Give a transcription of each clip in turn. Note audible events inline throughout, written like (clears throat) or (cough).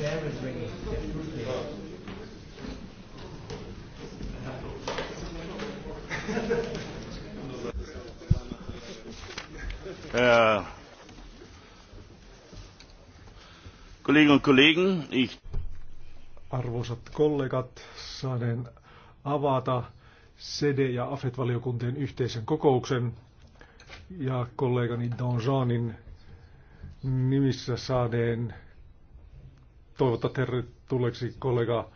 Herr äh, Kolleginnen und Kollegen, ich Arvoisat kollegat, saanen avata CD- ja AFET-valiokuntien yhteisen kokouksen ja kollegani Donjanin nimissä saaneen toivottaa tervetulleeksi kollega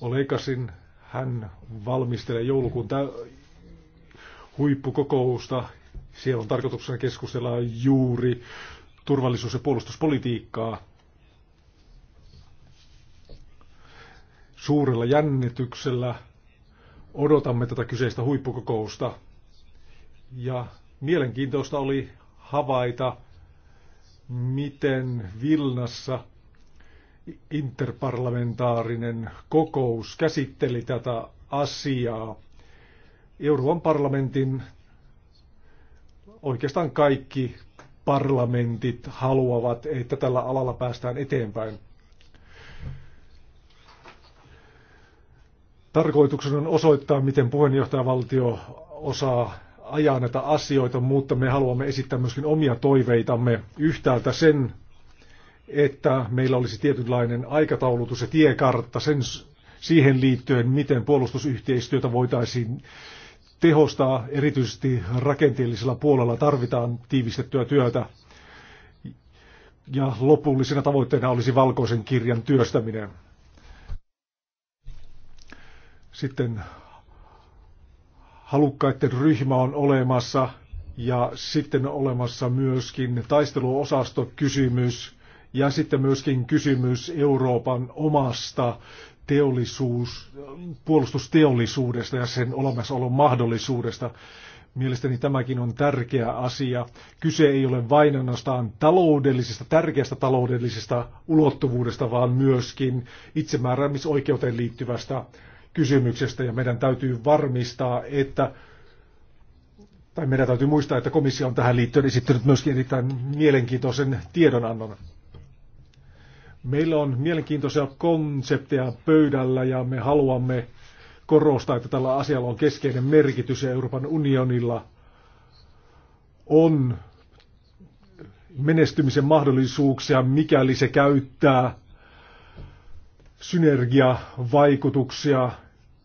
Olekasin. Hän valmistelee joulukuun tä- huippukokousta. Siellä on tarkoituksena keskustella juuri turvallisuus- ja puolustuspolitiikkaa. Suurella jännityksellä odotamme tätä kyseistä huippukokousta. Ja mielenkiintoista oli havaita, miten Vilnassa – interparlamentaarinen kokous käsitteli tätä asiaa. Euroopan parlamentin oikeastaan kaikki parlamentit haluavat, että tällä alalla päästään eteenpäin. Tarkoituksena on osoittaa, miten puheenjohtajavaltio osaa ajaa näitä asioita, mutta me haluamme esittää myöskin omia toiveitamme yhtäältä sen että meillä olisi tietynlainen aikataulutus ja tiekartta sen, siihen liittyen, miten puolustusyhteistyötä voitaisiin tehostaa. Erityisesti rakenteellisella puolella tarvitaan tiivistettyä työtä. Ja lopullisena tavoitteena olisi valkoisen kirjan työstäminen. Sitten halukkaiden ryhmä on olemassa ja sitten on olemassa myöskin taisteluosastokysymys. Ja sitten myöskin kysymys Euroopan omasta teollisuus, puolustusteollisuudesta ja sen olemassaolon mahdollisuudesta. Mielestäni tämäkin on tärkeä asia. Kyse ei ole vain ainoastaan taloudellisesta, tärkeästä taloudellisesta ulottuvuudesta, vaan myöskin itsemääräämisoikeuteen liittyvästä kysymyksestä. Ja meidän täytyy varmistaa, että tai meidän täytyy muistaa, että komissio on tähän liittyen esittänyt myöskin erittäin mielenkiintoisen tiedonannon. Meillä on mielenkiintoisia konsepteja pöydällä ja me haluamme korostaa, että tällä asialla on keskeinen merkitys ja Euroopan unionilla on menestymisen mahdollisuuksia, mikäli se käyttää synergiavaikutuksia.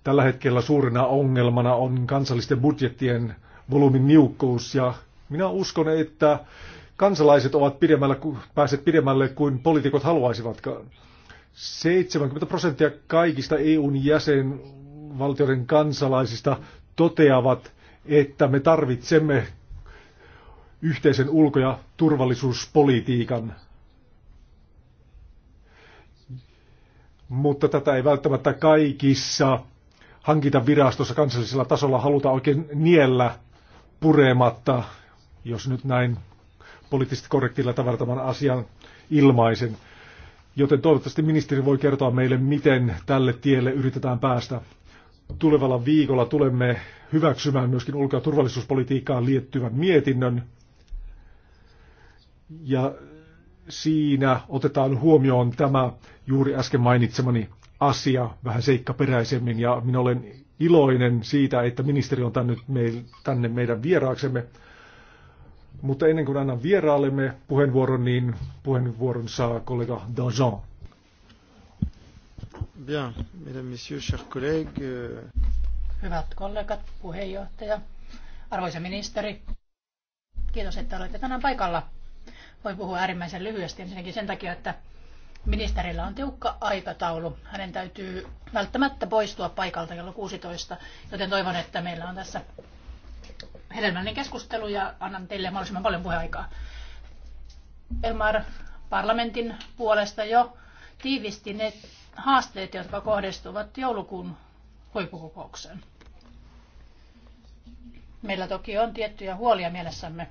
Tällä hetkellä suurena ongelmana on kansallisten budjettien volyymin niukkuus ja minä uskon, että kansalaiset ovat pidemmällä, päässeet pidemmälle kuin poliitikot haluaisivatkaan. 70 prosenttia kaikista EUn jäsenvaltioiden kansalaisista toteavat, että me tarvitsemme yhteisen ulko- ja turvallisuuspolitiikan. Mutta tätä ei välttämättä kaikissa hankintavirastossa kansallisella tasolla haluta oikein niellä purematta, jos nyt näin poliittisesti korrektilla tavalla tämän asian ilmaisen. Joten toivottavasti ministeri voi kertoa meille, miten tälle tielle yritetään päästä. Tulevalla viikolla tulemme hyväksymään myöskin ulko- ja turvallisuuspolitiikkaan liittyvän mietinnön. Ja siinä otetaan huomioon tämä juuri äsken mainitsemani asia vähän seikkaperäisemmin ja minä olen iloinen siitä, että ministeri on tänne, meidän vieraaksemme. Mutta ennen kuin annan vieraallemme puheenvuoron, niin puheenvuoron saa kollega Dajan. Bien, mesdames, messieurs, chers collègues. Euh, Hyvät kollegat, puheenjohtaja, arvoisa ministeri, kiitos, että olette tänään paikalla. Voin puhua äärimmäisen lyhyesti ensinnäkin sen takia, että ministerillä on tiukka aikataulu. Hänen täytyy välttämättä poistua paikalta kello 16, joten toivon, että meillä on tässä hedelmällinen keskustelu ja annan teille mahdollisimman paljon puheaikaa. Elmar parlamentin puolesta jo tiivisti ne haasteet, jotka kohdistuvat joulukuun huippukokoukseen. Meillä toki on tiettyjä huolia mielessämme,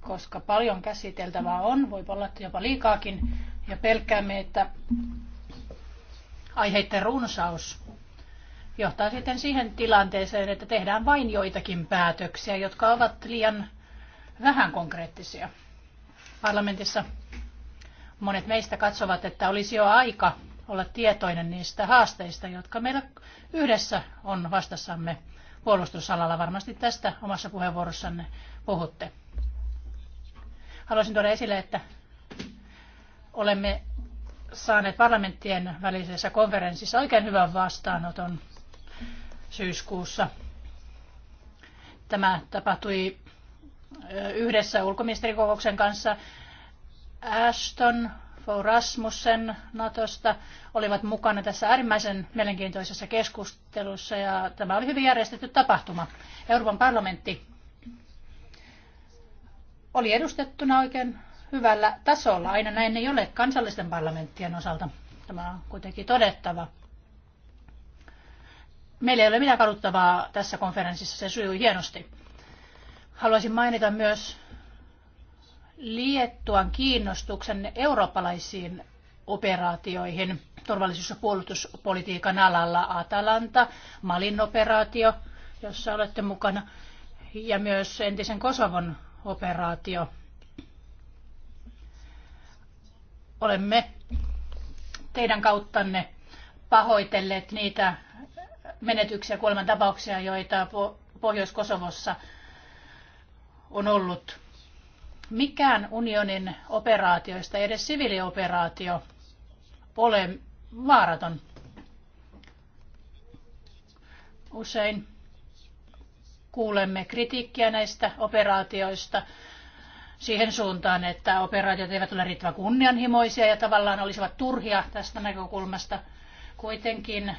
koska paljon käsiteltävää on, voi olla jopa liikaakin, ja pelkäämme, että aiheiden runsaus johtaa sitten siihen tilanteeseen, että tehdään vain joitakin päätöksiä, jotka ovat liian vähän konkreettisia. Parlamentissa monet meistä katsovat, että olisi jo aika olla tietoinen niistä haasteista, jotka meillä yhdessä on vastassamme puolustusalalla. Varmasti tästä omassa puheenvuorossanne puhutte. Haluaisin tuoda esille, että olemme saaneet parlamenttien välisessä konferenssissa oikein hyvän vastaanoton syyskuussa. Tämä tapahtui yhdessä ulkoministerikokouksen kanssa. Ashton, Fou Rasmussen Natosta olivat mukana tässä äärimmäisen mielenkiintoisessa keskustelussa ja tämä oli hyvin järjestetty tapahtuma. Euroopan parlamentti oli edustettuna oikein hyvällä tasolla. Aina näin ei ole kansallisten parlamenttien osalta. Tämä on kuitenkin todettava. Meillä ei ole mitään kaduttavaa tässä konferenssissa, se sujuu hienosti. Haluaisin mainita myös Liettuan kiinnostuksen eurooppalaisiin operaatioihin turvallisuus- ja puolustuspolitiikan alalla Atalanta, Malin operaatio, jossa olette mukana, ja myös entisen Kosovon operaatio. Olemme teidän kauttanne pahoitelleet niitä menetyksiä, kuolemantapauksia, joita Pohjois-Kosovossa on ollut. Mikään unionin operaatioista, edes siviilioperaatio, ole vaaraton. Usein kuulemme kritiikkiä näistä operaatioista siihen suuntaan, että operaatiot eivät ole riittävän kunnianhimoisia ja tavallaan olisivat turhia tästä näkökulmasta. Kuitenkin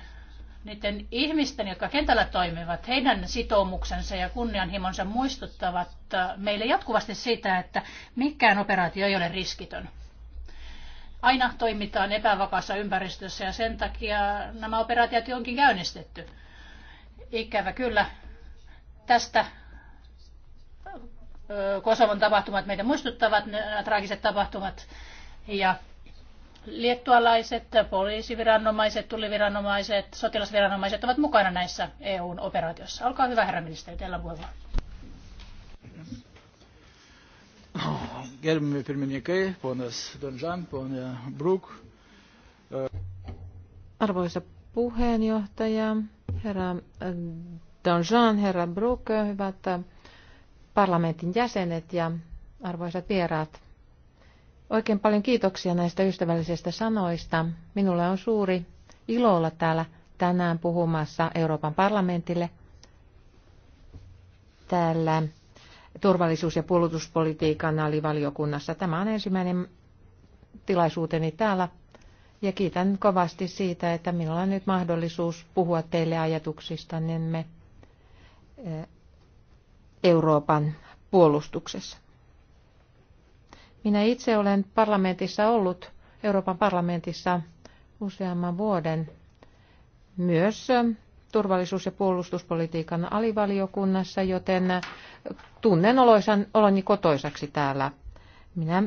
niiden ihmisten, jotka kentällä toimivat, heidän sitoumuksensa ja kunnianhimonsa muistuttavat äh, meille jatkuvasti siitä, että mikään operaatio ei ole riskitön. Aina toimitaan epävakaassa ympäristössä ja sen takia nämä operaatiot onkin käynnistetty. Ikävä kyllä tästä äh, Kosovon tapahtumat meitä muistuttavat, nämä traagiset tapahtumat. Ja Liettualaiset, poliisiviranomaiset, tulliviranomaiset, sotilasviranomaiset ovat mukana näissä EUn operaatioissa. Olkaa hyvä, herra ministeri, teillä on puheenvuoro. Gerbimi pirmininkai, ponas Donjan, ponia Brook. Arvoisa puheenjohtaja, herra Donjan, herra Brook, hyvät parlamentin jäsenet ja arvoisat vieraat. Oikein paljon kiitoksia näistä ystävällisistä sanoista. Minulle on suuri ilo olla täällä tänään puhumassa Euroopan parlamentille täällä turvallisuus- ja puolustuspolitiikan alivaliokunnassa. Tämä on ensimmäinen tilaisuuteni täällä ja kiitän kovasti siitä, että minulla on nyt mahdollisuus puhua teille ajatuksista, niin me eh, Euroopan puolustuksessa. Minä itse olen parlamentissa ollut, Euroopan parlamentissa useamman vuoden, myös turvallisuus- ja puolustuspolitiikan alivaliokunnassa, joten tunnen oloisan, oloni kotoisaksi täällä. Minä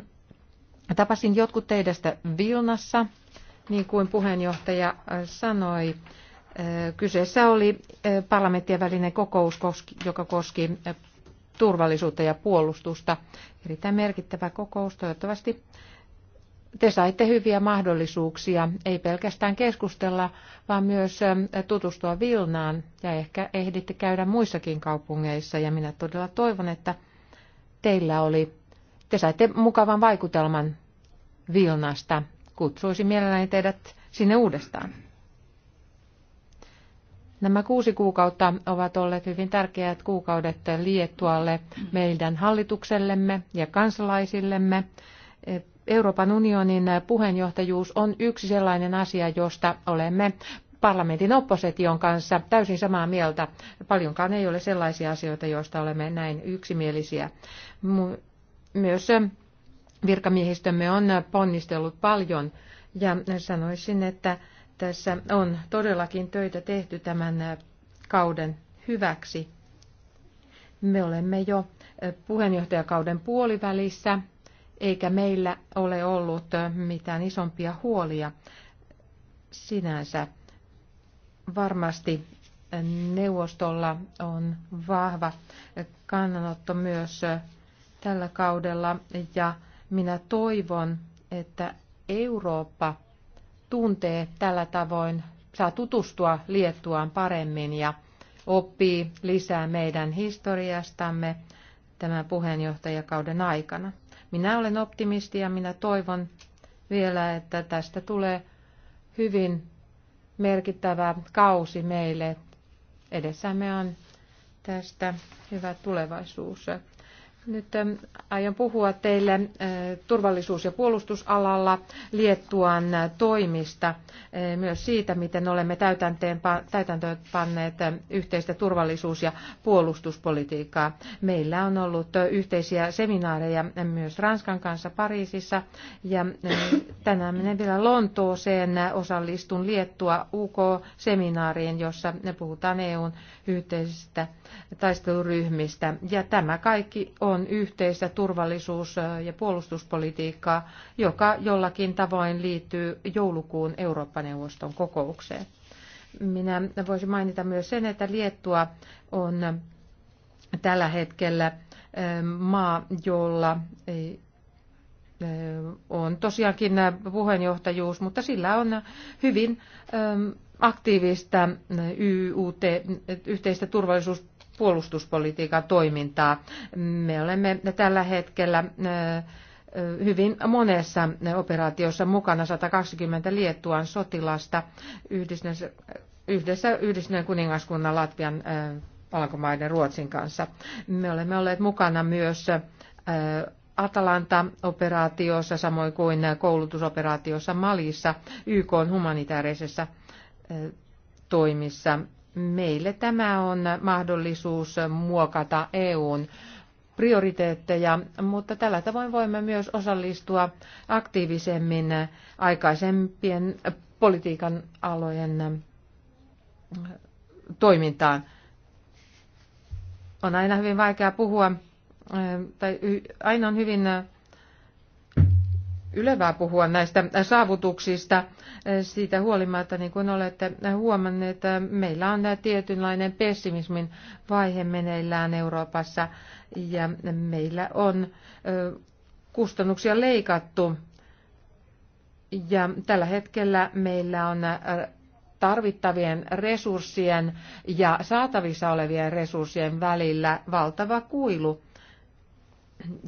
tapasin jotkut teidästä Vilnassa, niin kuin puheenjohtaja sanoi. Kyseessä oli parlamenttien välinen kokous, joka koski turvallisuutta ja puolustusta. Erittäin merkittävä kokous. Toivottavasti te saitte hyviä mahdollisuuksia, ei pelkästään keskustella, vaan myös ähm, tutustua Vilnaan ja ehkä ehditte käydä muissakin kaupungeissa. Ja minä todella toivon, että teillä oli, te saitte mukavan vaikutelman Vilnasta. Kutsuisin mielelläni teidät sinne uudestaan. Nämä kuusi kuukautta ovat olleet hyvin tärkeät kuukaudet Liettualle, meidän hallituksellemme ja kansalaisillemme. Euroopan unionin puheenjohtajuus on yksi sellainen asia, josta olemme parlamentin opposition kanssa täysin samaa mieltä. Paljonkaan ei ole sellaisia asioita, joista olemme näin yksimielisiä. Myös virkamiehistömme on ponnistellut paljon ja sanoisin, että tässä on todellakin töitä tehty tämän kauden hyväksi. Me olemme jo puheenjohtajakauden puolivälissä, eikä meillä ole ollut mitään isompia huolia sinänsä. Varmasti neuvostolla on vahva kannanotto myös tällä kaudella ja minä toivon, että Eurooppa tuntee tällä tavoin, saa tutustua Liettuaan paremmin ja oppii lisää meidän historiastamme tämän puheenjohtajakauden aikana. Minä olen optimisti ja minä toivon vielä, että tästä tulee hyvin merkittävä kausi meille. Edessämme on tästä hyvä tulevaisuus. Nyt ähm, aion puhua teille äh, turvallisuus- ja puolustusalalla Liettuan äh, toimista, äh, myös siitä, miten olemme täytäntöön yhteistä turvallisuus- ja puolustuspolitiikkaa. Meillä on ollut yhteisiä seminaareja myös Ranskan kanssa Pariisissa ja tänään menen vielä Lontooseen osallistun Liettua UK-seminaariin, jossa puhutaan EUn yhteisistä taisteluryhmistä ja tämä kaikki on on yhteistä turvallisuus- ja puolustuspolitiikkaa, joka jollakin tavoin liittyy joulukuun Eurooppa-neuvoston kokoukseen. Minä voisin mainita myös sen, että Liettua on tällä hetkellä ähm, maa, jolla äh, on tosiaankin puheenjohtajuus, mutta sillä on hyvin ähm, aktiivista äh, YUT, yhteistä turvallisuus- puolustuspolitiikan toimintaa. Me olemme tällä hetkellä hyvin monessa operaatiossa mukana 120 Liettuan sotilasta yhdessä, yhdessä Yhdistyneen kuningaskunnan Latvian Alankomaiden Ruotsin kanssa. Me olemme olleet mukana myös Atalanta-operaatiossa, samoin kuin koulutusoperaatiossa Malissa, YK humanitaarisessa toimissa meille tämä on mahdollisuus muokata EUn prioriteetteja, mutta tällä tavoin voimme myös osallistua aktiivisemmin aikaisempien politiikan alojen äh, toimintaan. On aina hyvin vaikea puhua, äh, tai aina on hyvin äh, ylevää puhua näistä saavutuksista. Siitä huolimatta, niin kuin olette huomanneet, meillä on tietynlainen pessimismin vaihe meneillään Euroopassa ja meillä on kustannuksia leikattu. Ja tällä hetkellä meillä on tarvittavien resurssien ja saatavissa olevien resurssien välillä valtava kuilu.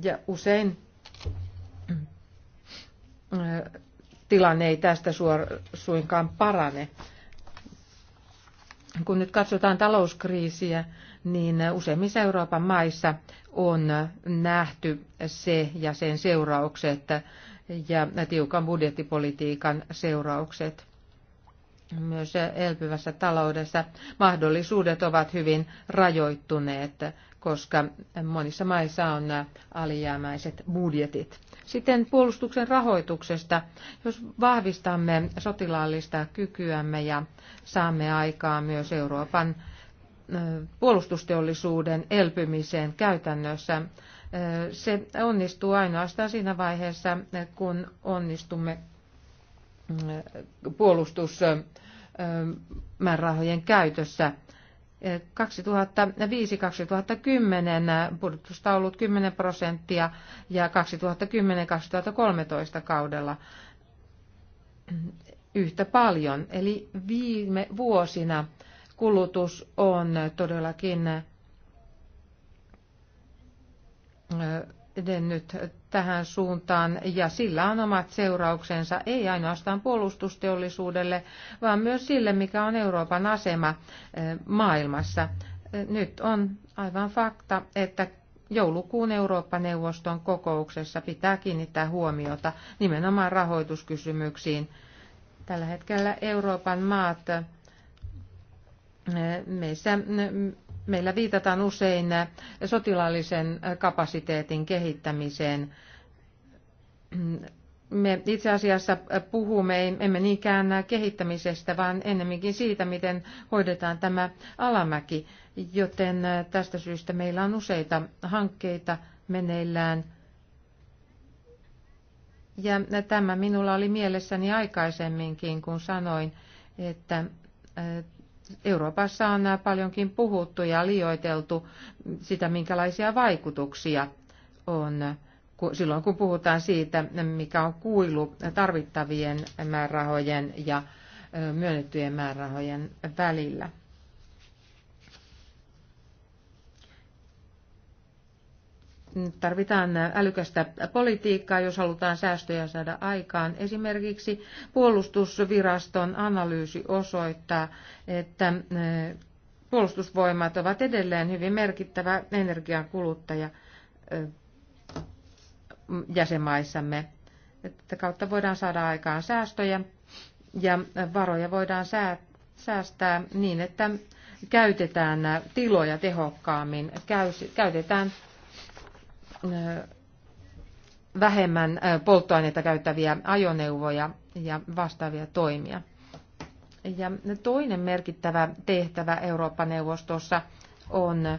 Ja usein tilanne ei tästä suinkaan parane. Kun nyt katsotaan talouskriisiä, niin useimmissa Euroopan maissa on nähty se ja sen seuraukset ja tiukan budjettipolitiikan seuraukset. Myös elpyvässä taloudessa mahdollisuudet ovat hyvin rajoittuneet, koska monissa maissa on alijäämäiset budjetit. Sitten puolustuksen rahoituksesta. Jos vahvistamme sotilaallista kykyämme ja saamme aikaa myös Euroopan puolustusteollisuuden elpymiseen käytännössä, se onnistuu ainoastaan siinä vaiheessa, kun onnistumme puolustusmäärärahojen käytössä 2005-2010 pudotusta 10 prosenttia ja 2010-2013 kaudella yhtä paljon. Eli viime vuosina kulutus on todellakin edennyt tähän suuntaan ja sillä on omat seurauksensa ei ainoastaan puolustusteollisuudelle, vaan myös sille, mikä on Euroopan asema eh, maailmassa. Eh, nyt on aivan fakta, että joulukuun Eurooppa-neuvoston kokouksessa pitää kiinnittää huomiota nimenomaan rahoituskysymyksiin. Tällä hetkellä Euroopan maat eh, meissä mm, Meillä viitataan usein sotilaallisen kapasiteetin kehittämiseen. Me itse asiassa puhumme emme niinkään kehittämisestä, vaan ennemminkin siitä, miten hoidetaan tämä alamäki. Joten tästä syystä meillä on useita hankkeita meneillään. Ja tämä minulla oli mielessäni aikaisemminkin, kun sanoin, että Euroopassa on paljonkin puhuttu ja liioiteltu sitä, minkälaisia vaikutuksia on silloin, kun puhutaan siitä, mikä on kuilu tarvittavien määrärahojen ja myönnettyjen määrärahojen välillä. Tarvitaan älykästä politiikkaa, jos halutaan säästöjä saada aikaan. Esimerkiksi puolustusviraston analyysi osoittaa, että eh, puolustusvoimat ovat edelleen hyvin merkittävä energiankuluttaja eh, jäsenmaissamme. Tätä kautta voidaan saada aikaan säästöjä ja varoja voidaan säästää niin, että käytetään tiloja tehokkaammin, käytetään vähemmän polttoaineita käyttäviä ajoneuvoja ja vastaavia toimia. Ja toinen merkittävä tehtävä Eurooppa-neuvostossa on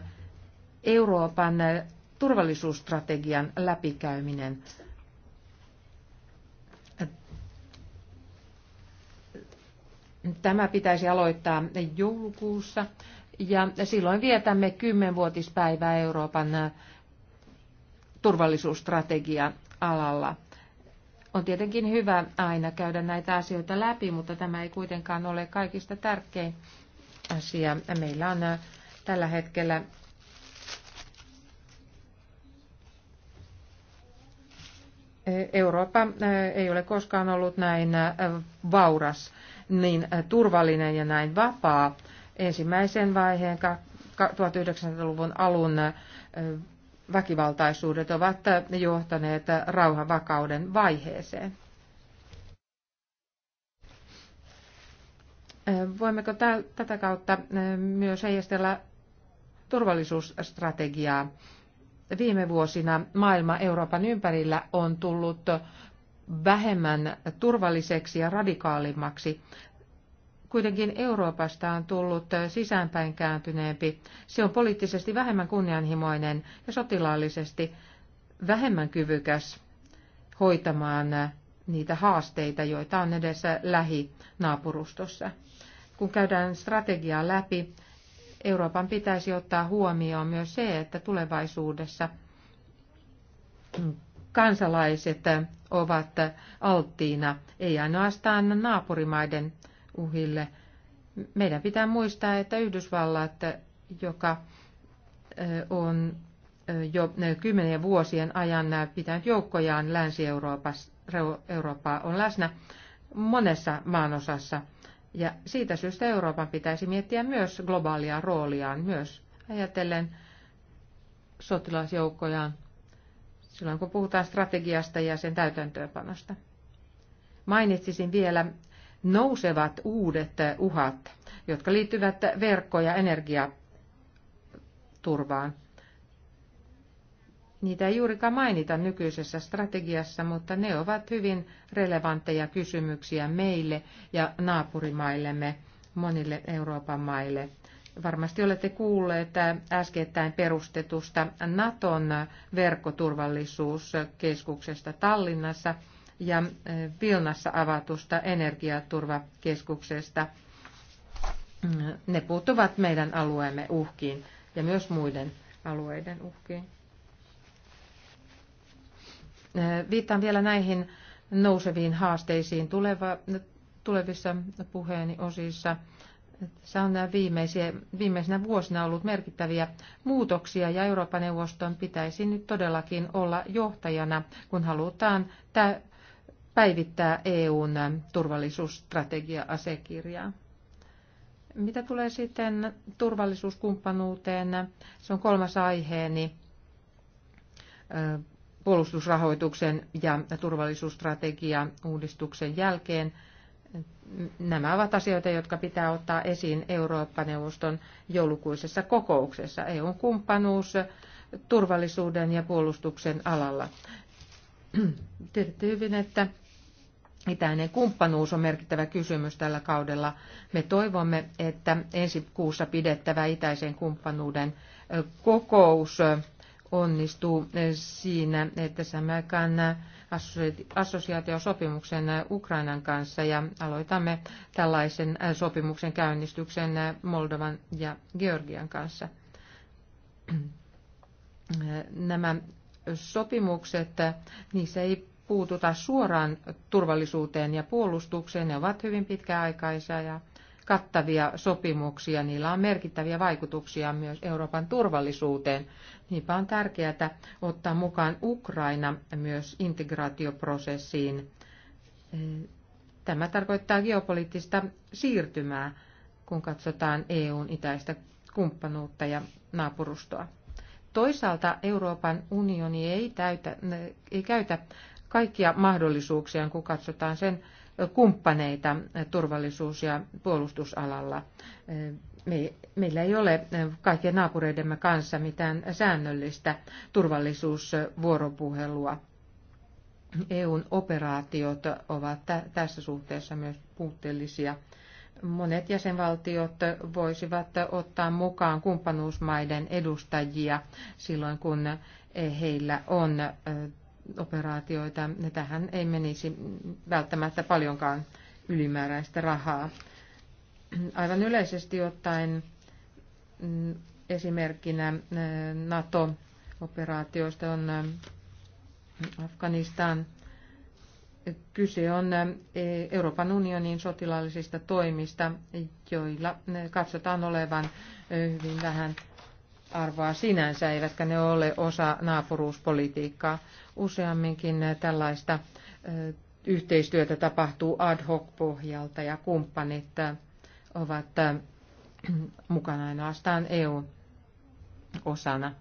Euroopan turvallisuusstrategian läpikäyminen. Tämä pitäisi aloittaa joulukuussa ja silloin vietämme kymmenvuotispäivää Euroopan turvallisuusstrategian alalla. On tietenkin hyvä aina käydä näitä asioita läpi, mutta tämä ei kuitenkaan ole kaikista tärkein asia. Meillä on äh, tällä hetkellä Eurooppa äh, ei ole koskaan ollut näin äh, vauras, niin turvallinen ja näin vapaa. Ensimmäisen vaiheen 1900-luvun alun väkivaltaisuudet ovat johtaneet rauhavakauden vaiheeseen. Voimmeko tätä kautta myös heijastella turvallisuusstrategiaa? Viime vuosina maailma Euroopan ympärillä on tullut vähemmän turvalliseksi ja radikaalimmaksi. Kuitenkin Euroopasta on tullut sisäänpäin kääntyneempi. Se on poliittisesti vähemmän kunnianhimoinen ja sotilaallisesti vähemmän kyvykäs hoitamaan niitä haasteita, joita on edessä lähinaapurustossa. Kun käydään strategiaa läpi, Euroopan pitäisi ottaa huomioon myös se, että tulevaisuudessa kansalaiset ovat alttiina, ei ainoastaan naapurimaiden uhille. Meidän pitää muistaa, että Yhdysvallat, joka on jo kymmenien vuosien ajan pitänyt joukkojaan Länsi-Eurooppaa on läsnä monessa maanosassa. Ja siitä syystä Euroopan pitäisi miettiä myös globaalia rooliaan, myös ajatellen sotilasjoukkojaan silloin, kun puhutaan strategiasta ja sen täytäntöönpanosta. Mainitsisin vielä nousevat uudet uhat, jotka liittyvät verkko- ja energiaturvaan. Niitä ei juurikaan mainita nykyisessä strategiassa, mutta ne ovat hyvin relevantteja kysymyksiä meille ja naapurimaillemme, monille Euroopan maille. Varmasti olette kuulleet äskettäin perustetusta Naton verkkoturvallisuuskeskuksesta Tallinnassa – ja Vilnassa avatusta energiaturvakeskuksesta. Mm, ne puuttuvat meidän alueemme uhkiin ja myös muiden alueiden uhkiin. Viittaan vielä näihin nouseviin haasteisiin tuleva, tulevissa puheeni osissa. Tässä on nämä viimeisiä, viimeisinä vuosina ollut merkittäviä muutoksia ja Euroopan neuvoston pitäisi nyt todellakin olla johtajana, kun halutaan tämä päivittää EUn turvallisuusstrategia-asiakirjaa. Mitä tulee sitten turvallisuuskumppanuuteen, se on kolmas aiheeni puolustusrahoituksen ja turvallisuusstrategia uudistuksen jälkeen. Nämä ovat asioita, jotka pitää ottaa esiin Eurooppa-neuvoston joulukuisessa kokouksessa. EUn kumppanuus turvallisuuden ja puolustuksen alalla. Tiedätte hyvin, että Itäinen kumppanuus on merkittävä kysymys tällä kaudella. Me toivomme, että ensi kuussa pidettävä itäisen kumppanuuden kokous onnistuu siinä, että saamme aikaan assosiaatiosopimuksen Ukrainan kanssa ja aloitamme tällaisen sopimuksen käynnistyksen Moldovan ja Georgian kanssa. Nämä sopimukset, niissä ei puututa suoraan turvallisuuteen ja puolustukseen. Ne ovat hyvin pitkäaikaisia ja kattavia sopimuksia. Niillä on merkittäviä vaikutuksia myös Euroopan turvallisuuteen. Niinpä on tärkeää ottaa mukaan Ukraina myös integraatioprosessiin. Tämä tarkoittaa geopoliittista siirtymää, kun katsotaan EUn itäistä kumppanuutta ja naapurustoa. Toisaalta Euroopan unioni ei, täytä, ei käytä kaikkia mahdollisuuksia, kun katsotaan sen kumppaneita turvallisuus- ja puolustusalalla. Me, meillä ei ole kaikkien naapureidemme kanssa mitään säännöllistä turvallisuusvuoropuhelua. EUn operaatiot ovat tässä suhteessa myös puutteellisia. Monet jäsenvaltiot voisivat ottaa mukaan kumppanuusmaiden edustajia silloin, kun heillä on operaatioita. Tähän ei menisi välttämättä paljonkaan ylimääräistä rahaa. Aivan yleisesti ottaen mm, esimerkkinä mm, NATO-operaatioista on mm, Afganistan. Kyse on e- Euroopan unionin sotilaallisista toimista, joilla katsotaan olevan hyvin vähän arvoa sinänsä, eivätkä ne ole osa naapuruuspolitiikkaa. Useamminkin tällaista yhteistyötä tapahtuu ad hoc pohjalta ja kumppanit ovat (clears throat) mukana ainoastaan EU-osana.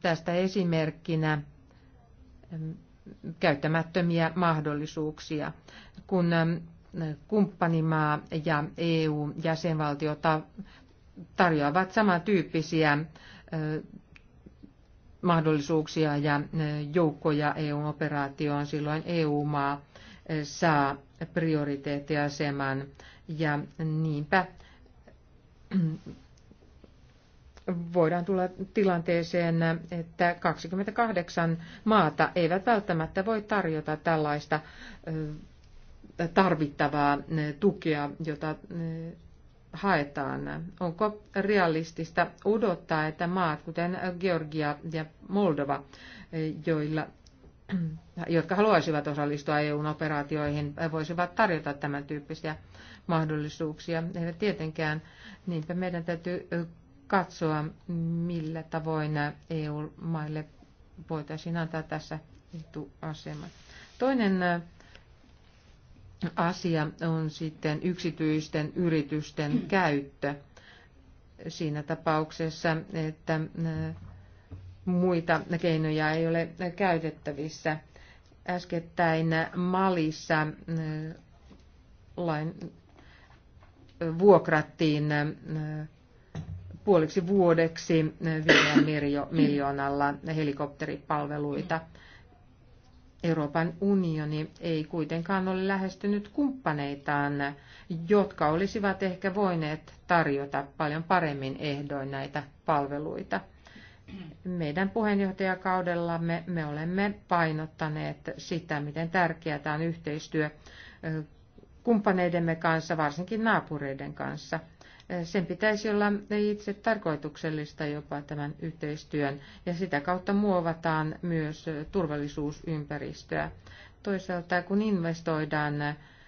Tästä esimerkkinä käyttämättömiä mahdollisuuksia. Kun kumppanimaa ja EU-jäsenvaltio tarjoavat samantyyppisiä mahdollisuuksia ja joukkoja EU-operaatioon. Silloin EU-maa saa prioriteettiaseman ja niinpä (clears throat) voidaan tulla tilanteeseen, että 28 maata eivät välttämättä voi tarjota tällaista tarvittavaa tukea, jota haetaan. Onko realistista odottaa, että maat, kuten Georgia ja Moldova, joilla, jotka haluaisivat osallistua EUn operaatioihin, voisivat tarjota tämän tyyppisiä mahdollisuuksia? Eivät tietenkään. Niinpä meidän täytyy katsoa, millä tavoin EU-maille voitaisiin antaa tässä etuasema. Toinen asia on sitten yksityisten yritysten mm. käyttö siinä tapauksessa, että äh, muita keinoja ei ole käytettävissä. Äskettäin Malissa äh, lain, äh, vuokrattiin puoliksi vuodeksi vielä miljoonalla helikopteripalveluita – Euroopan unioni ei kuitenkaan ole lähestynyt kumppaneitaan, jotka olisivat ehkä voineet tarjota paljon paremmin ehdoin näitä palveluita. Meidän puheenjohtajakaudellamme me olemme painottaneet sitä, miten tärkeää on yhteistyö kumppaneidemme kanssa, varsinkin naapureiden kanssa – sen pitäisi olla itse tarkoituksellista jopa tämän yhteistyön, ja sitä kautta muovataan myös turvallisuusympäristöä. Toisaalta kun investoidaan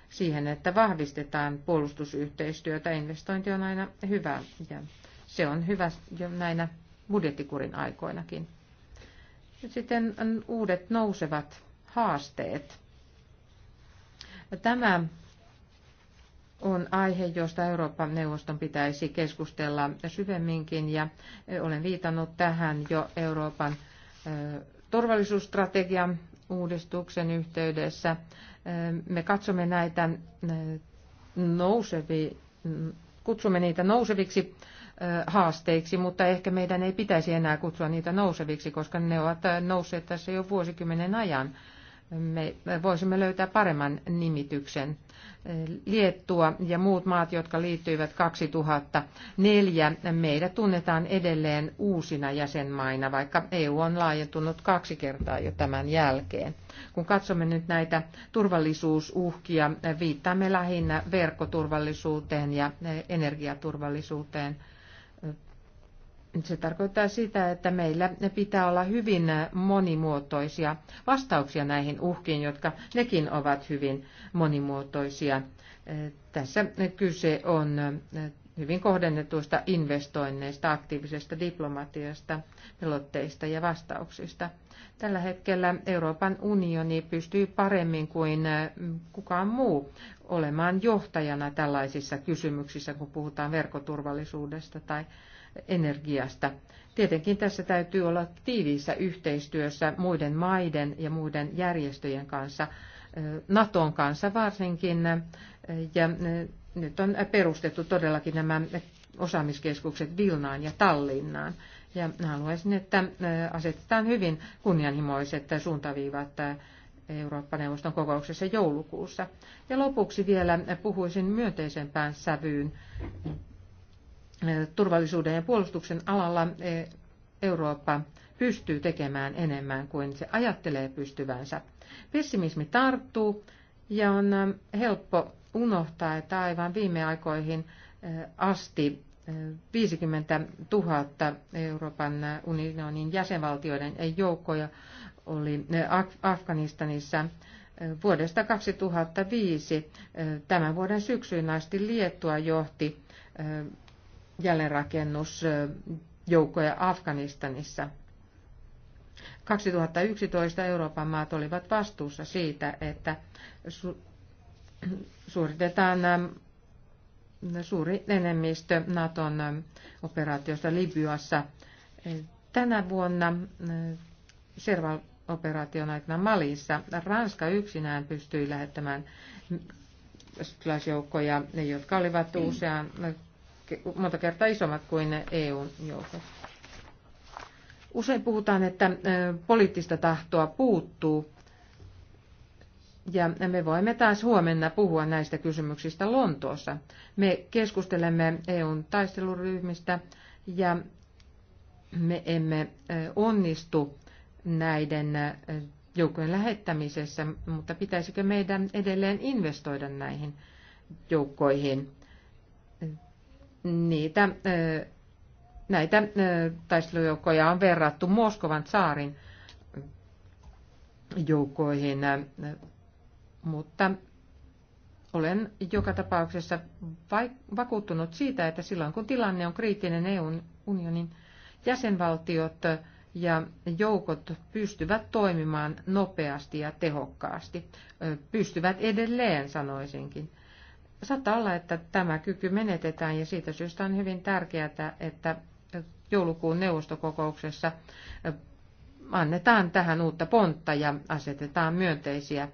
siihen, että vahvistetaan puolustusyhteistyötä, investointi on aina hyvä, ja se on hyvä jo näinä budjettikurin aikoinakin. Sitten uudet nousevat haasteet. Tämä on aihe, josta Euroopan neuvoston pitäisi keskustella syvemminkin ja olen viitannut tähän jo Euroopan turvallisuusstrategian uudistuksen yhteydessä. Me katsomme näitä nousevi, kutsumme niitä nouseviksi haasteiksi, mutta ehkä meidän ei pitäisi enää kutsua niitä nouseviksi, koska ne ovat nousseet tässä jo vuosikymmenen ajan me voisimme löytää paremman nimityksen. Liettua ja muut maat, jotka liittyivät 2004, meidät tunnetaan edelleen uusina jäsenmaina, vaikka EU on laajentunut kaksi kertaa jo tämän jälkeen. Kun katsomme nyt näitä turvallisuusuhkia, viittaamme lähinnä verkkoturvallisuuteen ja energiaturvallisuuteen – se tarkoittaa sitä, että meillä pitää olla hyvin monimuotoisia vastauksia näihin uhkiin, jotka nekin ovat hyvin monimuotoisia. Tässä kyse on hyvin kohdennetuista investoinneista, aktiivisesta diplomatiasta, pelotteista ja vastauksista. Tällä hetkellä Euroopan unioni pystyy paremmin kuin kukaan muu olemaan johtajana tällaisissa kysymyksissä, kun puhutaan verkoturvallisuudesta tai energiasta. Tietenkin tässä täytyy olla tiiviissä yhteistyössä muiden maiden ja muiden järjestöjen kanssa, Naton kanssa varsinkin. Ja nyt on perustettu todellakin nämä osaamiskeskukset Vilnaan ja Tallinnaan. Ja haluaisin, että asetetaan hyvin kunnianhimoiset suuntaviivat Eurooppa-neuvoston kokouksessa joulukuussa. Ja lopuksi vielä puhuisin myönteisempään sävyyn turvallisuuden ja puolustuksen alalla Eurooppa pystyy tekemään enemmän kuin se ajattelee pystyvänsä. Pessimismi tarttuu ja on helppo unohtaa, että aivan viime aikoihin asti 50 000 Euroopan unionin jäsenvaltioiden joukkoja oli Afganistanissa vuodesta 2005. Tämän vuoden syksyyn asti Liettua johti jälleenrakennusjoukkoja Afganistanissa. 2011 Euroopan maat olivat vastuussa siitä, että su- suoritetaan ähm, suuri enemmistö Naton ähm, operaatiosta Libyassa. Tänä vuonna äh, Serval-operaation aikana Malissa Ranska yksinään pystyi lähettämään sotilasjoukkoja, jotka olivat usean monta kertaa isommat kuin EUn joukot. Usein puhutaan, että poliittista tahtoa puuttuu, ja me voimme taas huomenna puhua näistä kysymyksistä Lontoossa. Me keskustelemme EUn taisteluryhmistä ja me emme onnistu näiden joukkojen lähettämisessä, mutta pitäisikö meidän edelleen investoida näihin joukkoihin? niitä, näitä taistelujoukkoja on verrattu Moskovan saarin joukkoihin, mutta olen joka tapauksessa vakuuttunut siitä, että silloin kun tilanne on kriittinen EUn unionin jäsenvaltiot ja joukot pystyvät toimimaan nopeasti ja tehokkaasti. Pystyvät edelleen, sanoisinkin saattaa olla, että tämä kyky menetetään ja siitä syystä on hyvin tärkeää, että joulukuun neuvostokokouksessa annetaan tähän uutta pontta ja asetetaan myönteisiä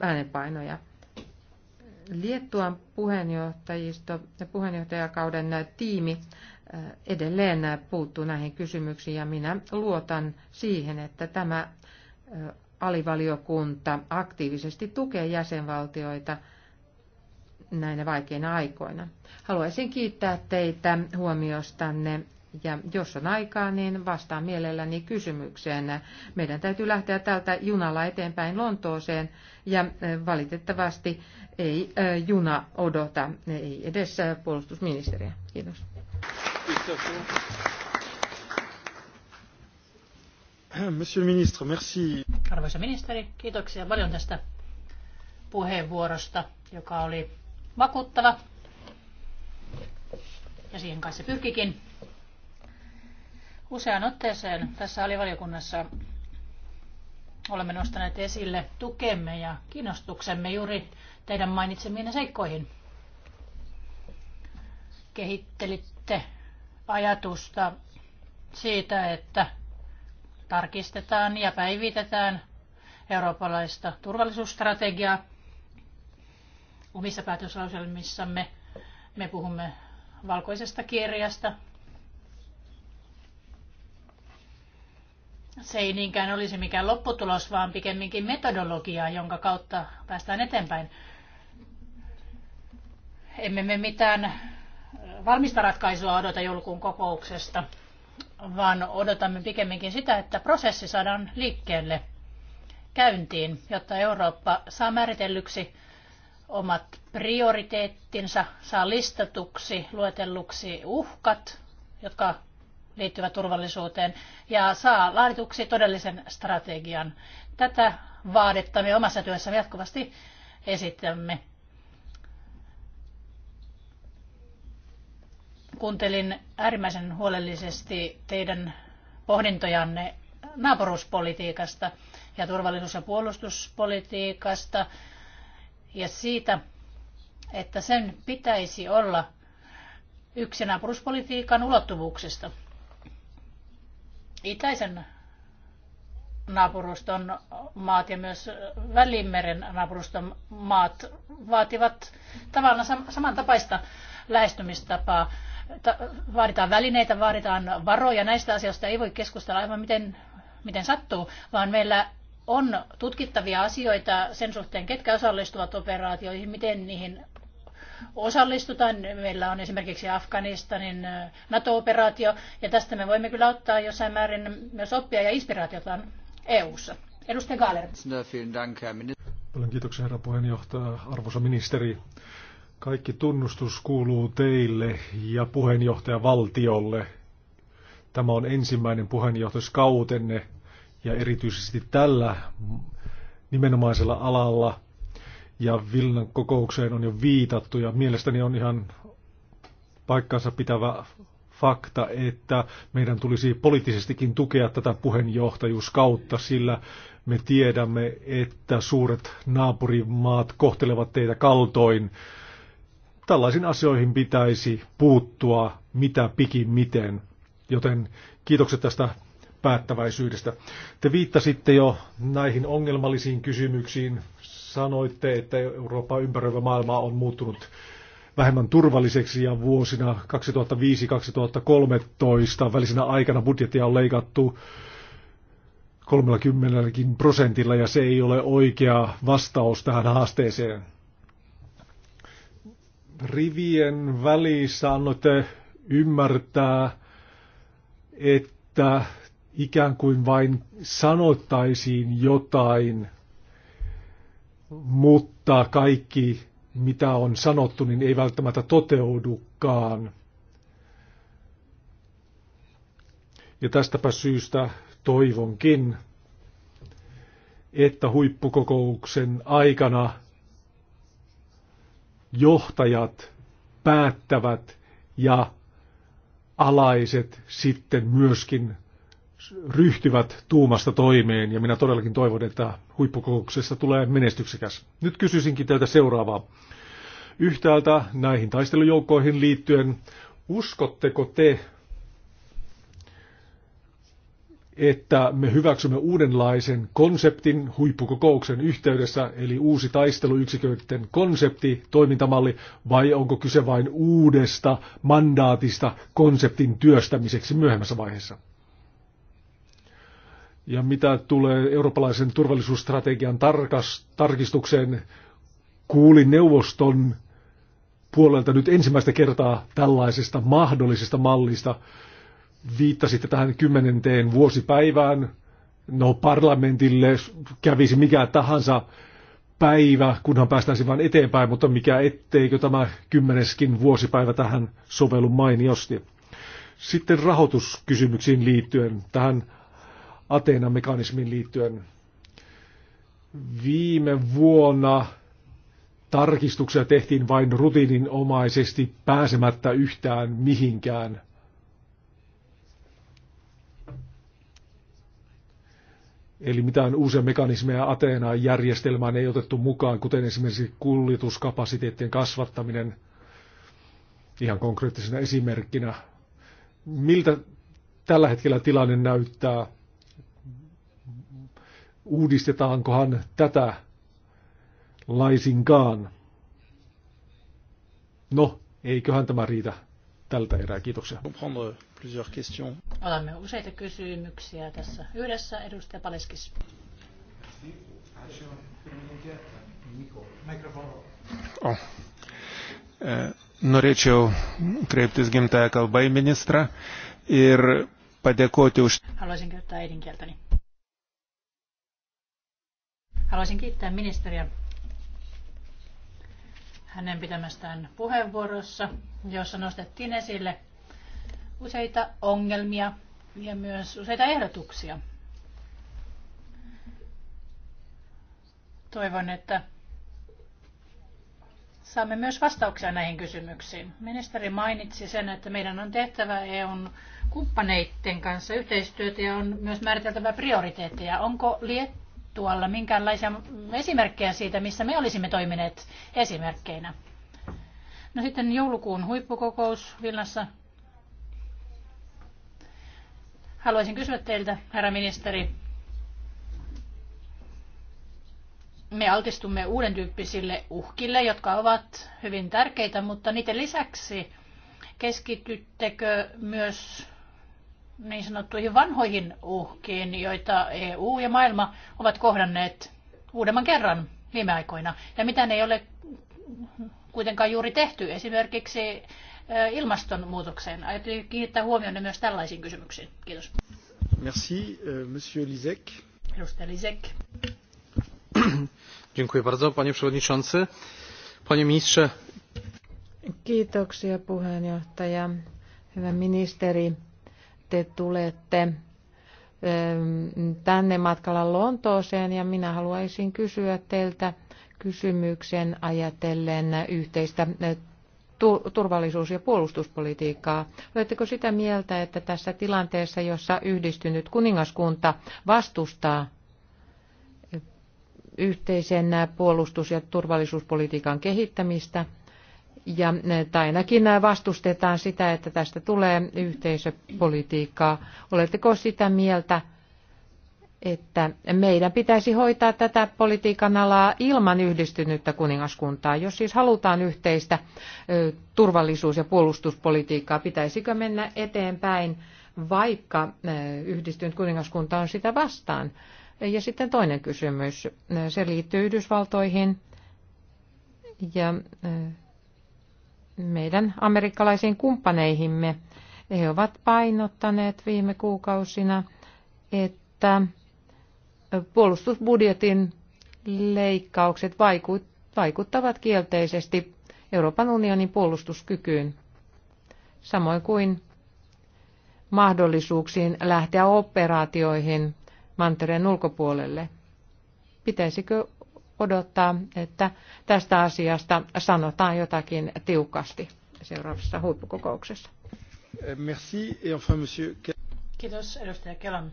äänenpainoja. Liettuan puheenjohtajisto ja puheenjohtajakauden tiimi edelleen puuttuu näihin kysymyksiin ja minä luotan siihen, että tämä alivaliokunta aktiivisesti tukee jäsenvaltioita – näinä vaikeina aikoina. Haluaisin kiittää teitä huomiostanne ja jos on aikaa, niin vastaan mielelläni kysymykseen. Meidän täytyy lähteä täältä junalla eteenpäin Lontooseen ja valitettavasti ei juna odota, ei edes puolustusministeriä. Kiitos. (coughs) Monsieur ministre, merci. Arvoisa ministeri, kiitoksia paljon tästä puheenvuorosta, joka oli vakuuttava. Ja siihen kai se pyrkikin. Useaan otteeseen tässä alivaliokunnassa olemme nostaneet esille tukemme ja kiinnostuksemme juuri teidän mainitsemiin seikkoihin. Kehittelitte ajatusta siitä, että tarkistetaan ja päivitetään eurooppalaista turvallisuusstrategiaa omissa päätöslauselmissamme. Me puhumme valkoisesta kirjasta. Se ei niinkään olisi mikään lopputulos, vaan pikemminkin metodologia, jonka kautta päästään eteenpäin. Emme me mitään valmista ratkaisua odota joulukuun kokouksesta, vaan odotamme pikemminkin sitä, että prosessi saadaan liikkeelle – käyntiin, jotta Eurooppa saa määritellyksi omat prioriteettinsa, saa listatuksi, luetelluksi uhkat, jotka liittyvät turvallisuuteen, ja saa laadituksi todellisen strategian. Tätä vaadetta me omassa työssämme jatkuvasti esitämme. Kuuntelin äärimmäisen huolellisesti teidän pohdintojanne naapuruuspolitiikasta ja turvallisuus- ja puolustuspolitiikasta ja siitä, että sen pitäisi olla yksi naapuruspolitiikan ulottuvuuksista. Itäisen naapuruston maat ja myös Välimeren naapuruston maat vaativat tavallaan samantapaista lähestymistapaa. Vaaditaan välineitä, vaaditaan varoja. Näistä asioista ei voi keskustella aivan miten, miten sattuu, vaan meillä on tutkittavia asioita sen suhteen, ketkä osallistuvat operaatioihin, miten niihin osallistutaan. Meillä on esimerkiksi Afganistanin NATO-operaatio, ja tästä me voimme kyllä ottaa jossain määrin myös oppia ja inspiraatiotaan EU-ssa. Edustaja Gaaler. Paljon kiitoksia herra puheenjohtaja, arvoisa ministeri. Kaikki tunnustus kuuluu teille ja puheenjohtajavaltiolle. Tämä on ensimmäinen puheenjohtajuuskautenne ja erityisesti tällä nimenomaisella alalla ja Vilnan kokoukseen on jo viitattu ja mielestäni on ihan paikkansa pitävä fakta, että meidän tulisi poliittisestikin tukea tätä puheenjohtajuuskautta, sillä me tiedämme, että suuret naapurimaat kohtelevat teitä kaltoin. Tällaisiin asioihin pitäisi puuttua mitä pikin miten, joten kiitokset tästä päättäväisyydestä. Te viittasitte jo näihin ongelmallisiin kysymyksiin. Sanoitte, että Euroopan ympäröivä maailma on muuttunut vähemmän turvalliseksi ja vuosina 2005-2013 välisenä aikana budjettia on leikattu 30 prosentilla ja se ei ole oikea vastaus tähän haasteeseen. Rivien välissä annoitte ymmärtää, että ikään kuin vain sanottaisiin jotain, mutta kaikki mitä on sanottu, niin ei välttämättä toteudukaan. Ja tästäpä syystä toivonkin, että huippukokouksen aikana johtajat päättävät ja alaiset sitten myöskin ryhtyvät tuumasta toimeen ja minä todellakin toivon, että huippukokouksessa tulee menestyksekäs. Nyt kysyisinkin teiltä seuraavaa. Yhtäältä näihin taistelujoukkoihin liittyen, uskotteko te, että me hyväksymme uudenlaisen konseptin huippukokouksen yhteydessä, eli uusi taisteluyksiköiden konsepti, toimintamalli, vai onko kyse vain uudesta mandaatista konseptin työstämiseksi myöhemmässä vaiheessa? Ja mitä tulee eurooppalaisen turvallisuusstrategian tarkas, tarkistukseen, kuulin neuvoston puolelta nyt ensimmäistä kertaa tällaisesta mahdollisesta mallista. Viittasitte tähän kymmenenteen vuosipäivään. No parlamentille kävisi mikä tahansa päivä, kunhan päästäisiin vain eteenpäin, mutta mikä etteikö tämä kymmeneskin vuosipäivä tähän sovellu mainiosti. Sitten rahoituskysymyksiin liittyen tähän Ateenan mekanismiin liittyen. Viime vuonna tarkistuksia tehtiin vain rutiininomaisesti pääsemättä yhtään mihinkään. Eli mitään uusia mekanismeja Ateenaan järjestelmään ei otettu mukaan, kuten esimerkiksi kuljetuskapasiteettien kasvattaminen ihan konkreettisena esimerkkinä. Miltä tällä hetkellä tilanne näyttää? uudistetaankohan tätä laisinkaan. No, eiköhän tämä riitä tältä erää. Kiitoksia. Olemme useita kysymyksiä tässä yhdessä. Edustaja Paleskis. Oh. Norėčiau kreiptis gimtaja kalba į ministrą ir padėkoti už. Haluaisin käyttää äidinkieltäni. Haluaisin kiittää ministeriä hänen pitämästään puheenvuorossa, jossa nostettiin esille useita ongelmia ja myös useita ehdotuksia. Toivon, että saamme myös vastauksia näihin kysymyksiin. Ministeri mainitsi sen, että meidän on tehtävä EUn kumppaneiden kanssa yhteistyötä ja on myös määriteltävä prioriteetteja. Onko liet tuolla minkäänlaisia esimerkkejä siitä, missä me olisimme toimineet esimerkkeinä. No sitten joulukuun huippukokous Vilnassa. Haluaisin kysyä teiltä, herra ministeri, me altistumme uuden tyyppisille uhkille, jotka ovat hyvin tärkeitä, mutta niiden lisäksi keskityttekö myös niin sanottuihin vanhoihin uhkiin, joita EU ja maailma ovat kohdanneet uudemman kerran viime aikoina. Ja mitä ne ei ole kuitenkaan juuri tehty, esimerkiksi eh, ilmastonmuutokseen. Ajattelin kiinnittää huomioon myös tällaisiin kysymyksiin. Kiitos. Merci, eh, monsieur Lisek. Edustaja Lisek. (clears throat) Dziękuję bardzo, panie przewodniczący. Panie ministrze. Kiitoksia puheenjohtaja. Hyvä ministeri te tulette ähm, tänne matkalla Lontooseen ja minä haluaisin kysyä teiltä kysymyksen ajatellen yhteistä äh, turvallisuus- ja puolustuspolitiikkaa. Oletteko sitä mieltä, että tässä tilanteessa, jossa yhdistynyt kuningaskunta vastustaa äh, yhteisen puolustus- ja turvallisuuspolitiikan kehittämistä, ja eh, tai ainakin vastustetaan sitä, että tästä tulee yhteisöpolitiikkaa. Oletteko sitä mieltä, että meidän pitäisi hoitaa tätä politiikan alaa ilman yhdistynyttä kuningaskuntaa. Jos siis halutaan yhteistä eh, turvallisuus- ja puolustuspolitiikkaa, pitäisikö mennä eteenpäin, vaikka eh, yhdistynyt kuningaskunta on sitä vastaan? Ja sitten toinen kysymys. Se liittyy Yhdysvaltoihin ja meidän amerikkalaisiin kumppaneihimme. He ovat painottaneet viime kuukausina, että puolustusbudjetin leikkaukset vaikuttavat kielteisesti Euroopan unionin puolustuskykyyn, samoin kuin mahdollisuuksiin lähteä operaatioihin mantereen ulkopuolelle. Pitäisikö odottaa, että tästä asiasta sanotaan jotakin tiukasti seuraavassa huippukokouksessa. Merci. Et enfin, monsieur... Kiitos, edustaja Kelan.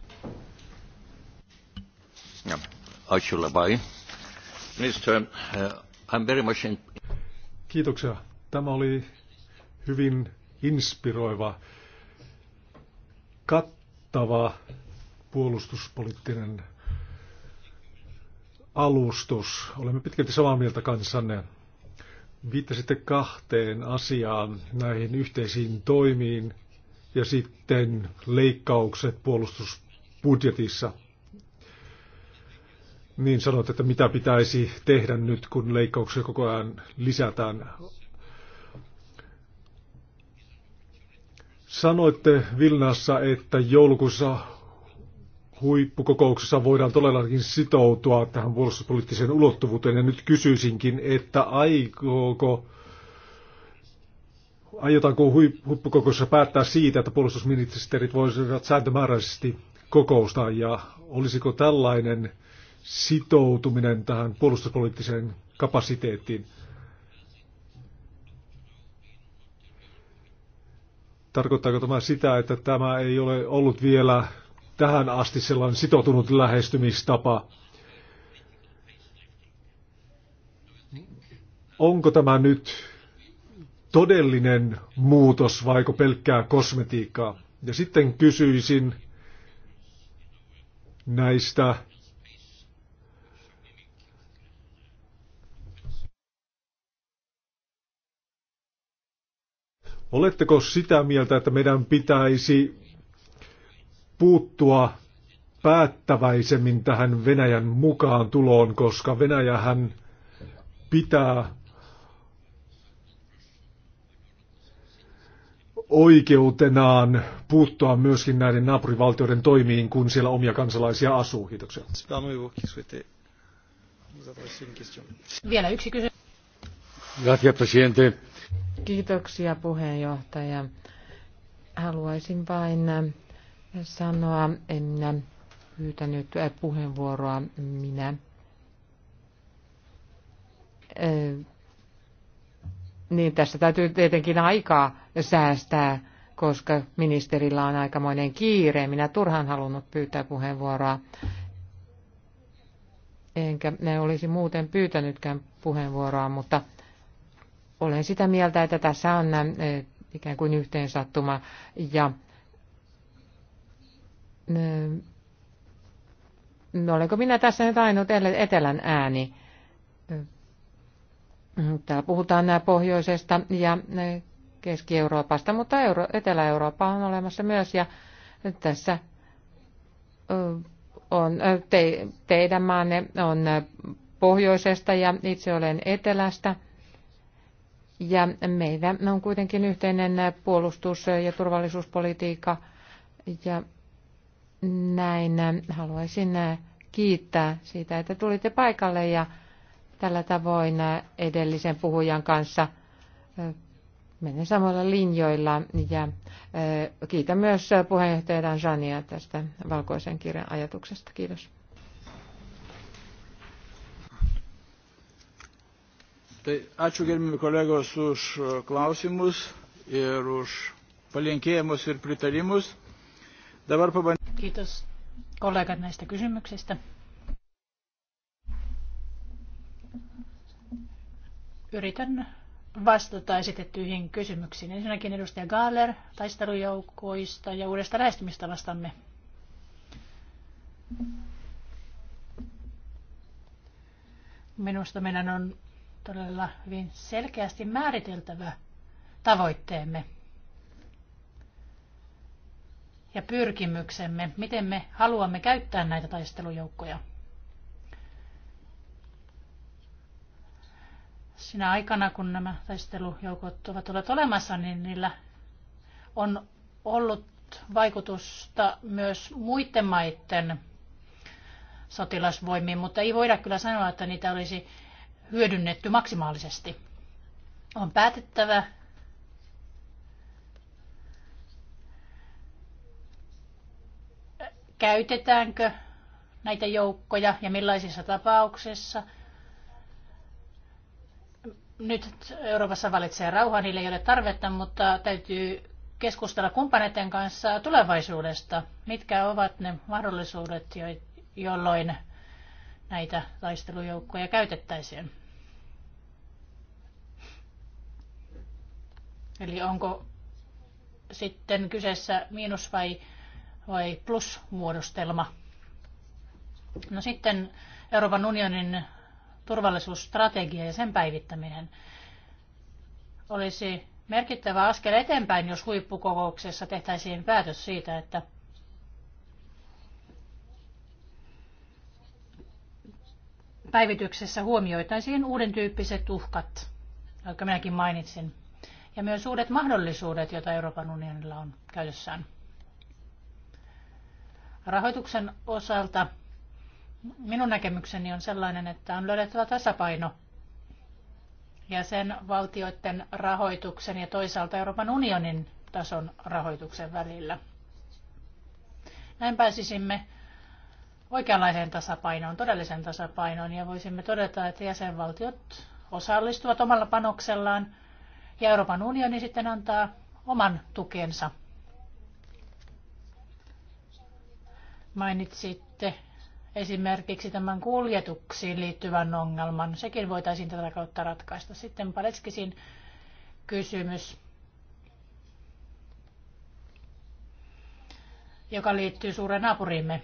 Niin, eh, I'm very much in... Kiitoksia. Tämä oli hyvin inspiroiva, kattava puolustuspoliittinen alustus. Olemme pitkälti samaa mieltä kanssanne. Viittasitte kahteen asiaan, näihin yhteisiin toimiin ja sitten leikkaukset puolustusbudjetissa. Niin sanot, että mitä pitäisi tehdä nyt, kun leikkauksia koko ajan lisätään. Sanoitte Vilnassa, että joulukuussa huippukokouksessa voidaan todellakin sitoutua tähän puolustuspoliittiseen ulottuvuuteen. Ja nyt kysyisinkin, että aikooko, aiotaanko huippukokouksessa päättää siitä, että puolustusministerit voisivat sääntömääräisesti kokousta ja olisiko tällainen sitoutuminen tähän puolustuspoliittiseen kapasiteettiin Tarkoittaako tämä sitä, että tämä ei ole ollut vielä tähän asti sellainen sitoutunut lähestymistapa. Onko tämä nyt todellinen muutos vaiko pelkkää kosmetiikkaa? Ja sitten kysyisin näistä Oletteko sitä mieltä, että meidän pitäisi puuttua päättäväisemmin tähän Venäjän mukaan tuloon, koska Venäjähän pitää oikeutenaan puuttua myöskin näiden naapurivaltioiden toimiin, kun siellä omia kansalaisia asuu. Kiitoksia. Vielä yksi kysymys. Kiitoksia puheenjohtaja. Haluaisin vain sanoa. En minä pyytänyt puheenvuoroa. Minä niin tässä täytyy tietenkin aikaa säästää, koska ministerillä on aikamoinen kiire. Minä turhaan halunnut pyytää puheenvuoroa. Enkä ne olisi muuten pyytänytkään puheenvuoroa, mutta olen sitä mieltä, että tässä on ikään kuin yhteensattuma ja olenko minä tässä nyt ainut etelän ääni? Täällä puhutaan nämä pohjoisesta ja Keski-Euroopasta, mutta Euro- Etelä-Eurooppa on olemassa myös ja tässä on, te, teidän maanne on pohjoisesta ja itse olen etelästä. Ja meidän on kuitenkin yhteinen puolustus- ja turvallisuuspolitiikka ja näin haluaisin kiittää siitä, että tulitte paikalle ja tällä tavoin edellisen puhujan kanssa menen samoilla linjoilla ja kiitän myös puheenjohtaja Danjania tästä valkoisen kirjan ajatuksesta. Kiitos. Tai ačiū gerbimi kolegos už klausimus ir už palinkėjimus ir pritarimus. Dabar pabandysime. Kiitos kollegat näistä kysymyksistä. Yritän vastata esitettyihin kysymyksiin. Ensinnäkin edustaja Gaaler taistelujoukoista ja uudesta lähestymistavastamme. Minusta meidän on todella hyvin selkeästi määriteltävä tavoitteemme ja pyrkimyksemme, miten me haluamme käyttää näitä taistelujoukkoja. Sinä aikana, kun nämä taistelujoukot ovat olleet olemassa, niin niillä on ollut vaikutusta myös muiden maiden sotilasvoimiin, mutta ei voida kyllä sanoa, että niitä olisi hyödynnetty maksimaalisesti. On päätettävä Käytetäänkö näitä joukkoja ja millaisissa tapauksissa? Nyt Euroopassa valitsee rauha, niille ei ole tarvetta, mutta täytyy keskustella kumppaneiden kanssa tulevaisuudesta. Mitkä ovat ne mahdollisuudet, jolloin näitä taistelujoukkoja käytettäisiin? Eli onko sitten kyseessä miinus vai vai plusmuodostelma. No sitten Euroopan unionin turvallisuusstrategia ja sen päivittäminen olisi merkittävä askel eteenpäin, jos huippukokouksessa tehtäisiin päätös siitä, että päivityksessä huomioitaisiin uuden tyyppiset uhkat, jotka minäkin mainitsin, ja myös uudet mahdollisuudet, joita Euroopan unionilla on käytössään. Rahoituksen osalta minun näkemykseni on sellainen, että on löydettävä tasapaino jäsenvaltioiden rahoituksen ja toisaalta Euroopan unionin tason rahoituksen välillä. Näin pääsisimme oikeanlaiseen tasapainoon, todelliseen tasapainoon, ja voisimme todeta, että jäsenvaltiot osallistuvat omalla panoksellaan, ja Euroopan unioni sitten antaa oman tukensa Mainitsitte esimerkiksi tämän kuljetuksiin liittyvän ongelman. Sekin voitaisiin tätä kautta ratkaista. Sitten Paletskisin kysymys, joka liittyy suuren naapuriimme.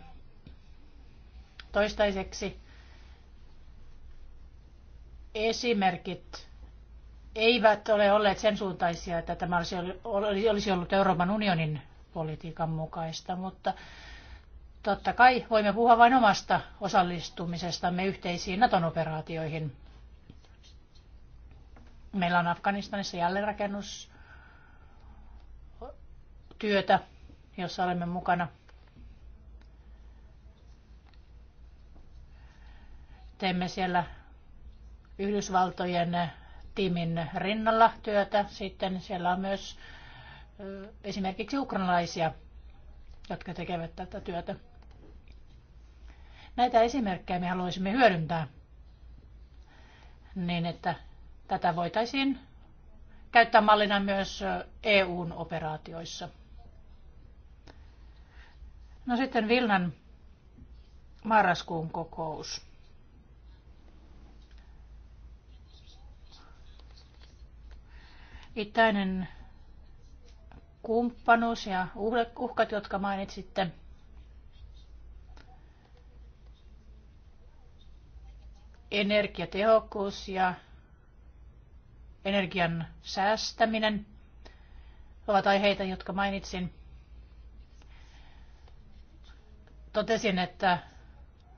Toistaiseksi esimerkit eivät ole olleet sen suuntaisia, että tämä olisi ollut Euroopan unionin politiikan mukaista, mutta Totta kai voimme puhua vain omasta osallistumisestamme yhteisiin Naton operaatioihin. Meillä on Afganistanissa jälleenrakennustyötä, jossa olemme mukana. Teemme siellä Yhdysvaltojen tiimin rinnalla työtä. Sitten siellä on myös esimerkiksi ukrainalaisia, jotka tekevät tätä työtä. Näitä esimerkkejä me haluaisimme hyödyntää niin, että tätä voitaisiin käyttää mallina myös EUn operaatioissa. No sitten Vilnan marraskuun kokous. Itäinen kumppanuus ja uhkat, jotka mainitsitte. energiatehokkuus ja energian säästäminen ovat aiheita, jotka mainitsin. Totesin, että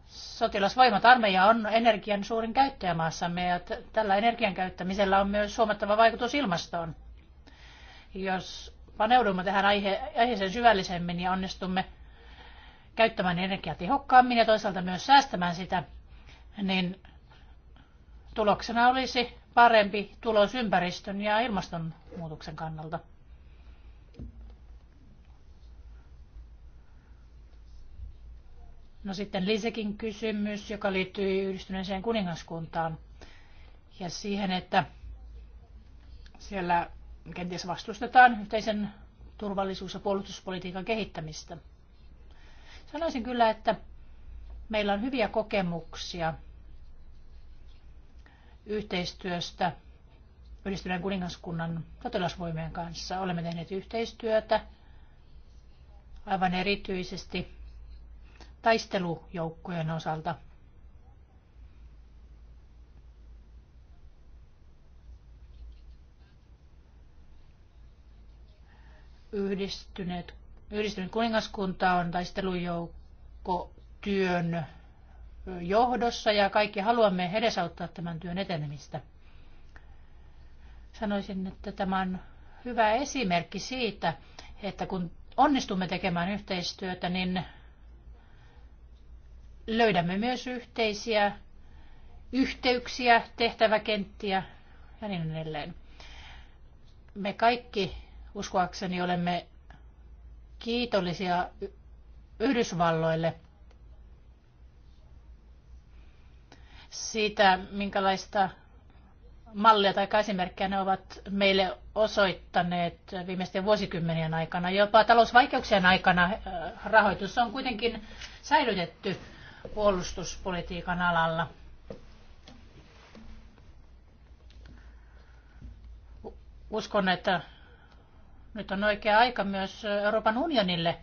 sotilasvoimat armeija on energian suurin käyttäjä maassamme ja tällä energian käyttämisellä on myös huomattava vaikutus ilmastoon. Jos paneudumme tähän aihe- aiheeseen syvällisemmin ja niin onnistumme käyttämään energiaa tehokkaammin ja toisaalta myös säästämään sitä, niin Tuloksena olisi parempi tulos ympäristön ja ilmastonmuutoksen kannalta. No sitten Lisekin kysymys, joka liittyy yhdistyneeseen kuningaskuntaan ja siihen, että siellä kenties vastustetaan yhteisen turvallisuus- ja puolustuspolitiikan kehittämistä. Sanoisin kyllä, että meillä on hyviä kokemuksia – yhteistyöstä Yhdistyneen kuningaskunnan sotilasvoimien kanssa. Olemme tehneet yhteistyötä aivan erityisesti taistelujoukkojen osalta. Yhdistyneet, yhdistynyt kuningaskunta on taistelujoukko työn johdossa ja kaikki haluamme edesauttaa tämän työn etenemistä. Sanoisin, että tämä on hyvä esimerkki siitä, että kun onnistumme tekemään yhteistyötä, niin löydämme myös yhteisiä yhteyksiä, tehtäväkenttiä ja niin edelleen. Me kaikki uskoakseni olemme kiitollisia Yhdysvalloille – siitä, minkälaista mallia tai esimerkkejä ne ovat meille osoittaneet viimeisten vuosikymmenien aikana. Jopa talousvaikeuksien aikana äh, rahoitus on kuitenkin säilytetty puolustuspolitiikan alalla. Uskon, että nyt on oikea aika myös Euroopan unionille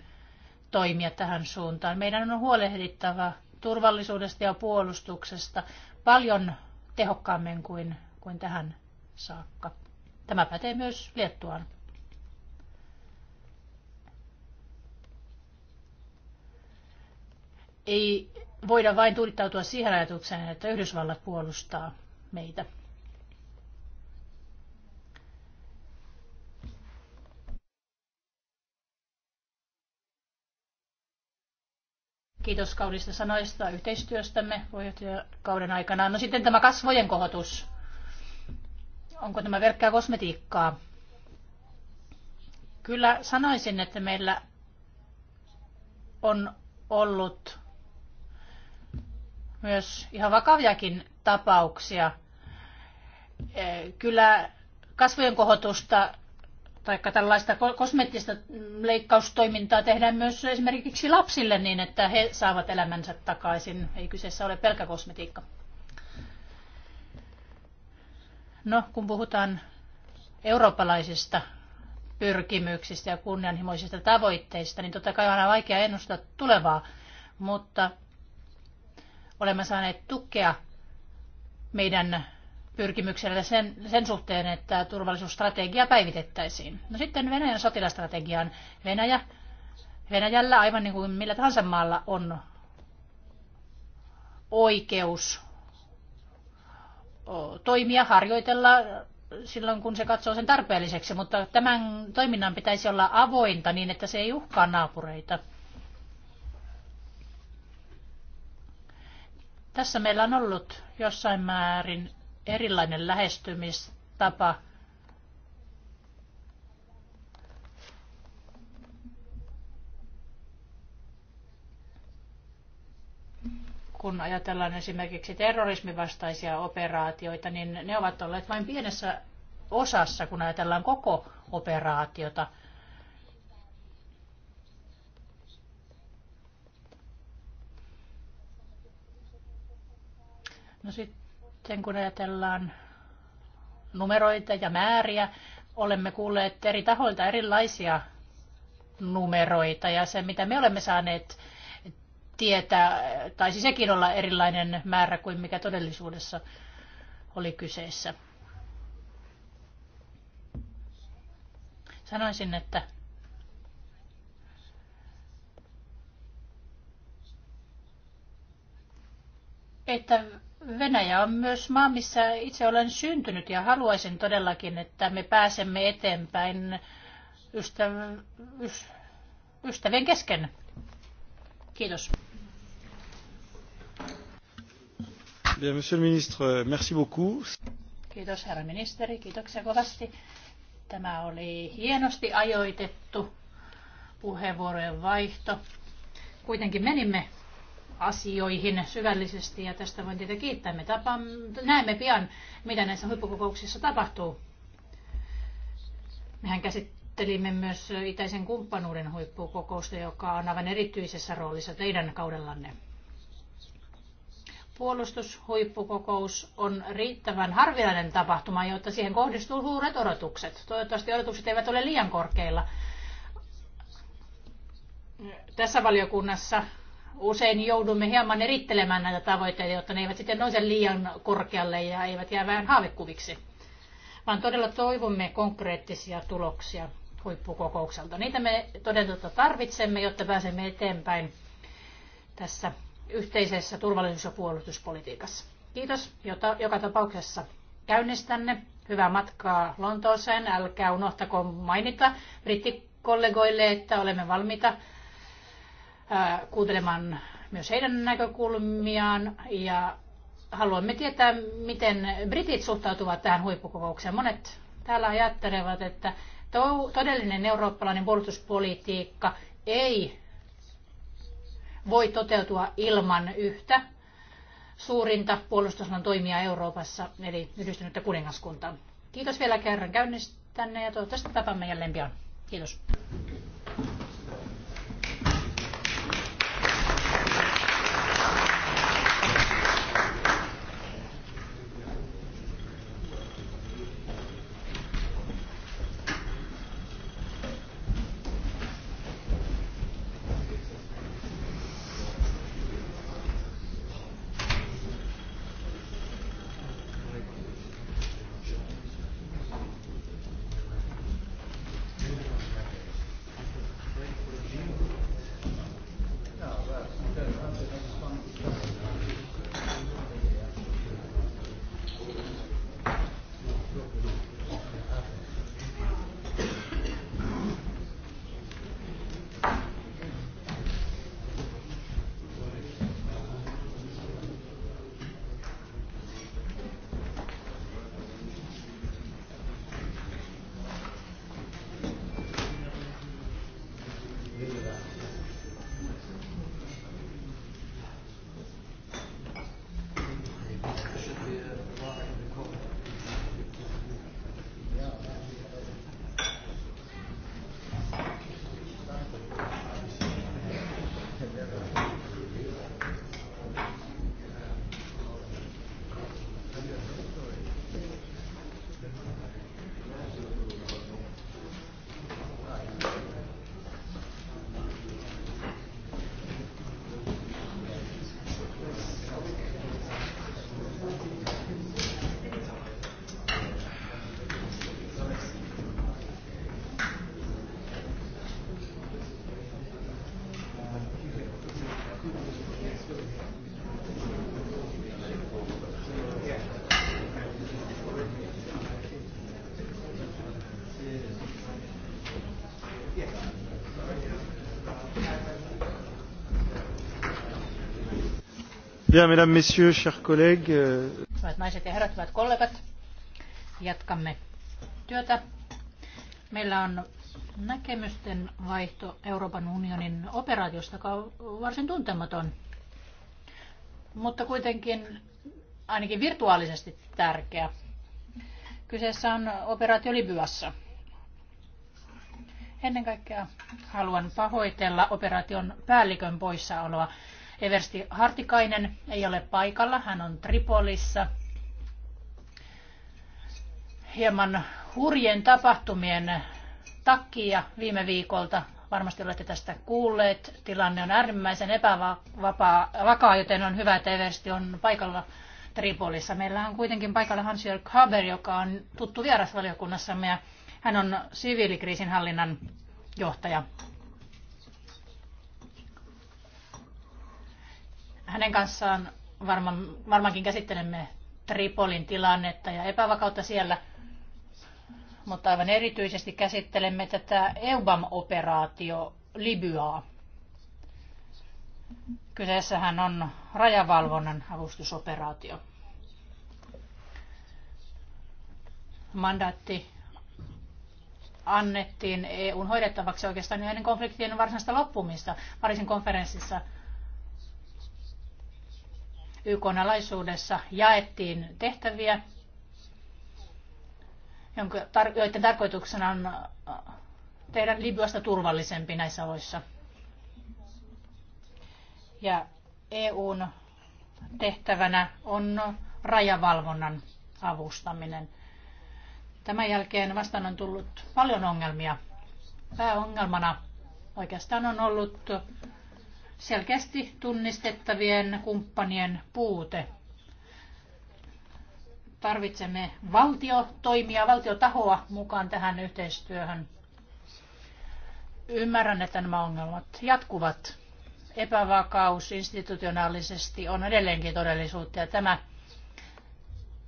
toimia tähän suuntaan. Meidän on huolehdittava turvallisuudesta ja puolustuksesta paljon tehokkaammin kuin, kuin tähän saakka. Tämä pätee myös Liettuaan. Ei voida vain tuudittautua siihen ajatukseen, että Yhdysvallat puolustaa meitä. Kiitos kaudista sanoista yhteistyöstämme kauden aikana. No sitten tämä kasvojen kohotus. Onko tämä verkkää kosmetiikkaa? Kyllä sanoisin, että meillä on ollut myös ihan vakaviakin tapauksia. Kyllä kasvojen kohotusta tai tällaista kosmeettista leikkaustoimintaa tehdään myös esimerkiksi lapsille niin, että he saavat elämänsä takaisin. Ei kyseessä ole pelkä kosmetiikka. No, kun puhutaan eurooppalaisista pyrkimyksistä ja kunnianhimoisista tavoitteista, niin totta kai on aina vaikea ennustaa tulevaa, mutta olemme saaneet tukea meidän pyrkimyksellä sen, sen suhteen, että turvallisuusstrategia päivitettäisiin. No sitten Venäjän sotilastrategiaan. Venäjä, Venäjällä, aivan niin kuin millä tahansa maalla, on oikeus toimia, harjoitella silloin, kun se katsoo sen tarpeelliseksi, mutta tämän toiminnan pitäisi olla avointa niin, että se ei uhkaa naapureita. Tässä meillä on ollut jossain määrin erilainen lähestymistapa kun ajatellaan esimerkiksi terrorismivastaisia operaatioita, niin ne ovat olleet vain pienessä osassa, kun ajatellaan koko operaatiota. No sitten sitten kun ajatellaan numeroita ja määriä, olemme kuulleet eri tahoilta erilaisia numeroita ja se, mitä me olemme saaneet tietää, taisi sekin olla erilainen määrä kuin mikä todellisuudessa oli kyseessä. Sanoisin, että että Venäjä on myös maa, missä itse olen syntynyt ja haluaisin todellakin, että me pääsemme eteenpäin ystävien kesken. Kiitos. Bien, monsieur le ministre, merci beaucoup. Kiitos herra ministeri, kiitoksia kovasti. Tämä oli hienosti ajoitettu puheenvuorojen vaihto. Kuitenkin menimme asioihin syvällisesti ja tästä voin teitä kiittää. Me tapaamme, näemme pian, mitä näissä huippukokouksissa tapahtuu. Mehän käsittelimme myös itäisen kumppanuuden huippukokousta, joka on aivan erityisessä roolissa teidän kaudellanne. Puolustushuippukokous on riittävän harvinainen tapahtuma, jotta siihen kohdistuu suuret odotukset. Toivottavasti odotukset eivät ole liian korkeilla. Tässä valiokunnassa usein joudumme hieman erittelemään näitä tavoitteita, jotta ne eivät sitten nouse liian korkealle ja eivät jää vähän haavekuviksi. Vaan todella toivomme konkreettisia tuloksia huippukokoukselta. Niitä me todennäköisesti tarvitsemme, jotta pääsemme eteenpäin tässä yhteisessä turvallisuus- ja puolustuspolitiikassa. Kiitos jota, joka tapauksessa käynnistänne. Hyvää matkaa Lontooseen. Älkää unohtako mainita brittikollegoille, että olemme valmiita kuuntelemaan myös heidän näkökulmiaan ja haluamme tietää, miten britit suhtautuvat tähän huippukokoukseen. Monet täällä ajattelevat, että todellinen eurooppalainen puolustuspolitiikka ei voi toteutua ilman yhtä suurinta puolustusalan toimia Euroopassa, eli yhdistynyttä kuningaskuntaa. Kiitos vielä kerran käynnistänne ja toivottavasti tapaamme jälleen pian. Kiitos. Bien, mesdames, messieurs, chers collègues. Euh, hyvät naiset ja herrat, hyvät kollegat, jatkamme työtä. Meillä on näkemysten vaihto Euroopan unionin operaatiosta, joka on varsin tuntematon, mutta kuitenkin ainakin virtuaalisesti tärkeä. Kyseessä on operaatio Libyassa. Ennen kaikkea haluan pahoitella operaation päällikön poissaoloa. Eversti Hartikainen ei ole paikalla, hän on Tripolissa. Hieman hurjien tapahtumien takia viime viikolta varmasti olette tästä kuulleet. Tilanne on äärimmäisen epävakaa, joten on hyvä, että Eversti on paikalla Tripolissa. Meillä on kuitenkin paikalla Hans-Jörg Haber, joka on tuttu vierasvaliokunnassamme ja hän on siviilikriisinhallinnan johtaja Hänen kanssaan varmaan, varmaankin käsittelemme Tripolin tilannetta ja epävakautta siellä, mutta aivan erityisesti käsittelemme tätä EUBAM-operaatio Libyaa. Kyseessähän on rajavalvonnan avustusoperaatio. Mandaatti annettiin EUn hoidettavaksi oikeastaan ennen konfliktien varsinaista loppumista. Pariisin konferenssissa – YKn alaisuudessa jaettiin tehtäviä, joiden tarkoituksena on äh, tehdä Libyasta turvallisempi näissä oloissa. Ja EUn tehtävänä on rajavalvonnan avustaminen. Tämän jälkeen vastaan on tullut paljon ongelmia. Pääongelmana oikeastaan on ollut selkeästi tunnistettavien kumppanien puute. Tarvitsemme valtiotoimia, valtiotahoa mukaan tähän yhteistyöhön. Ymmärrän, että nämä ongelmat jatkuvat. Epävakaus institutionaalisesti on edelleenkin todellisuutta ja tämä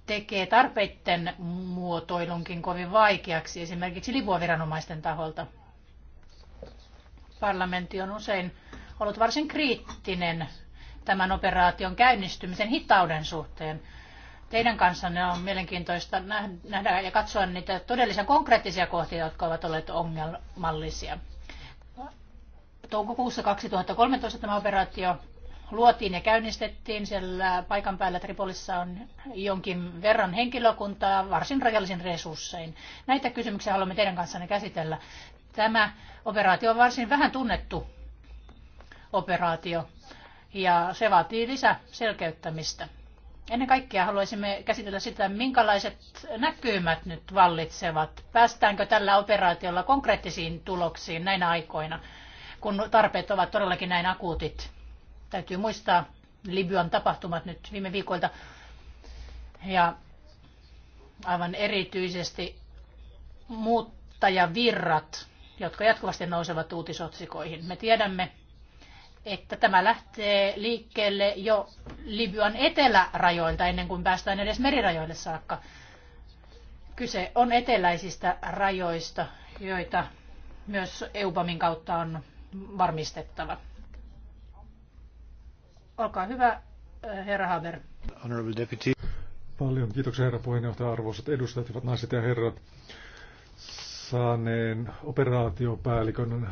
tekee tarpeiden muotoilunkin kovin vaikeaksi esimerkiksi lipuaviranomaisten taholta. Parlamentti on usein ollut varsin kriittinen tämän operaation käynnistymisen hitauden suhteen. Teidän kanssanne on mielenkiintoista nähdä ja katsoa niitä todellisia konkreettisia kohtia, jotka ovat olleet ongelmallisia. Toukokuussa 2013 tämä operaatio luotiin ja käynnistettiin. Siellä paikan päällä Tripolissa on jonkin verran henkilökuntaa varsin rajallisin resurssein. Näitä kysymyksiä haluamme teidän kanssanne käsitellä. Tämä operaatio on varsin vähän tunnettu operaatio ja se vaatii lisä selkeyttämistä. Ennen kaikkea haluaisimme käsitellä sitä, minkälaiset näkymät nyt vallitsevat. Päästäänkö tällä operaatiolla konkreettisiin tuloksiin näinä aikoina, kun tarpeet ovat todellakin näin akuutit. Täytyy muistaa Libyan tapahtumat nyt viime viikoilta. Ja aivan erityisesti muuttajavirrat, jotka jatkuvasti nousevat uutisotsikoihin. Me tiedämme, että tämä lähtee liikkeelle jo Libyan etelärajoilta ennen kuin päästään edes merirajoille saakka. Kyse on eteläisistä rajoista, joita myös EUBAMin kautta on varmistettava. Olkaa hyvä, herra Haber. Honorable Deputy. Paljon kiitoksia herra puheenjohtaja, arvoisat edustajat, hyvät naiset ja herrat. Saaneen operaatiopäällikön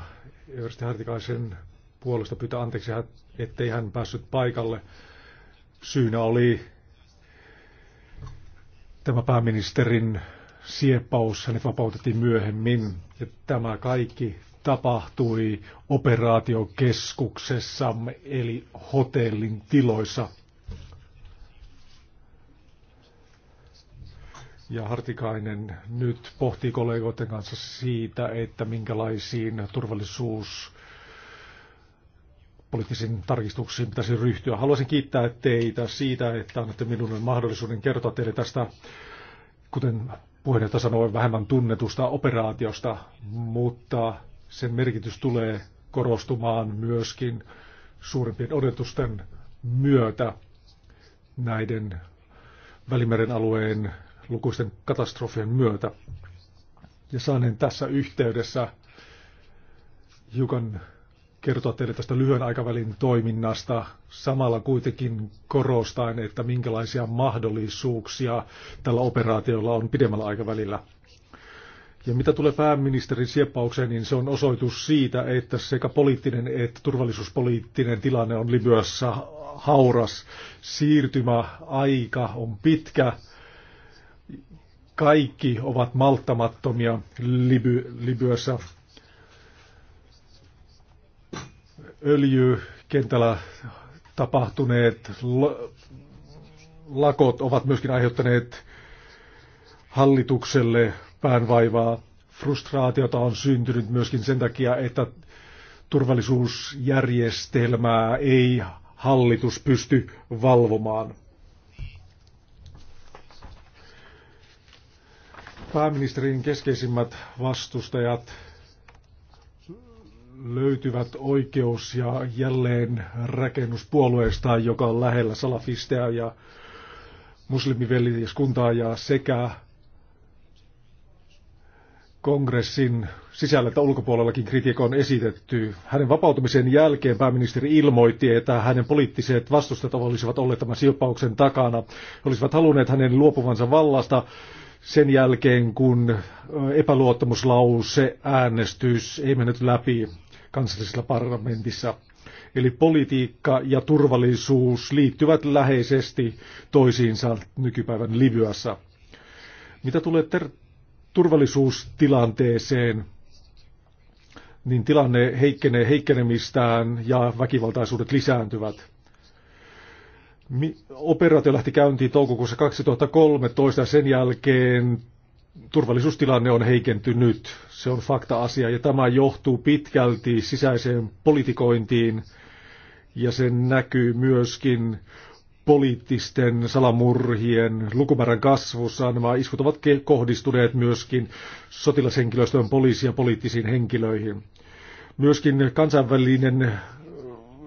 Eversti Hartikaisen puolesta pyytää anteeksi, ettei hän päässyt paikalle. Syynä oli tämä pääministerin sieppaus, hänet vapautettiin myöhemmin. Ja tämä kaikki tapahtui operaatiokeskuksessamme, eli hotellin tiloissa. Ja Hartikainen nyt pohtii kollegoiden kanssa siitä, että minkälaisiin turvallisuus- poliittisiin tarkistuksiin pitäisi ryhtyä. Haluaisin kiittää teitä siitä, että annatte minulle mahdollisuuden kertoa teille tästä, kuten puheenjohtaja sanoi, vähemmän tunnetusta operaatiosta, mutta sen merkitys tulee korostumaan myöskin suurempien odotusten myötä näiden Välimeren alueen lukuisten katastrofien myötä. Ja saaneen tässä yhteydessä hiukan kertoa teille tästä lyhyen aikavälin toiminnasta, samalla kuitenkin korostaen, että minkälaisia mahdollisuuksia tällä operaatiolla on pidemmällä aikavälillä. Ja mitä tulee pääministerin sieppaukseen, niin se on osoitus siitä, että sekä poliittinen että turvallisuuspoliittinen tilanne on Libyassa hauras. Siirtymäaika on pitkä. Kaikki ovat malttamattomia Liby- Libyassa öljykentällä tapahtuneet lakot ovat myöskin aiheuttaneet hallitukselle päänvaivaa. Frustraatiota on syntynyt myöskin sen takia, että turvallisuusjärjestelmää ei hallitus pysty valvomaan. Pääministerin keskeisimmät vastustajat löytyvät oikeus- ja jälleen rakennuspuolueesta, joka on lähellä salafisteja ja muslimiveljeskuntaa ja sekä kongressin sisällä että ulkopuolellakin kritiikko on esitetty. Hänen vapautumisen jälkeen pääministeri ilmoitti, että hänen poliittiset vastustajat olisivat olleet tämän silpauksen takana. Olisivat halunneet hänen luopuvansa vallasta sen jälkeen, kun epäluottamuslause äänestys ei mennyt läpi kansallisessa parlamentissa. Eli politiikka ja turvallisuus liittyvät läheisesti toisiinsa nykypäivän Libyassa. Mitä tulee ter- turvallisuustilanteeseen, niin tilanne heikkenee heikkenemistään ja väkivaltaisuudet lisääntyvät. Operaatio lähti käyntiin toukokuussa 2013 ja sen jälkeen turvallisuustilanne on heikentynyt. Se on fakta-asia ja tämä johtuu pitkälti sisäiseen politikointiin ja se näkyy myöskin poliittisten salamurhien lukumäärän kasvussa. Nämä iskut ovat kohdistuneet myöskin sotilashenkilöstöön, poliisiin ja poliittisiin henkilöihin. Myöskin kansainvälinen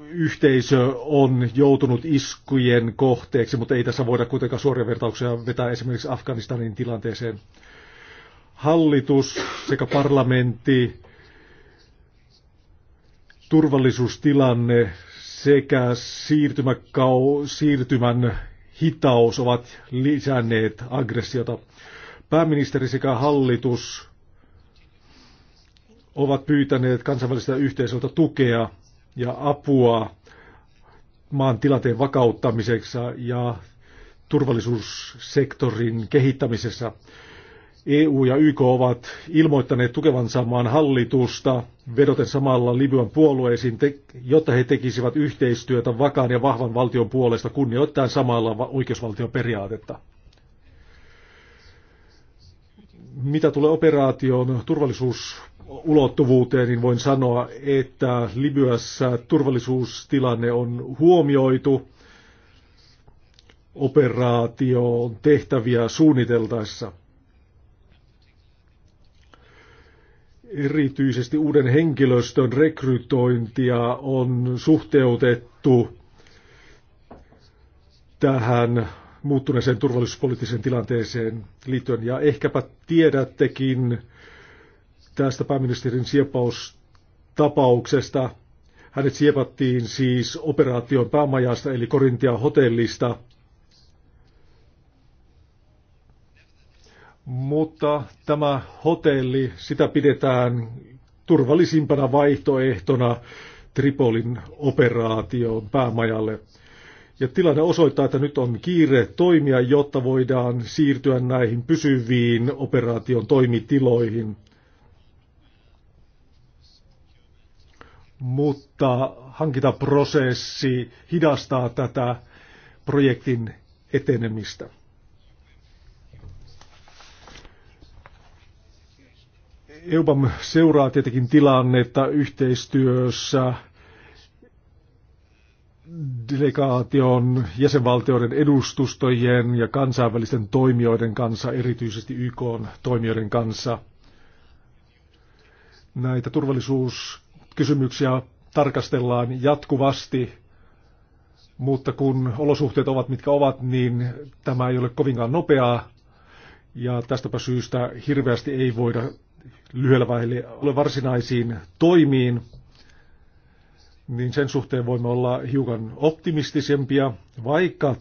yhteisö on joutunut iskujen kohteeksi, mutta ei tässä voida kuitenkaan suoria vertauksia vetää esimerkiksi Afganistanin tilanteeseen hallitus sekä parlamentti, turvallisuustilanne sekä siirtymäkau- siirtymän hitaus ovat lisänneet aggressiota. Pääministeri sekä hallitus ovat pyytäneet kansainväliseltä yhteisöltä tukea ja apua maan tilanteen vakauttamiseksi ja turvallisuussektorin kehittämisessä. EU ja YK ovat ilmoittaneet tukevansa maan hallitusta vedoten samalla Libyan puolueisiin, jotta he tekisivät yhteistyötä vakaan ja vahvan valtion puolesta kunnioittaen samalla oikeusvaltion periaatetta. Mitä tulee operaation turvallisuusulottuvuuteen, niin voin sanoa, että Libyassa turvallisuustilanne on huomioitu operaation tehtäviä suunniteltaessa. erityisesti uuden henkilöstön rekrytointia on suhteutettu tähän muuttuneeseen turvallisuuspoliittiseen tilanteeseen liittyen. Ja ehkäpä tiedättekin tästä pääministerin siepaustapauksesta. Hänet siepattiin siis operaation päämajasta eli Korintia hotellista – Mutta tämä hotelli, sitä pidetään turvallisimpana vaihtoehtona Tripolin operaation päämajalle. Ja tilanne osoittaa, että nyt on kiire toimia, jotta voidaan siirtyä näihin pysyviin operaation toimitiloihin. Mutta hankintaprosessi hidastaa tätä projektin etenemistä. EUBAM seuraa tietenkin tilannetta yhteistyössä delegaation, jäsenvaltioiden edustustojen ja kansainvälisten toimijoiden kanssa, erityisesti YK toimijoiden kanssa. Näitä turvallisuuskysymyksiä tarkastellaan jatkuvasti, mutta kun olosuhteet ovat mitkä ovat, niin tämä ei ole kovinkaan nopeaa. Ja tästäpä syystä hirveästi ei voida lyhyellä vaiheella varsinaisiin toimiin, niin sen suhteen voimme olla hiukan optimistisempia, vaikka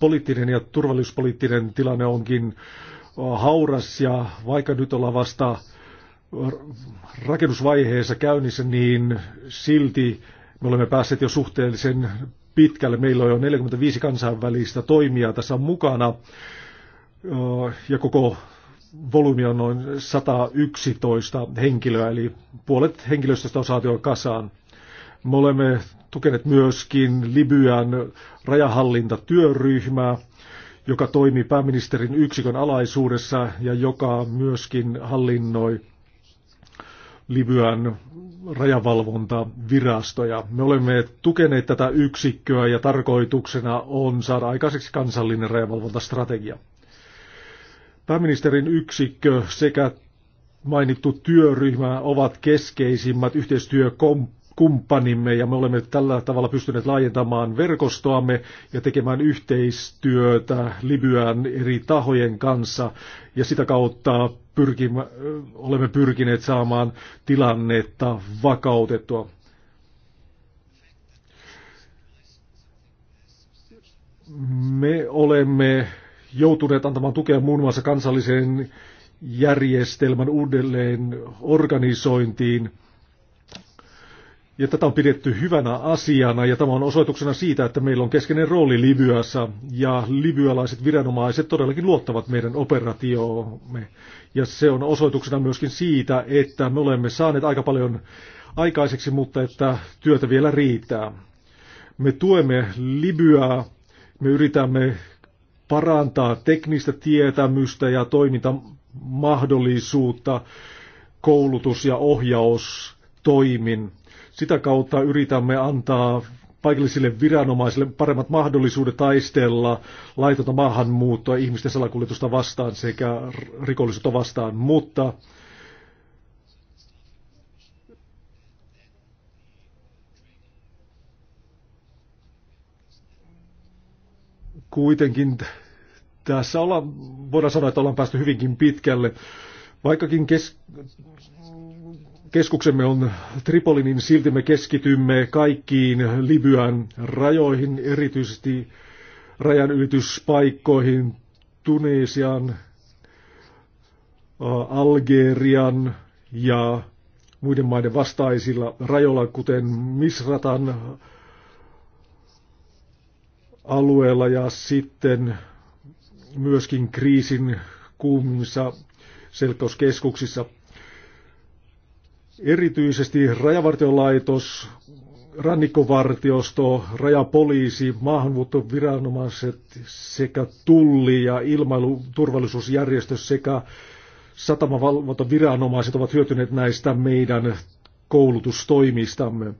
poliittinen ja turvallisuuspoliittinen tilanne onkin hauras ja vaikka nyt ollaan vasta rakennusvaiheessa käynnissä, niin silti me olemme päässeet jo suhteellisen pitkälle. Meillä on jo 45 kansainvälistä toimijaa tässä mukana ja koko volyymi on noin 111 henkilöä, eli puolet henkilöstöstä on saatu jo kasaan. Me olemme tukeneet myöskin Libyan rajahallintatyöryhmää, joka toimii pääministerin yksikön alaisuudessa ja joka myöskin hallinnoi Libyan rajavalvontavirastoja. Me olemme tukeneet tätä yksikköä ja tarkoituksena on saada aikaiseksi kansallinen rajavalvontastrategia. Pääministerin yksikkö sekä mainittu työryhmä ovat keskeisimmät yhteistyökumppanimme ja me olemme tällä tavalla pystyneet laajentamaan verkostoamme ja tekemään yhteistyötä Libyan eri tahojen kanssa ja sitä kautta pyrkimä, olemme pyrkineet saamaan tilannetta vakautettua. Me olemme joutuneet antamaan tukea muun muassa kansalliseen järjestelmän uudelleen organisointiin. Ja tätä on pidetty hyvänä asiana ja tämä on osoituksena siitä, että meillä on keskeinen rooli Libyassa ja libyalaiset viranomaiset todellakin luottavat meidän operatioomme. Ja se on osoituksena myöskin siitä, että me olemme saaneet aika paljon aikaiseksi, mutta että työtä vielä riittää. Me tuemme Libyaa, me yritämme parantaa teknistä tietämystä ja toimintamahdollisuutta koulutus- ja ohjaustoimin. Sitä kautta yritämme antaa paikallisille viranomaisille paremmat mahdollisuudet taistella laitonta maahanmuuttoa, ihmisten salakuljetusta vastaan sekä rikollisuutta vastaan, mutta kuitenkin tässä olla, voidaan sanoa, että ollaan päästy hyvinkin pitkälle. Vaikkakin kes, keskuksemme on Tripoli, niin silti me keskitymme kaikkiin Libyan rajoihin, erityisesti rajanylityspaikkoihin, Tunesian, äh, Algerian ja muiden maiden vastaisilla rajoilla, kuten Misratan alueella ja sitten myöskin kriisin kuumissa selkkauskeskuksissa. Erityisesti rajavartiolaitos, rannikkovartiosto, rajapoliisi, maahanmuuttoviranomaiset sekä tulli ja ilmailuturvallisuusjärjestö sekä satamavalvontaviranomaiset ovat hyötyneet näistä meidän koulutustoimistamme.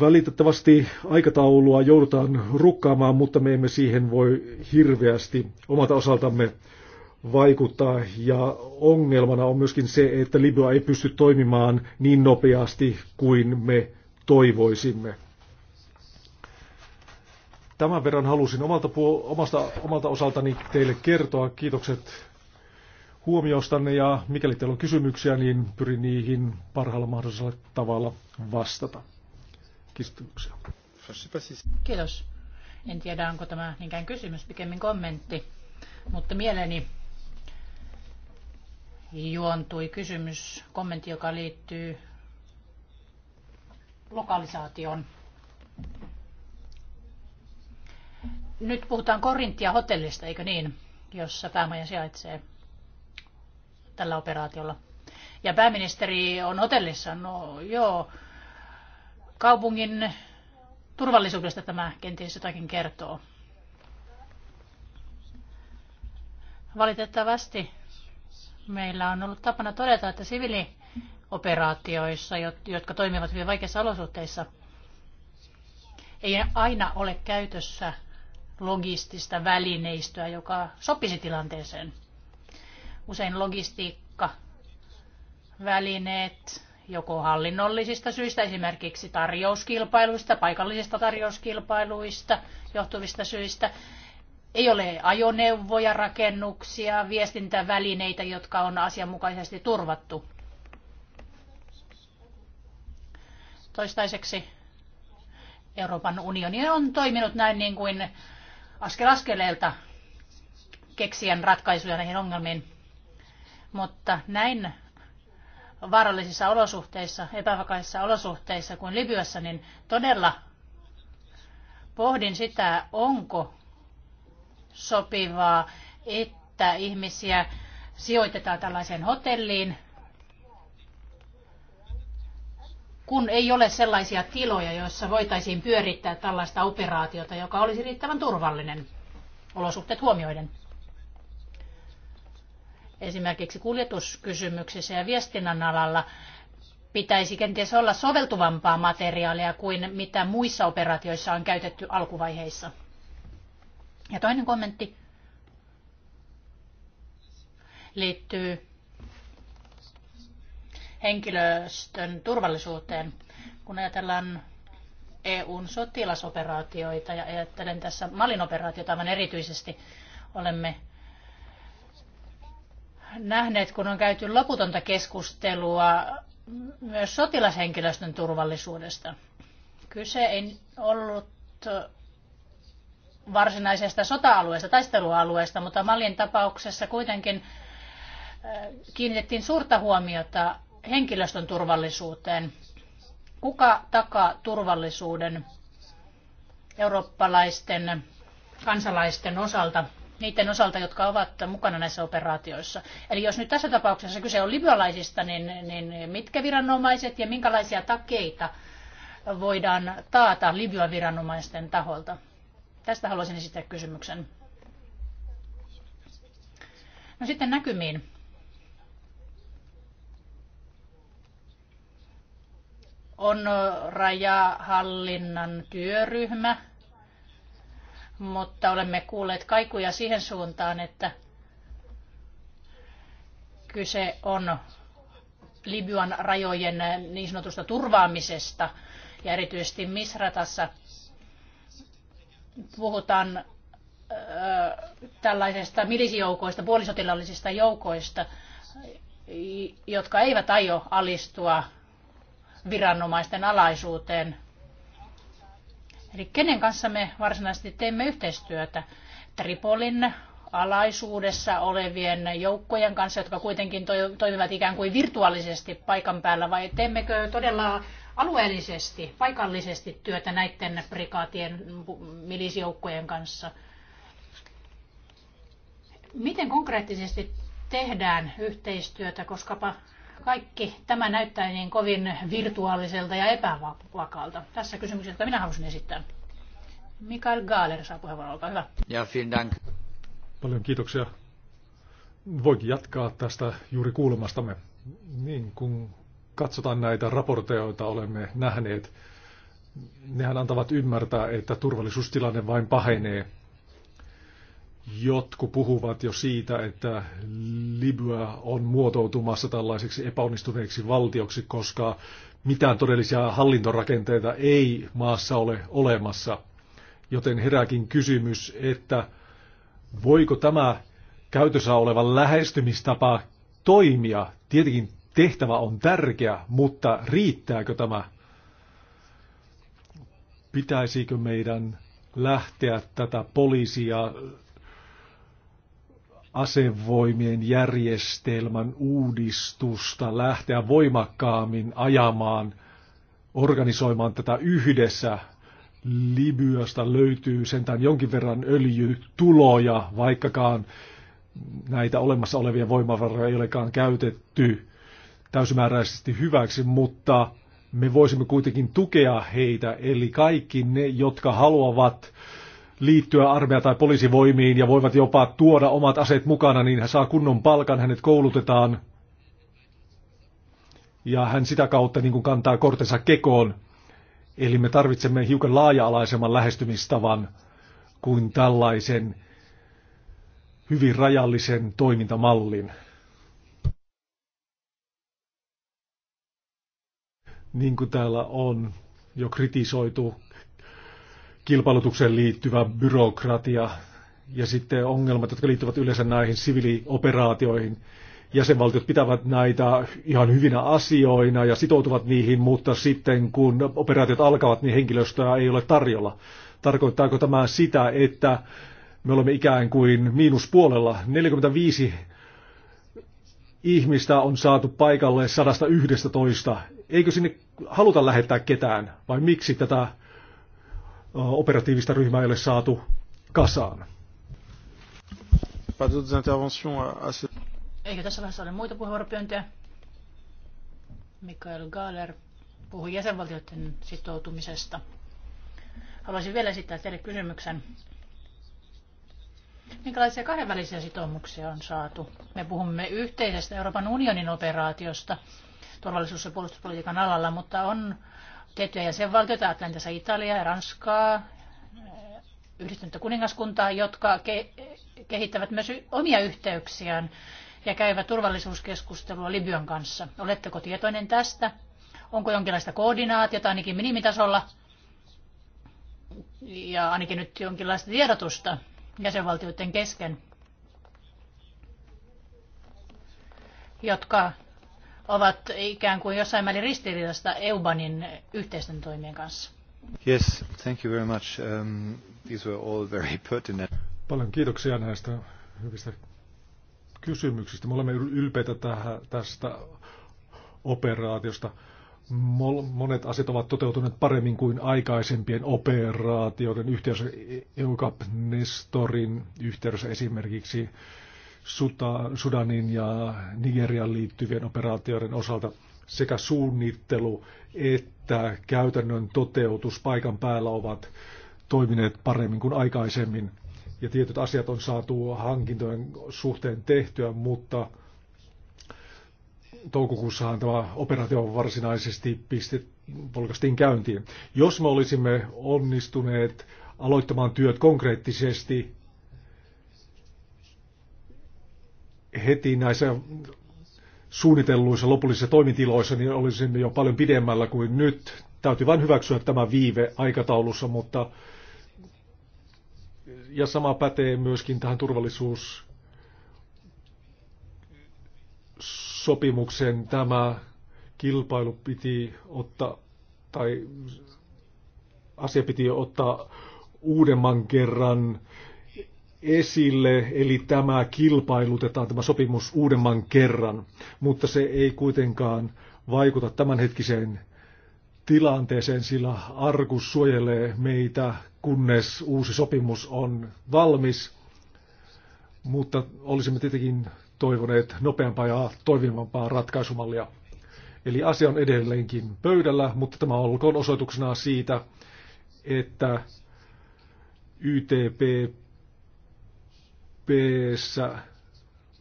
Valitettavasti aikataulua joudutaan rukkaamaan, mutta me emme siihen voi hirveästi omalta osaltamme vaikuttaa. Ja ongelmana on myöskin se, että Libya ei pysty toimimaan niin nopeasti kuin me toivoisimme. Tämän verran halusin omalta, omasta, omalta osaltani teille kertoa. Kiitokset huomiostanne ja mikäli teillä on kysymyksiä, niin pyrin niihin parhaalla mahdollisella tavalla vastata. Kiitos. En tiedä, onko tämä niinkään kysymys, pikemmin kommentti, mutta mieleeni juontui kysymys, kommentti, joka liittyy lokalisaation. Nyt puhutaan Korintia hotellista, eikö niin, jossa päämaja sijaitsee tällä operaatiolla. Ja pääministeri on hotellissa, no joo, kaupungin turvallisuudesta tämä kenties jotakin kertoo. Valitettavasti meillä on ollut tapana todeta, että siviilioperaatioissa, jotka toimivat hyvin vaikeissa olosuhteissa, ei aina ole käytössä logistista välineistöä, joka sopisi tilanteeseen. Usein logistiikka, välineet joko hallinnollisista syistä, esimerkiksi tarjouskilpailuista, paikallisista tarjouskilpailuista johtuvista syistä. Ei ole ajoneuvoja, rakennuksia, viestintävälineitä, jotka on asianmukaisesti turvattu. Toistaiseksi Euroopan unioni on toiminut näin niin kuin askel askeleelta keksien ratkaisuja näihin ongelmiin. Mutta näin vaarallisissa olosuhteissa, epävakaissa olosuhteissa kuin Libyassa, niin todella pohdin sitä, onko sopivaa, että ihmisiä sijoitetaan tällaiseen hotelliin, kun ei ole sellaisia tiloja, joissa voitaisiin pyörittää tällaista operaatiota, joka olisi riittävän turvallinen olosuhteet huomioiden esimerkiksi kuljetuskysymyksissä ja viestinnän alalla pitäisi kenties olla soveltuvampaa materiaalia kuin mitä muissa operaatioissa on käytetty alkuvaiheissa. Ja toinen kommentti liittyy henkilöstön turvallisuuteen. Kun ajatellaan EUn sotilasoperaatioita ja ajattelen tässä Malin operaatiota aivan erityisesti, olemme nähneet, kun on käyty loputonta keskustelua myös sotilashenkilöstön turvallisuudesta. Kyse ei ollut varsinaisesta sota-alueesta, taistelualueesta, mutta Malin tapauksessa kuitenkin äh, kiinnitettiin suurta huomiota henkilöstön turvallisuuteen. Kuka takaa turvallisuuden eurooppalaisten kansalaisten osalta niiden osalta, jotka ovat mukana näissä operaatioissa. Eli jos nyt tässä tapauksessa kyse on libyalaisista, niin, niin mitkä viranomaiset ja minkälaisia takeita voidaan taata Libyan viranomaisten taholta? Tästä haluaisin esittää kysymyksen. No sitten näkymiin. On rajahallinnan työryhmä, mutta olemme kuulleet kaikuja siihen suuntaan, että kyse on Libyan rajojen niin sanotusta turvaamisesta ja erityisesti Misratassa puhutaan tällaisesta milisijoukoista, puolisotilallisista joukoista, jotka eivät aio alistua viranomaisten alaisuuteen. Eli kenen kanssa me varsinaisesti teemme yhteistyötä? Tripolin alaisuudessa olevien joukkojen kanssa, jotka kuitenkin toimivat ikään kuin virtuaalisesti paikan päällä, vai teemmekö todella alueellisesti, paikallisesti työtä näiden prikaatien milisjoukkojen kanssa? Miten konkreettisesti tehdään yhteistyötä, koskapa kaikki tämä näyttää niin kovin virtuaaliselta ja epävakaalta. Tässä kysymys, jotka minä halusin esittää. Mikael Gaaler saa puheenvuoron, olkaa hyvä. Ja vielen dank. Paljon kiitoksia. Voikin jatkaa tästä juuri kuulemastamme. Niin, kun katsotaan näitä raportteja, joita olemme nähneet, nehän antavat ymmärtää, että turvallisuustilanne vain pahenee Jotkut puhuvat jo siitä, että Libya on muotoutumassa tällaiseksi epäonnistuneeksi valtioksi, koska mitään todellisia hallintorakenteita ei maassa ole olemassa. Joten herääkin kysymys, että voiko tämä käytössä oleva lähestymistapa toimia? Tietenkin tehtävä on tärkeä, mutta riittääkö tämä? Pitäisikö meidän lähteä tätä poliisia asevoimien järjestelmän uudistusta lähteä voimakkaammin ajamaan, organisoimaan tätä yhdessä. Libyasta löytyy sentään jonkin verran öljytuloja, vaikkakaan näitä olemassa olevia voimavaroja ei olekaan käytetty täysimääräisesti hyväksi, mutta me voisimme kuitenkin tukea heitä, eli kaikki ne, jotka haluavat äh, liittyä armeija- tai poliisivoimiin ja voivat jopa tuoda omat aseet mukana, niin hän saa kunnon palkan, hänet koulutetaan ja hän sitä kautta niin kuin kantaa kortensa kekoon. Eli me tarvitsemme hiukan laaja-alaisemman lähestymistavan kuin tällaisen hyvin rajallisen toimintamallin. Niin kuin täällä on jo kritisoitu kilpailutukseen liittyvä byrokratia ja sitten ongelmat, jotka liittyvät yleensä näihin siviilioperaatioihin. Jäsenvaltiot pitävät näitä ihan hyvinä asioina ja sitoutuvat niihin, mutta sitten kun operaatiot alkavat, niin henkilöstöä ei ole tarjolla. Tarkoittaako tämä sitä, että me olemme ikään kuin miinuspuolella? 45 ihmistä on saatu paikalle 111. Eikö sinne haluta lähettää ketään? Vai miksi tätä operatiivista ryhmää ei ole saatu kasaan. Eikö tässä vaiheessa ole muita puheenvuoropyöntöjä? Mikael Gaaler puhui jäsenvaltioiden sitoutumisesta. Haluaisin vielä esittää teille kysymyksen. Minkälaisia kahdenvälisiä sitoumuksia on saatu? Me puhumme yhteisestä Euroopan unionin operaatiosta turvallisuus- ja puolustuspolitiikan alalla, mutta on tiettyjä jäsenvaltioita, Atlantissa Italiaa, Ranskaa, yhdistynyttä kuningaskuntaa, jotka ke- kehittävät myös omia yhteyksiään ja käyvät turvallisuuskeskustelua Libyan kanssa. Oletteko tietoinen tästä? Onko jonkinlaista koordinaatiota ainakin minimitasolla? Ja ainakin nyt jonkinlaista tiedotusta jäsenvaltioiden kesken, jotka ovat ikään kuin jossain määrin ristiriidasta EUBANin yhteisten toimien kanssa. Yes, thank you very much. Um, these were all very pertinent. Paljon kiitoksia näistä hyvistä kysymyksistä. Me olemme ylpeitä tähän, tästä operaatiosta. Monet asiat ovat toteutuneet paremmin kuin aikaisempien operaatioiden yhteydessä, e- EUCAP Nestorin yhteydessä esimerkiksi Suta, Sudanin ja Nigerian liittyvien operaatioiden osalta sekä suunnittelu että käytännön toteutus paikan päällä ovat toimineet paremmin kuin aikaisemmin. Ja tietyt asiat on saatu hankintojen suhteen tehtyä, mutta toukokuussahan tämä operaatio varsinaisesti pistet, polkastiin käyntiin. Jos me olisimme onnistuneet aloittamaan työt konkreettisesti heti näissä suunnitelluissa lopullisissa toimitiloissa, niin olisimme jo paljon pidemmällä kuin nyt. Täytyy vain hyväksyä tämä viive aikataulussa, mutta ja sama pätee myöskin tähän turvallisuus sopimuksen tämä kilpailu piti ottaa, tai asia piti ottaa uudemman kerran esille, eli tämä kilpailutetaan tämä sopimus uudemman kerran, mutta se ei kuitenkaan vaikuta tämänhetkiseen tilanteeseen, sillä arkus suojelee meitä, kunnes uusi sopimus on valmis, mutta olisimme tietenkin toivoneet nopeampaa ja toimivampaa ratkaisumallia. Eli asia on edelleenkin pöydällä, mutta tämä olkoon osoituksena siitä, että YTP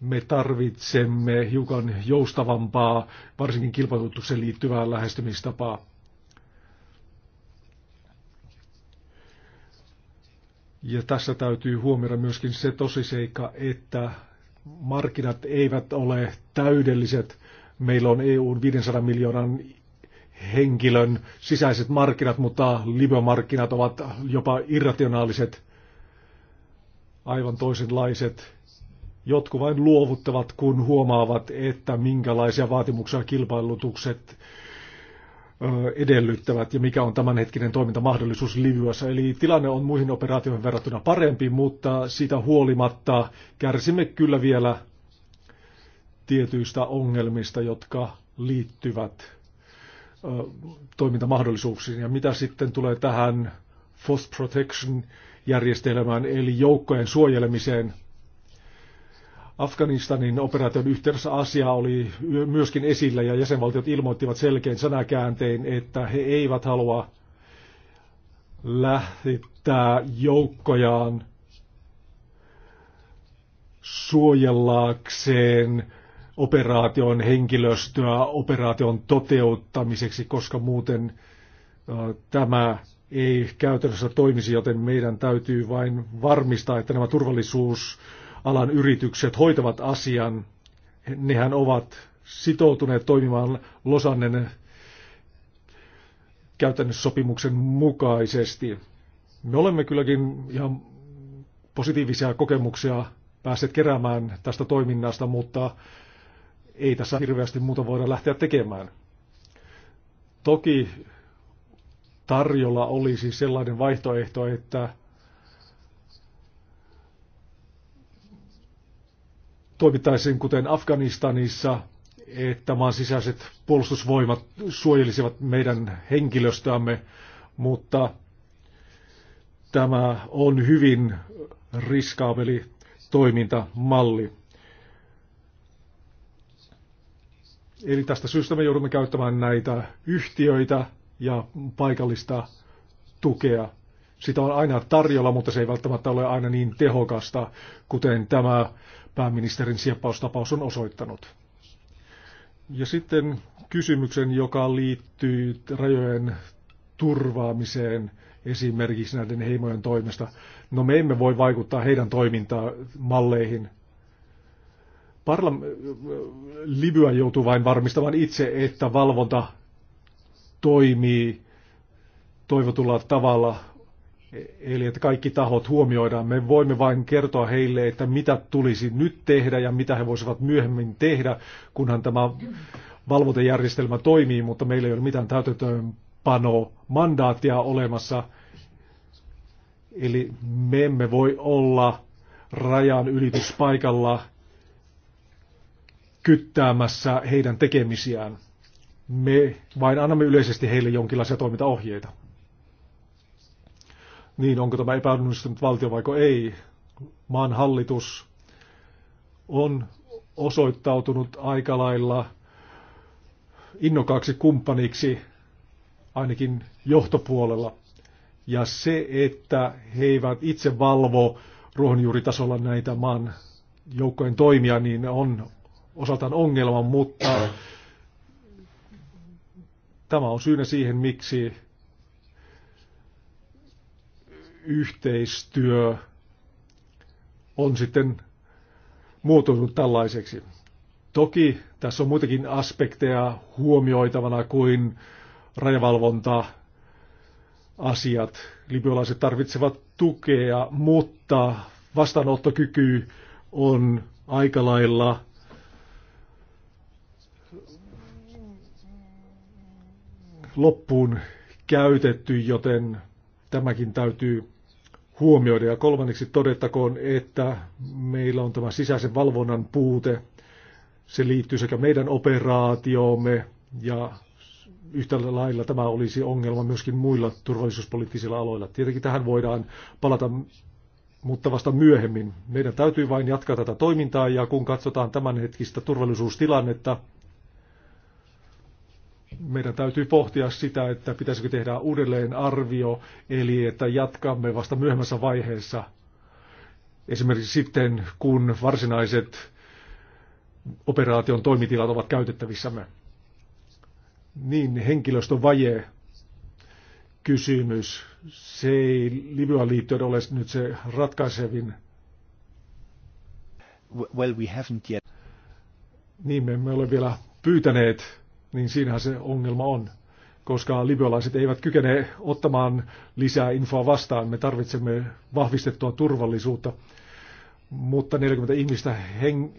me tarvitsemme hiukan joustavampaa, varsinkin kilpailutukseen liittyvää lähestymistapaa. Ja tässä täytyy huomioida myöskin se tosiseikka, että markkinat eivät ole täydelliset. Meillä on EUn 500 miljoonan henkilön sisäiset markkinat, mutta libemarkkinat ovat jopa irrationaaliset – aivan toisenlaiset. Jotkut vain luovuttavat, kun huomaavat, että minkälaisia vaatimuksia kilpailutukset edellyttävät ja mikä on tämänhetkinen toimintamahdollisuus Libyassa. Eli tilanne on muihin operaatioihin verrattuna parempi, mutta siitä huolimatta kärsimme kyllä vielä tietyistä ongelmista, jotka liittyvät toimintamahdollisuuksiin. Ja mitä sitten tulee tähän Force Protection järjestelmään eli joukkojen suojelemiseen. Afganistanin operaation yhteydessä asia oli myöskin esillä ja jäsenvaltiot ilmoittivat selkein sanakääntein, että he eivät halua lähettää joukkojaan suojellaakseen operaation henkilöstöä operaation toteuttamiseksi, koska muuten äh, tämä ei käytännössä toimisi, joten meidän täytyy vain varmistaa, että nämä turvallisuusalan yritykset hoitavat asian. Nehän ovat sitoutuneet toimimaan Losannen käytännössopimuksen mukaisesti. Me olemme kylläkin ihan positiivisia kokemuksia päässeet keräämään tästä toiminnasta, mutta ei tässä hirveästi muuta voida lähteä tekemään. Toki tarjolla olisi sellainen vaihtoehto, että toimittaisiin kuten Afganistanissa, että maan sisäiset puolustusvoimat suojelisivat meidän henkilöstöämme, mutta tämä on hyvin riskaabeli toimintamalli. Eli tästä syystä me joudumme käyttämään näitä yhtiöitä, ja paikallista tukea. Sitä on aina tarjolla, mutta se ei välttämättä ole aina niin tehokasta, kuten tämä pääministerin sieppaustapaus on osoittanut. Ja sitten kysymyksen, joka liittyy rajojen turvaamiseen esimerkiksi näiden heimojen toimesta. No me emme voi vaikuttaa heidän toimintamalleihin. malleihin Libya joutuu vain varmistamaan itse, että valvonta toimii toivotulla tavalla, eli että kaikki tahot huomioidaan. Me voimme vain kertoa heille, että mitä tulisi nyt tehdä ja mitä he voisivat myöhemmin tehdä, kunhan tämä valvontajärjestelmä toimii, mutta meillä ei ole mitään pano mandaattia olemassa. Eli me emme voi olla rajan ylityspaikalla kyttäämässä heidän tekemisiään me vain annamme yleisesti heille jonkinlaisia toimintaohjeita. Niin, onko tämä epäonnistunut valtio vaiko ei? Maan hallitus on osoittautunut aika lailla innokkaaksi kumppaniksi, ainakin johtopuolella. Ja se, että he eivät itse valvo ruohonjuuritasolla näitä maan joukkojen toimia, niin on osaltaan ongelma, mutta Tämä on syynä siihen, miksi yhteistyö on sitten muotoutunut tällaiseksi. Toki tässä on muitakin aspekteja huomioitavana kuin rajavalvonta, asiat. Libyalaiset tarvitsevat tukea, mutta vastaanottokyky on aika lailla loppuun käytetty, joten tämäkin täytyy huomioida. Ja kolmanneksi todettakoon, että meillä on tämä sisäisen valvonnan puute. Se liittyy sekä meidän operaatioomme ja yhtä lailla tämä olisi ongelma myöskin muilla turvallisuuspoliittisilla aloilla. Tietenkin tähän voidaan palata mutta vasta myöhemmin. Meidän täytyy vain jatkaa tätä toimintaa ja kun katsotaan tämänhetkistä turvallisuustilannetta, meidän täytyy pohtia sitä, että pitäisikö tehdä uudelleen arvio, eli että jatkamme vasta myöhemmässä vaiheessa. Esimerkiksi sitten, kun varsinaiset operaation toimitilat ovat käytettävissämme. Niin, henkilöstövaje kysymys. Se ei Libyan liittyen ole nyt se ratkaisevin. Well, we haven't yet. Niin, me emme ole vielä pyytäneet niin siinähän se ongelma on. Koska libyalaiset eivät kykene ottamaan lisää infoa vastaan, me tarvitsemme vahvistettua turvallisuutta. Mutta 40 ihmistä hen-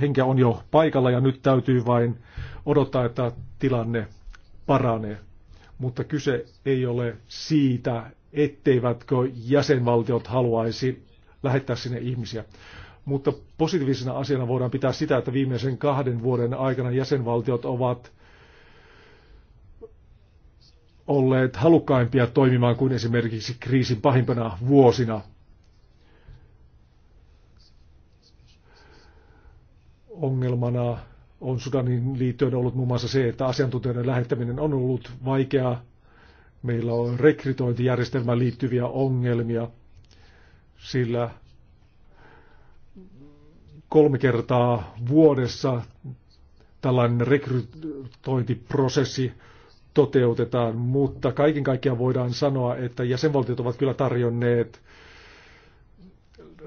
henkeä on jo paikalla ja nyt täytyy vain odottaa, että tilanne paranee. Mutta kyse ei ole siitä, etteivätkö jäsenvaltiot haluaisi lähettää sinne ihmisiä. Mutta positiivisena asiana voidaan pitää sitä, että viimeisen kahden vuoden aikana jäsenvaltiot ovat olleet halukkaimpia toimimaan kuin esimerkiksi kriisin pahimpana vuosina. Ongelmana on Sudanin liittyen ollut muun muassa se, että asiantuntijoiden lähettäminen on ollut vaikeaa. Meillä on rekrytointijärjestelmään liittyviä ongelmia, sillä kolme kertaa vuodessa tällainen rekrytointiprosessi toteutetaan, mutta kaiken kaikkiaan voidaan sanoa, että jäsenvaltiot ovat kyllä tarjonneet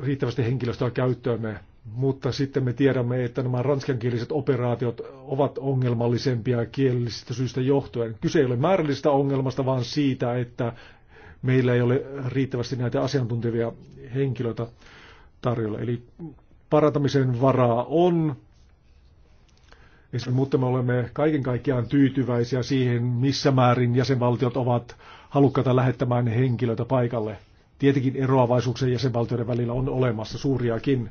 riittävästi henkilöstöä käyttöömme, mutta sitten me tiedämme, että nämä ranskankieliset operaatiot ovat ongelmallisempia kielellisistä syistä johtuen. Kyse ei ole määrällisestä ongelmasta, vaan siitä, että meillä ei ole riittävästi näitä asiantuntevia henkilöitä tarjolla. Eli parantamisen varaa on, mutta me olemme kaiken kaikkiaan tyytyväisiä siihen, missä määrin jäsenvaltiot ovat halukkaita lähettämään henkilöitä paikalle. Tietenkin eroavaisuuksia jäsenvaltioiden välillä on olemassa suuriakin.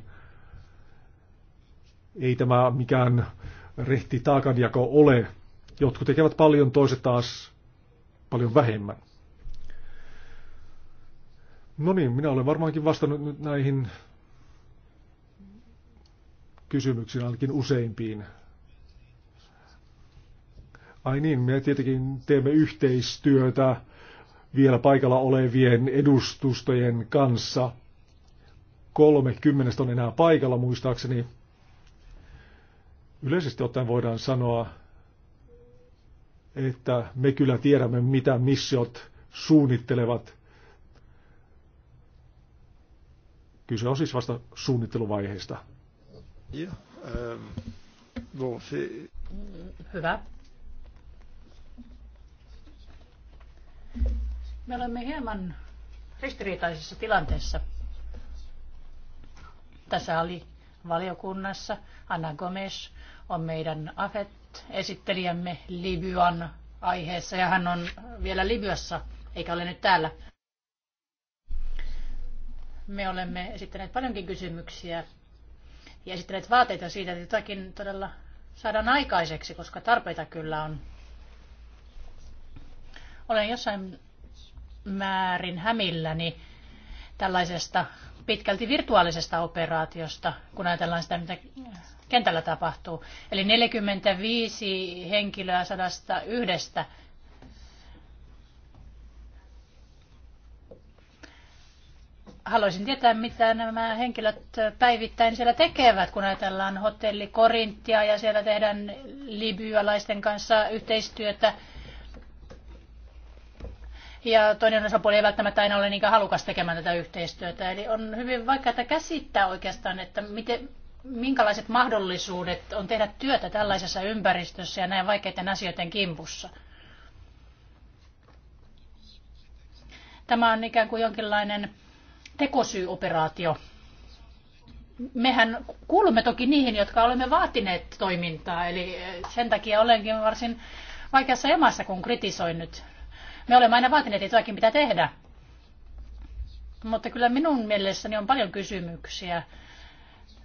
Ei tämä mikään rehti taakanjako ole. Jotkut tekevät paljon, toiset taas paljon vähemmän. No niin, minä olen varmaankin vastannut nyt näihin kysymyksiin, ainakin useimpiin. Ai niin, me tietenkin teemme yhteistyötä vielä paikalla olevien edustustojen kanssa. kymmenestä on enää paikalla muistaakseni. Yleisesti ottaen voidaan sanoa, että me kyllä tiedämme, mitä missiot suunnittelevat. Kyse on siis vasta suunnitteluvaiheesta. Yeah, um, bon, Hyvä. Me olemme hieman ristiriitaisessa tilanteessa. Tässä oli valiokunnassa Anna Gomes on meidän AFET-esittelijämme Libyan aiheessa ja hän on vielä Libyassa eikä ole nyt täällä. Me olemme esittäneet paljonkin kysymyksiä ja esittäneet vaateita siitä, että jotakin todella saadaan aikaiseksi, koska tarpeita kyllä on olen jossain määrin hämilläni tällaisesta pitkälti virtuaalisesta operaatiosta, kun ajatellaan sitä, mitä kentällä tapahtuu. Eli 45 henkilöä sadasta yhdestä. Haluaisin tietää, mitä nämä henkilöt päivittäin siellä tekevät, kun ajatellaan hotelli Korintia ja siellä tehdään libyalaisten kanssa yhteistyötä – ja toinen osapuoli ei välttämättä aina ole niinkään halukas tekemään tätä yhteistyötä. Eli on hyvin vaikeaa käsittää oikeastaan, että miten, minkälaiset mahdollisuudet on tehdä työtä tällaisessa ympäristössä ja näin vaikeiden asioiden kimpussa. Tämä on ikään kuin jonkinlainen tekosyyoperaatio. Mehän kuulumme toki niihin, jotka olemme vaatineet toimintaa, eli sen takia olenkin varsin vaikeassa emassa, kun kritisoin nyt me olemme aina vaatineet, että jotakin pitää tehdä. Mutta kyllä minun mielessäni on paljon kysymyksiä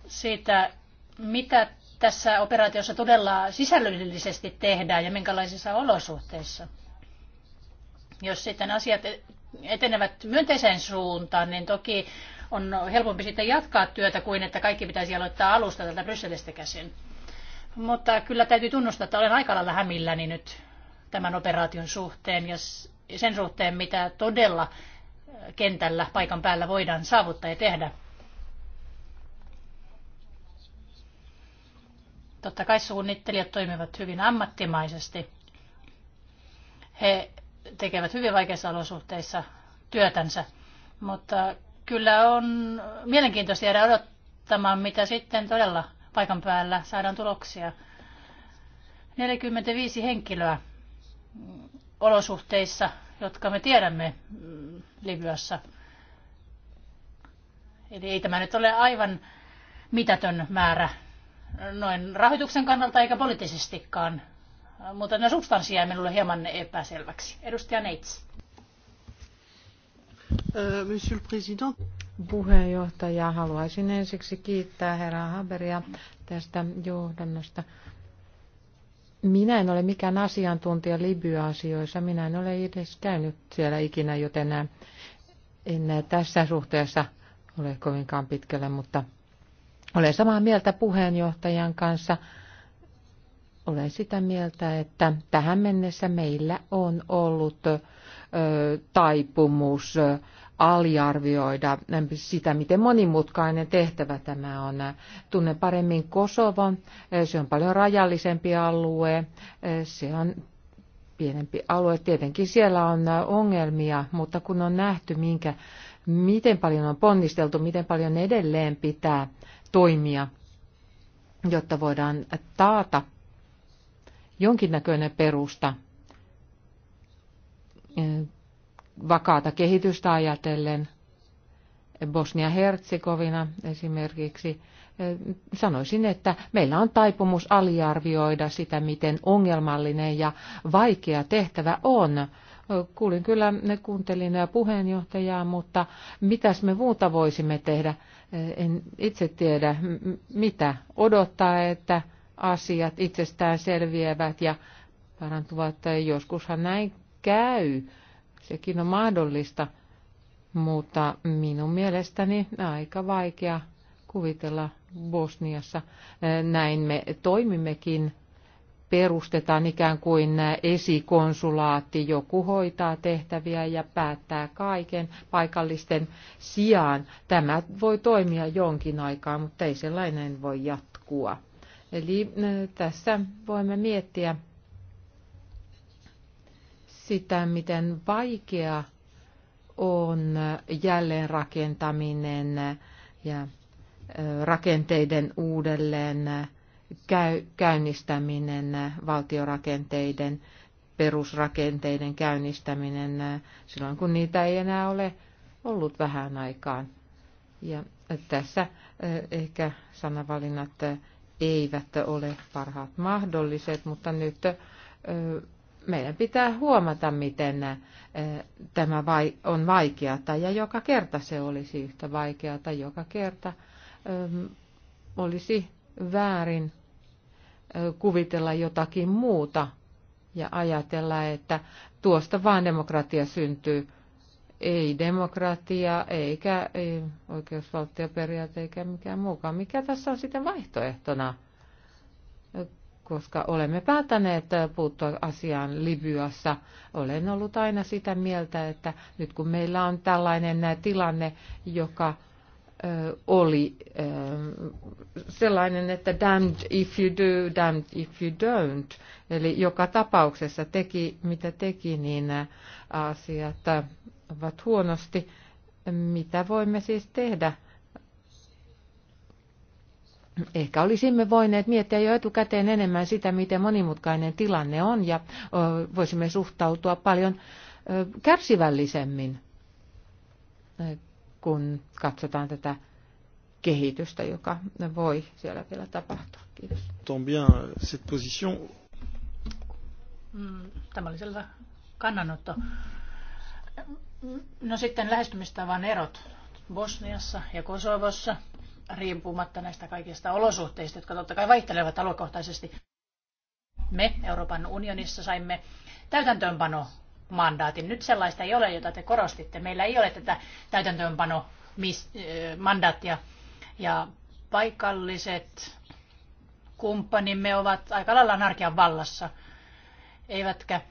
siitä, mitä tässä operaatiossa todella sisällöllisesti tehdään ja minkälaisissa olosuhteissa. Jos sitten asiat etenevät myönteiseen suuntaan, niin toki on helpompi sitten jatkaa työtä kuin että kaikki pitäisi aloittaa alusta tältä Brysselistä käsin. Mutta kyllä täytyy tunnustaa, että olen aika lailla hämilläni nyt tämän operaation suhteen ja sen suhteen, mitä todella äh, kentällä paikan päällä voidaan saavuttaa ja tehdä. Totta kai suunnittelijat toimivat hyvin ammattimaisesti. He tekevät hyvin vaikeissa olosuhteissa työtänsä, mutta kyllä on mielenkiintoista jäädä odottamaan, mitä sitten todella paikan päällä saadaan tuloksia. 45 henkilöä olosuhteissa, jotka me tiedämme mm, Libyassa. Eli ei tämä nyt ole aivan mitätön määrä noin rahoituksen kannalta eikä poliittisestikaan, mutta no substanssi jäi minulle hieman epäselväksi. Edustaja Neits. Äh, monsieur president, Puheenjohtaja, haluaisin ensiksi kiittää herra Haberia tästä johdannosta. Minä en ole mikään asiantuntija Libya-asioissa. Minä en ole edes käynyt siellä ikinä, joten äh, en äh, tässä suhteessa ole kovinkaan pitkällä, mutta olen samaa mieltä puheenjohtajan kanssa. Olen sitä mieltä, että tähän mennessä meillä on ollut äh, taipumus aliarvioida sitä, miten monimutkainen tehtävä tämä on. Tunne paremmin Kosovo, se on paljon rajallisempi alue, se on pienempi alue. Tietenkin siellä on ongelmia, mutta kun on nähty, minkä, miten paljon on ponnisteltu, miten paljon edelleen pitää toimia, jotta voidaan taata jonkinnäköinen perusta vakaata kehitystä ajatellen. Bosnia-Herzegovina esimerkiksi, sanoisin, että meillä on taipumus aliarvioida sitä, miten ongelmallinen ja vaikea tehtävä on. Kuulin kyllä, kuuntelin puheenjohtajaa, mutta mitäs me muuta voisimme tehdä? En itse tiedä, mitä odottaa, että asiat itsestään selviävät ja parantuvat. Joskushan näin käy sekin on mahdollista, mutta minun mielestäni aika vaikea kuvitella Bosniassa. Näin me toimimmekin. Perustetaan ikään kuin esikonsulaatti, joku hoitaa tehtäviä ja päättää kaiken paikallisten sijaan. Tämä voi toimia jonkin aikaa, mutta ei sellainen voi jatkua. Eli eh, tässä voimme miettiä sitä, miten vaikea on jälleenrakentaminen ja rakenteiden uudelleen käynnistäminen, valtiorakenteiden, perusrakenteiden käynnistäminen silloin, kun niitä ei enää ole ollut vähän aikaan. Ja tässä ehkä sanavalinnat eivät ole parhaat mahdolliset, mutta nyt meidän pitää huomata, miten tämä on vaikeata ja joka kerta se olisi yhtä vaikeata, joka kerta olisi väärin kuvitella jotakin muuta ja ajatella, että tuosta vaan demokratia syntyy. Ei demokratia, eikä ei oikeusvaltioperiaate, eikä mikään muukaan. Mikä tässä on sitten vaihtoehtona? koska olemme päättäneet puuttua asiaan Libyassa. Olen ollut aina sitä mieltä, että nyt kun meillä on tällainen tilanne, joka oli sellainen, että damned if you do, damned if you don't. Eli joka tapauksessa teki, mitä teki, niin asiat ovat huonosti. Mitä voimme siis tehdä? Ehkä olisimme voineet miettiä jo etukäteen enemmän sitä, miten monimutkainen tilanne on ja voisimme suhtautua paljon kärsivällisemmin, kun katsotaan tätä kehitystä, joka voi siellä vielä tapahtua. Kiitos. Mm, tämä oli selvä kannanotto. No sitten lähestymistavan erot Bosniassa ja Kosovossa – riippumatta näistä kaikista olosuhteista, jotka totta kai vaihtelevat aluekohtaisesti. Me Euroopan unionissa saimme täytäntöönpano mandaatin. Nyt sellaista ei ole, jota te korostitte. Meillä ei ole tätä täytäntöönpano mandaattia ja paikalliset kumppanimme ovat aika lailla anarkian vallassa, eivätkä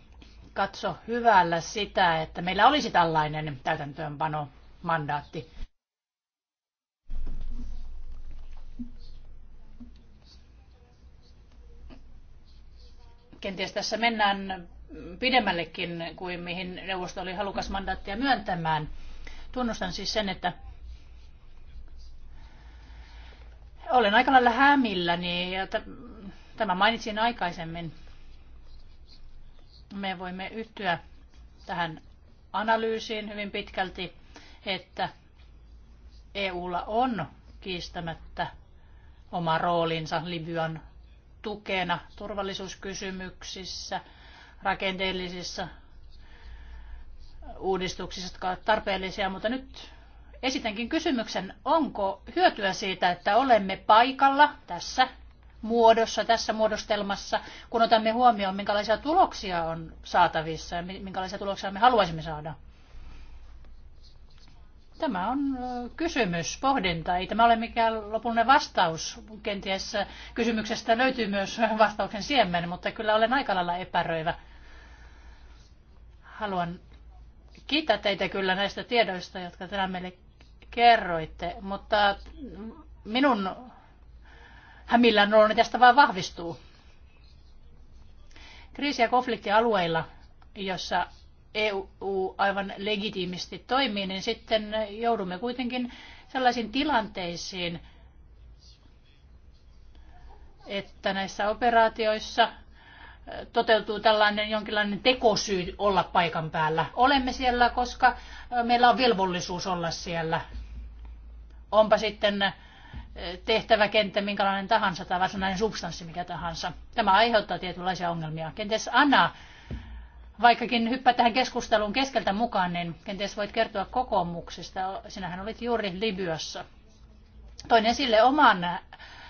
katso hyvällä sitä, että meillä olisi tällainen täytäntöönpano mandaatti. Kenties tässä mennään pidemmällekin kuin mihin neuvosto oli halukas mandaattia myöntämään. Tunnustan siis sen, että olen aika lailla hämilläni ja tämä mainitsin aikaisemmin. Me voimme yhtyä tähän analyysiin hyvin pitkälti, että EUlla on kiistämättä oma roolinsa Libyan tukena turvallisuuskysymyksissä, rakenteellisissa uudistuksissa, jotka ovat tarpeellisia, mutta nyt esitänkin kysymyksen, onko hyötyä siitä, että olemme paikalla tässä muodossa, tässä muodostelmassa, kun otamme huomioon, minkälaisia tuloksia on saatavissa ja minkälaisia tuloksia me haluaisimme saada? Tämä on kysymys, pohdinta. Ei tämä ole mikään lopullinen vastaus. Kenties kysymyksestä löytyy myös (laughs) vastauksen siemen, mutta kyllä olen aika lailla epäröivä. Haluan kiittää teitä kyllä näistä tiedoista, jotka tänään meille kerroitte, mutta minun hämillään on tästä vain vahvistuu. Kriisi- ja konfliktialueilla, jossa EU aivan legitiimisti toimii, niin sitten joudumme kuitenkin sellaisiin tilanteisiin, että näissä operaatioissa toteutuu tällainen jonkinlainen tekosyy olla paikan päällä. Olemme siellä, koska meillä on velvollisuus olla siellä. Onpa sitten tehtäväkenttä minkälainen tahansa tai varsinainen substanssi mikä tahansa. Tämä aiheuttaa tietynlaisia ongelmia. Kenties Anna Vaikkakin hyppää tähän keskusteluun keskeltä mukaan, niin kenties voit kertoa kokoomuksista. Sinähän olit juuri Libyassa. Toin esille oman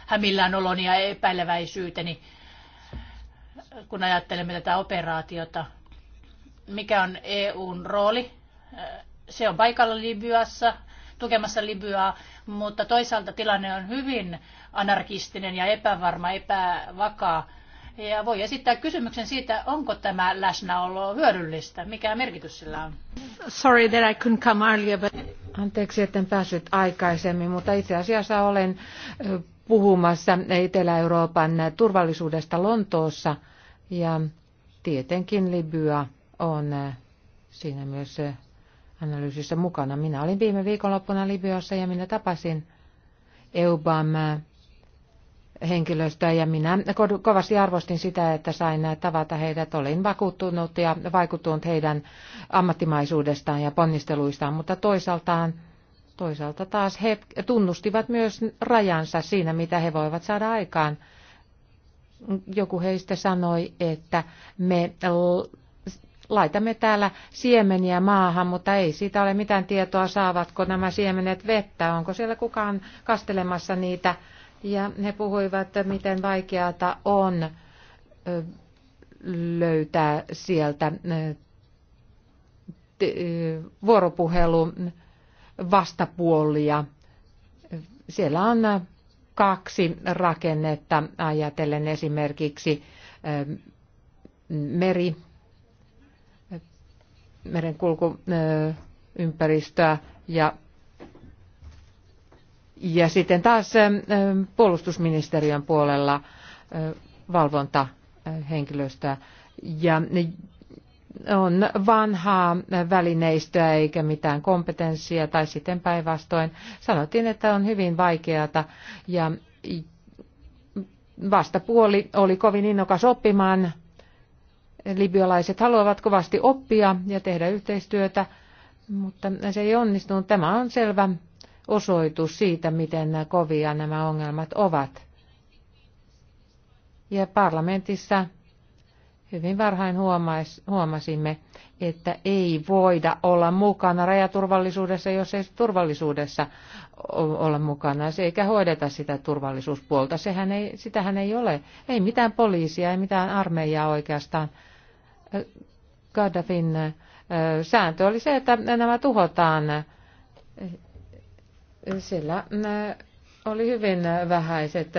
hämillään oloni ja epäileväisyyteni, kun ajattelemme tätä operaatiota. Mikä on EUn rooli? Se on paikalla Libyassa, tukemassa Libyaa, mutta toisaalta tilanne on hyvin anarkistinen ja epävarma, epävakaa ja voi esittää kysymyksen siitä, onko tämä läsnäolo hyödyllistä, mikä merkitys sillä on. Sorry that I couldn't come earlier, but... Anteeksi, etten päässyt aikaisemmin, mutta itse asiassa olen puhumassa Etelä-Euroopan turvallisuudesta Lontoossa ja tietenkin Libya on siinä myös analyysissä mukana. Minä olin viime viikonloppuna Libyassa ja minä tapasin EUBAM henkilöstöä ja minä kovasti arvostin sitä, että sain tavata heidät. Olin vakuuttunut ja vaikuttunut heidän ammattimaisuudestaan ja ponnisteluistaan, mutta toisaaltaan Toisaalta taas he tunnustivat myös rajansa siinä, mitä he voivat saada aikaan. Joku heistä sanoi, että me laitamme täällä siemeniä maahan, mutta ei siitä ole mitään tietoa, saavatko nämä siemenet vettä, onko siellä kukaan kastelemassa niitä ja he puhuivat, miten vaikeata on löytää sieltä vuoropuhelu vastapuolia. Siellä on kaksi rakennetta ajatellen esimerkiksi meri, merenkulkuympäristöä ja ja sitten taas ähm, puolustusministeriön puolella äh, valvontahenkilöstöä. Ja on vanhaa välineistöä eikä mitään kompetenssia tai sitten päinvastoin. Sanottiin, että on hyvin vaikeata ja vastapuoli oli kovin innokas oppimaan. Libyalaiset haluavat kovasti oppia ja tehdä yhteistyötä, mutta se ei onnistunut. Tämä on selvä osoitus siitä, miten kovia nämä ongelmat ovat. Ja parlamentissa hyvin varhain huomasimme, että ei voida olla mukana rajaturvallisuudessa, jos ei turvallisuudessa olla mukana. Se eikä hoideta sitä turvallisuuspuolta. Sehän ei, sitähän ei ole. Ei mitään poliisia, ei mitään armeijaa oikeastaan. Gaddafin sääntö oli se, että nämä tuhotaan siellä mm, oli hyvin vähäiset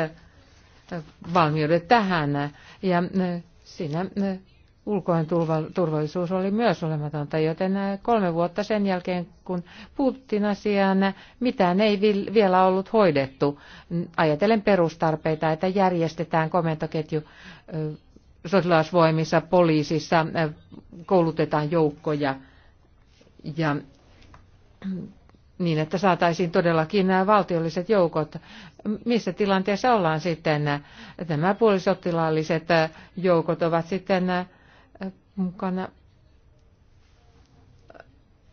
valmiudet tähän ja mm, siinä mm, ulkoinen turvallisuus oli myös olematonta, joten kolme vuotta sen jälkeen, kun puututtiin asiaan, mitään ei vielä ollut hoidettu. Ajatellen perustarpeita, että järjestetään komentoketju sotilasvoimissa, poliisissa, koulutetaan joukkoja ja niin, että saataisiin todellakin nämä valtiolliset joukot. Missä tilanteessa ollaan sitten? Nämä puolisotilaalliset joukot ovat sitten äh, mukana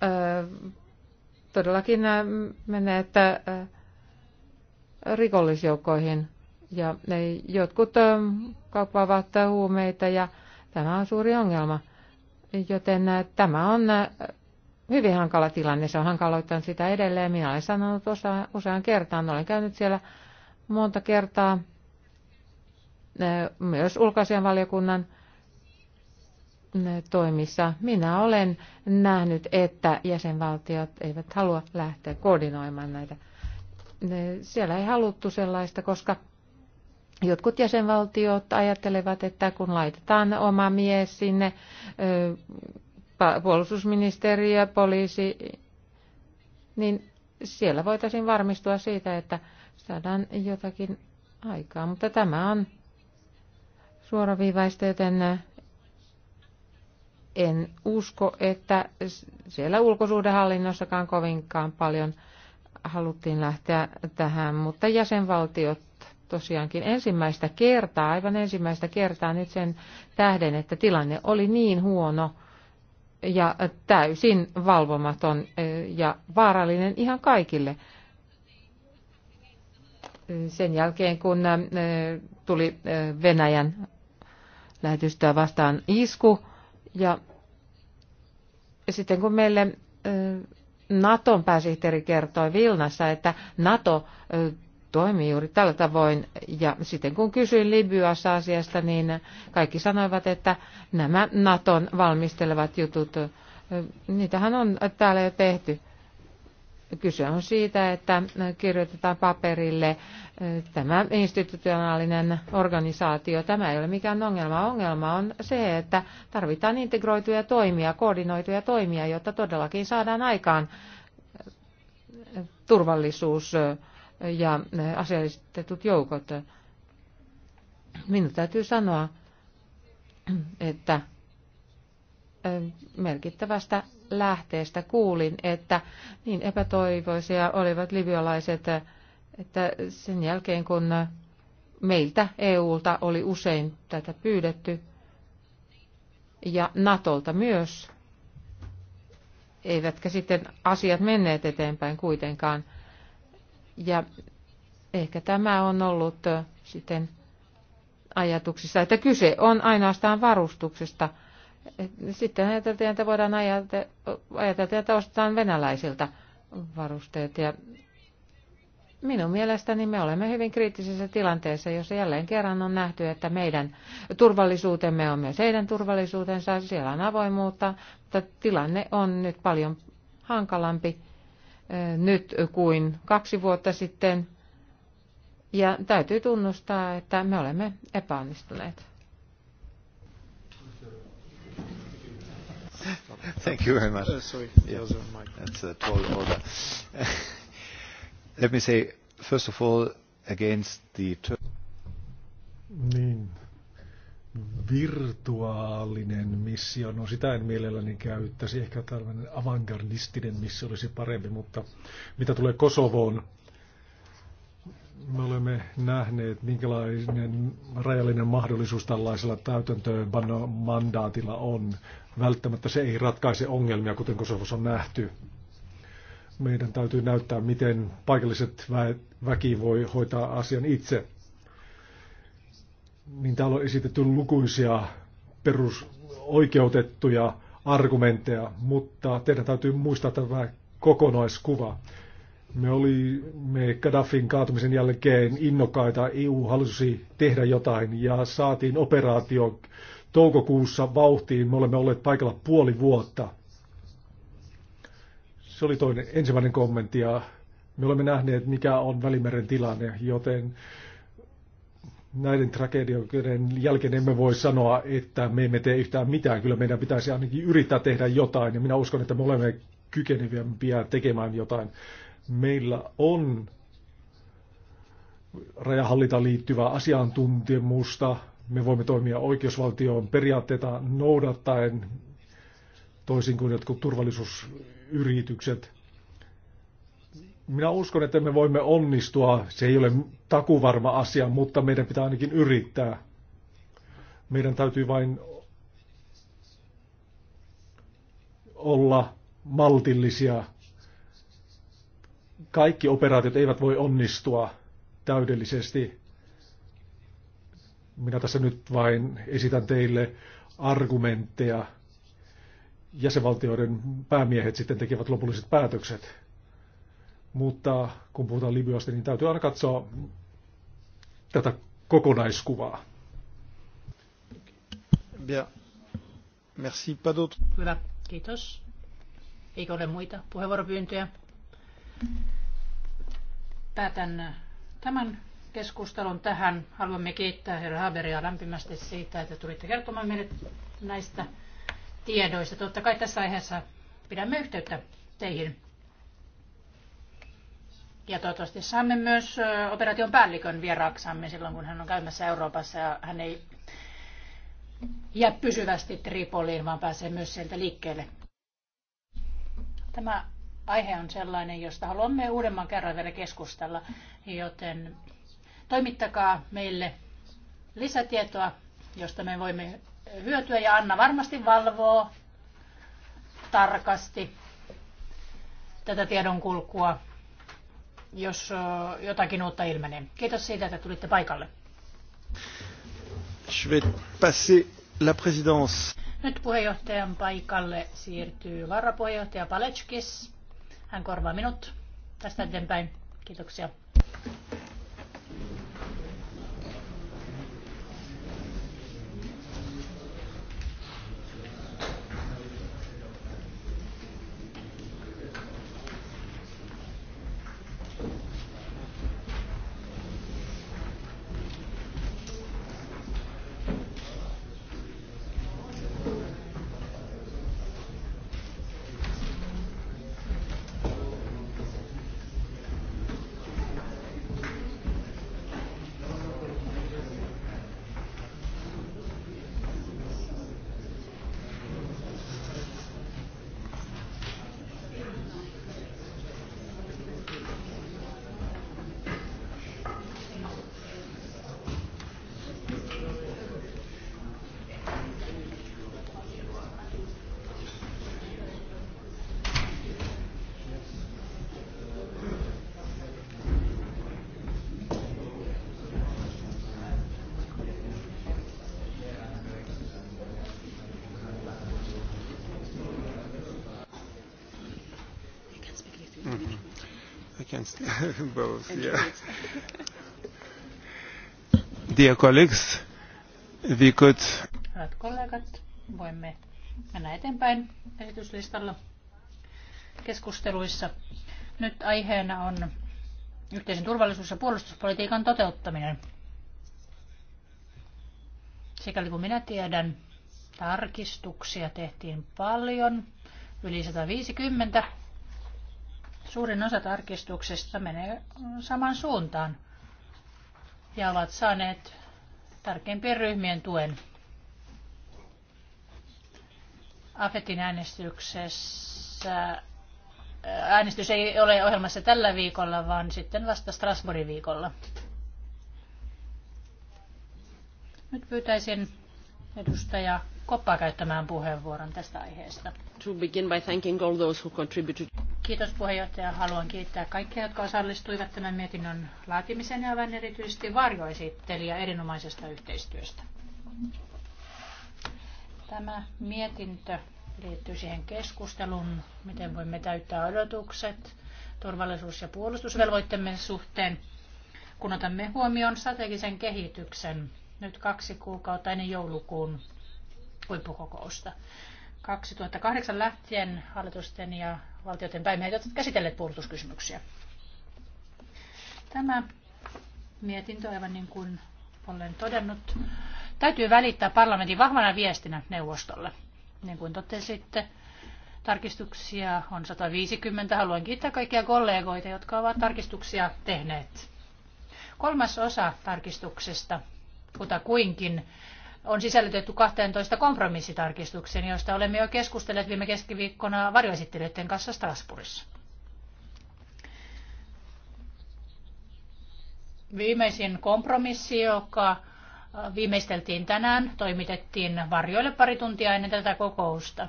äh, todellakin äh, menee, että rikollisjoukkoihin ja ne jotkut kauppaavat huumeita ja tämä on suuri ongelma. Joten tämä on hyvin hankala tilanne. Se on hankaloittanut sitä edelleen. Minä olen sanonut osa, usean kertaan, olen käynyt siellä monta kertaa myös ulkoasianvaliokunnan toimissa. Minä olen nähnyt, että jäsenvaltiot eivät halua lähteä koordinoimaan näitä. Siellä ei haluttu sellaista, koska jotkut jäsenvaltiot ajattelevat, että kun laitetaan oma mies sinne puolustusministeriö, poliisi, niin siellä voitaisiin varmistua siitä, että saadaan jotakin aikaa. Mutta tämä on suoraviivaista, joten äh, en usko, että siellä ulkosuhdehallinnossakaan kovinkaan paljon haluttiin lähteä tähän, mutta jäsenvaltiot tosiaankin ensimmäistä kertaa, aivan ensimmäistä kertaa nyt sen tähden, että tilanne oli niin huono, ja täysin valvomaton ja vaarallinen ihan kaikille. Sen jälkeen, kun tuli Venäjän lähetystöä vastaan isku ja sitten kun meille Naton pääsihteeri kertoi Vilnassa, että NATO toimii juuri tällä tavoin. Ja sitten kun kysyin Libyassa asiasta, niin kaikki sanoivat, että nämä Naton valmistelevat jutut, niitähän on täällä jo tehty. Kyse on siitä, että kirjoitetaan paperille tämä institutionaalinen organisaatio. Tämä ei ole mikään ongelma. Ongelma on se, että tarvitaan integroituja toimia, koordinoituja toimia, jotta todellakin saadaan aikaan turvallisuus ja eh, aseellistetut joukot. Minun täytyy sanoa, että eh, merkittävästä lähteestä kuulin, että niin epätoivoisia olivat libyalaiset, että sen jälkeen kun meiltä EUlta oli usein tätä pyydetty ja Natolta myös, eivätkä sitten asiat menneet eteenpäin kuitenkaan – ja ehkä tämä on ollut sitten ajatuksissa, että kyse on ainoastaan varustuksesta. Sitten ajateltiin, että voidaan ajatella, että ostetaan venäläisiltä varusteet. Ja minun mielestäni me olemme hyvin kriittisessä tilanteessa, jossa jälleen kerran on nähty, että meidän turvallisuutemme on myös heidän turvallisuutensa. Siellä on avoimuutta, mutta tilanne on nyt paljon hankalampi nyt kuin kaksi vuotta sitten. Ja täytyy tunnustaa, että me olemme epäonnistuneet. Thank you very much. Uh, sorry, yeah. that's a uh, tall order. Let me say, first of all, against the... Niin, virtuaalinen missio, no sitä en mielelläni käyttäisi, ehkä tällainen avantgardistinen missio olisi parempi, mutta mitä tulee Kosovoon, me olemme nähneet, minkälainen rajallinen mahdollisuus tällaisella mandaatilla on. Välttämättä se ei ratkaise ongelmia, kuten Kosovossa on nähty. Meidän täytyy näyttää, miten paikalliset väki voi hoitaa asian itse niin täällä on esitetty lukuisia perusoikeutettuja argumentteja, mutta teidän täytyy muistaa tämä kokonaiskuva. Me olimme Gaddafin kaatumisen jälkeen innokkaita, EU halusi tehdä jotain ja saatiin operaatio toukokuussa vauhtiin. Me olemme olleet paikalla puoli vuotta. Se oli toinen ensimmäinen kommentti ja me olemme nähneet, mikä on Välimeren tilanne, joten näiden tragedioiden jälkeen emme voi sanoa, että me emme tee yhtään mitään. Kyllä meidän pitäisi ainakin yrittää tehdä jotain ja minä uskon, että me olemme kykeneviä tekemään jotain. Meillä on rajahallintaan liittyvää asiantuntemusta. Me voimme toimia oikeusvaltioon periaatteita noudattaen, toisin kuin jotkut turvallisuusyritykset. Minä uskon, että me voimme onnistua. Se ei ole takuvarma asia, mutta meidän pitää ainakin yrittää. Meidän täytyy vain olla maltillisia. Kaikki operaatiot eivät voi onnistua täydellisesti. Minä tässä nyt vain esitän teille argumentteja. Jäsenvaltioiden päämiehet sitten tekevät lopulliset päätökset. Mutta kun puhutaan Libyasta, niin täytyy aina katsoa tätä kokonaiskuvaa. Bien. Merci. Hyvä. Kiitos. Eikö ole muita puheenvuoropyyntöjä? Päätän tämän keskustelun tähän. Haluamme kiittää herra Haberia lämpimästi siitä, että tulitte kertomaan meille näistä tiedoista. Totta kai tässä aiheessa pidämme yhteyttä teihin. Ja toivottavasti saamme myös operaation päällikön vieraaksamme silloin, kun hän on käymässä Euroopassa ja hän ei jää pysyvästi Tripoliin, vaan pääsee myös sieltä liikkeelle. Tämä aihe on sellainen, josta haluamme uudemman kerran vielä keskustella, joten toimittakaa meille lisätietoa, josta me voimme hyötyä ja Anna varmasti valvoo tarkasti tätä tiedonkulkua jos jotakin uutta ilmenee. Kiitos siitä, että tulitte paikalle. Je vais passer la présidence. Nyt puheenjohtajan paikalle siirtyy varapuheenjohtaja Palechkis. Hän korvaa minut tästä eteenpäin. Kiitoksia. (laughs) both, yeah. Dear colleagues, we could... Hyvät kollegat, voimme mennä eteenpäin esityslistalla keskusteluissa. Nyt aiheena on yhteisen turvallisuus- ja puolustuspolitiikan toteuttaminen. Sikäli kuin minä tiedän, tarkistuksia tehtiin paljon, yli 150 Suurin osa tarkistuksista menee saman suuntaan ja ovat saaneet tarkempien ryhmien tuen. AFETin äänestyksessä äänestys ei ole ohjelmassa tällä viikolla, vaan sitten vasta Strasbourgin viikolla. Nyt pyytäisin edustaja koppaa käyttämään puheenvuoron tästä aiheesta. To begin by thanking all those who contributed. Kiitos puheenjohtaja. Haluan kiittää kaikkia, jotka osallistuivat tämän mietinnön laatimisen ja aivan erityisesti varjoesittelijä erinomaisesta yhteistyöstä. Tämä mietintö liittyy siihen keskusteluun, miten voimme täyttää odotukset turvallisuus- ja puolustusvelvoitteemme suhteen, kun otamme huomioon strategisen kehityksen nyt kaksi kuukautta ennen joulukuun huippukokousta. 2008 lähtien hallitusten ja valtioiden päämiehet, jotka ovat käsitelleet puolustuskysymyksiä. Tämä mietintö, aivan niin kuin olen todennut, täytyy välittää parlamentin vahvana viestinä neuvostolle. Niin kuin totesitte, tarkistuksia on 150. Haluan kiittää kaikkia kollegoita, jotka ovat tarkistuksia tehneet. Kolmas osa tarkistuksesta kutakuinkin on sisällytetty 12 kompromissitarkistukseen, joista olemme jo keskustelleet viime keskiviikkona varjoesittelijöiden kanssa Strasbourgissa. Viimeisin kompromissi, joka viimeisteltiin tänään, toimitettiin varjoille pari tuntia ennen tätä kokousta.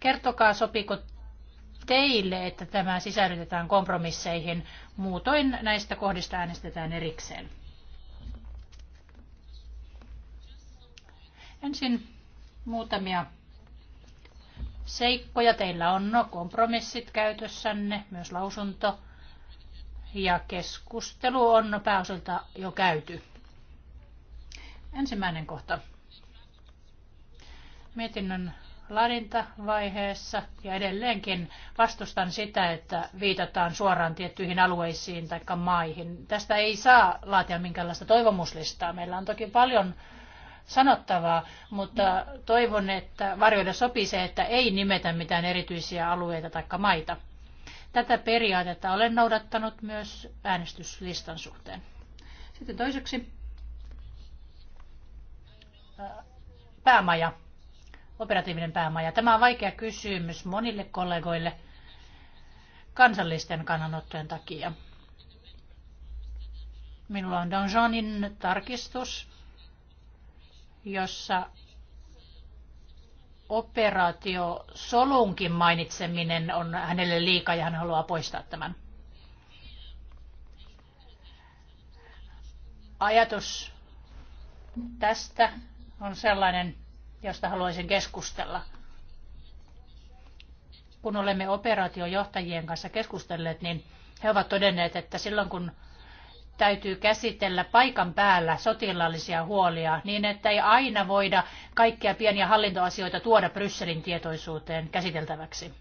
Kertokaa, sopiko teille, että tämä sisällytetään kompromisseihin. Muutoin näistä kohdista äänestetään erikseen. Ensin muutamia seikkoja. Teillä on no kompromissit käytössänne, myös lausunto. Ja keskustelu on pääosilta jo käyty. Ensimmäinen kohta. Mietinnön laadintavaiheessa ja edelleenkin vastustan sitä, että viitataan suoraan tiettyihin alueisiin tai maihin. Tästä ei saa laatia minkäänlaista toivomuslistaa. Meillä on toki paljon sanottavaa, mutta toivon, että varjoille sopii se, että ei nimetä mitään erityisiä alueita tai maita. Tätä periaatetta olen noudattanut myös äänestyslistan suhteen. Sitten toiseksi äh, päämaja, operatiivinen päämaja. Tämä on vaikea kysymys monille kollegoille kansallisten kannanottojen takia. Minulla on Donjonin tarkistus jossa operaatio solunkin mainitseminen on hänelle liikaa ja hän haluaa poistaa tämän. Ajatus tästä on sellainen, josta haluaisin keskustella. Kun olemme operaatiojohtajien kanssa keskustelleet, niin he ovat todenneet, että silloin kun täytyy käsitellä paikan päällä sotilaallisia huolia niin, että ei aina voida kaikkia pieniä hallintoasioita tuoda Brysselin tietoisuuteen käsiteltäväksi.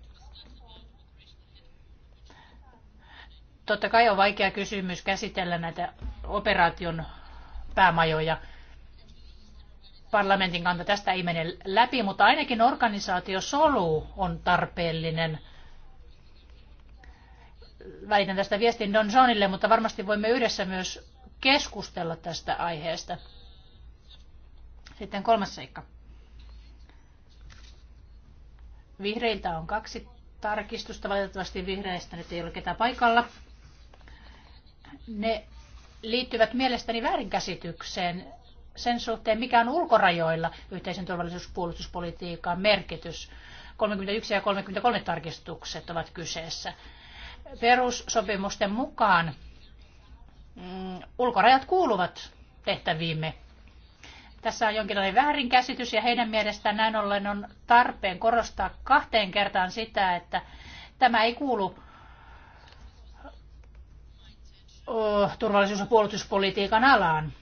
Totta kai on vaikea kysymys käsitellä näitä operaation päämajoja. Parlamentin kanta tästä ei mene läpi, mutta ainakin organisaatiosolu on tarpeellinen – välitän tästä viestin Don Johnille, mutta varmasti voimme yhdessä myös keskustella tästä aiheesta. Sitten kolmas seikka. Vihreiltä on kaksi tarkistusta. Valitettavasti vihreistä nyt ei ole ketään paikalla. Ne liittyvät mielestäni väärinkäsitykseen sen suhteen, mikä on ulkorajoilla yhteisen turvallisuuspuolustuspolitiikan merkitys. 31 ja 33 tarkistukset ovat kyseessä perussopimusten mukaan mm, ulkorajat kuuluvat tehtäviimme. Tässä on jonkinlainen väärinkäsitys ja heidän mielestään näin ollen on tarpeen korostaa kahteen kertaan sitä, että tämä ei kuulu turvallisuus- ja puolustuspolitiikan alaan.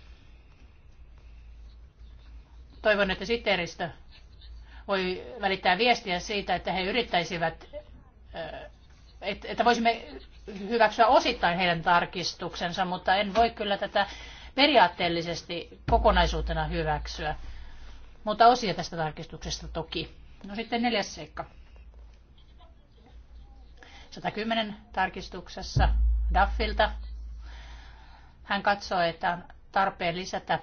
Toivon, että siteeristö voi välittää viestiä siitä, että he yrittäisivät että voisimme hyväksyä osittain heidän tarkistuksensa, mutta en voi kyllä tätä periaatteellisesti kokonaisuutena hyväksyä. Mutta osia tästä tarkistuksesta toki. No sitten neljäs seikka. 110 tarkistuksessa Daffilta. Hän katsoo, että on tarpeen lisätä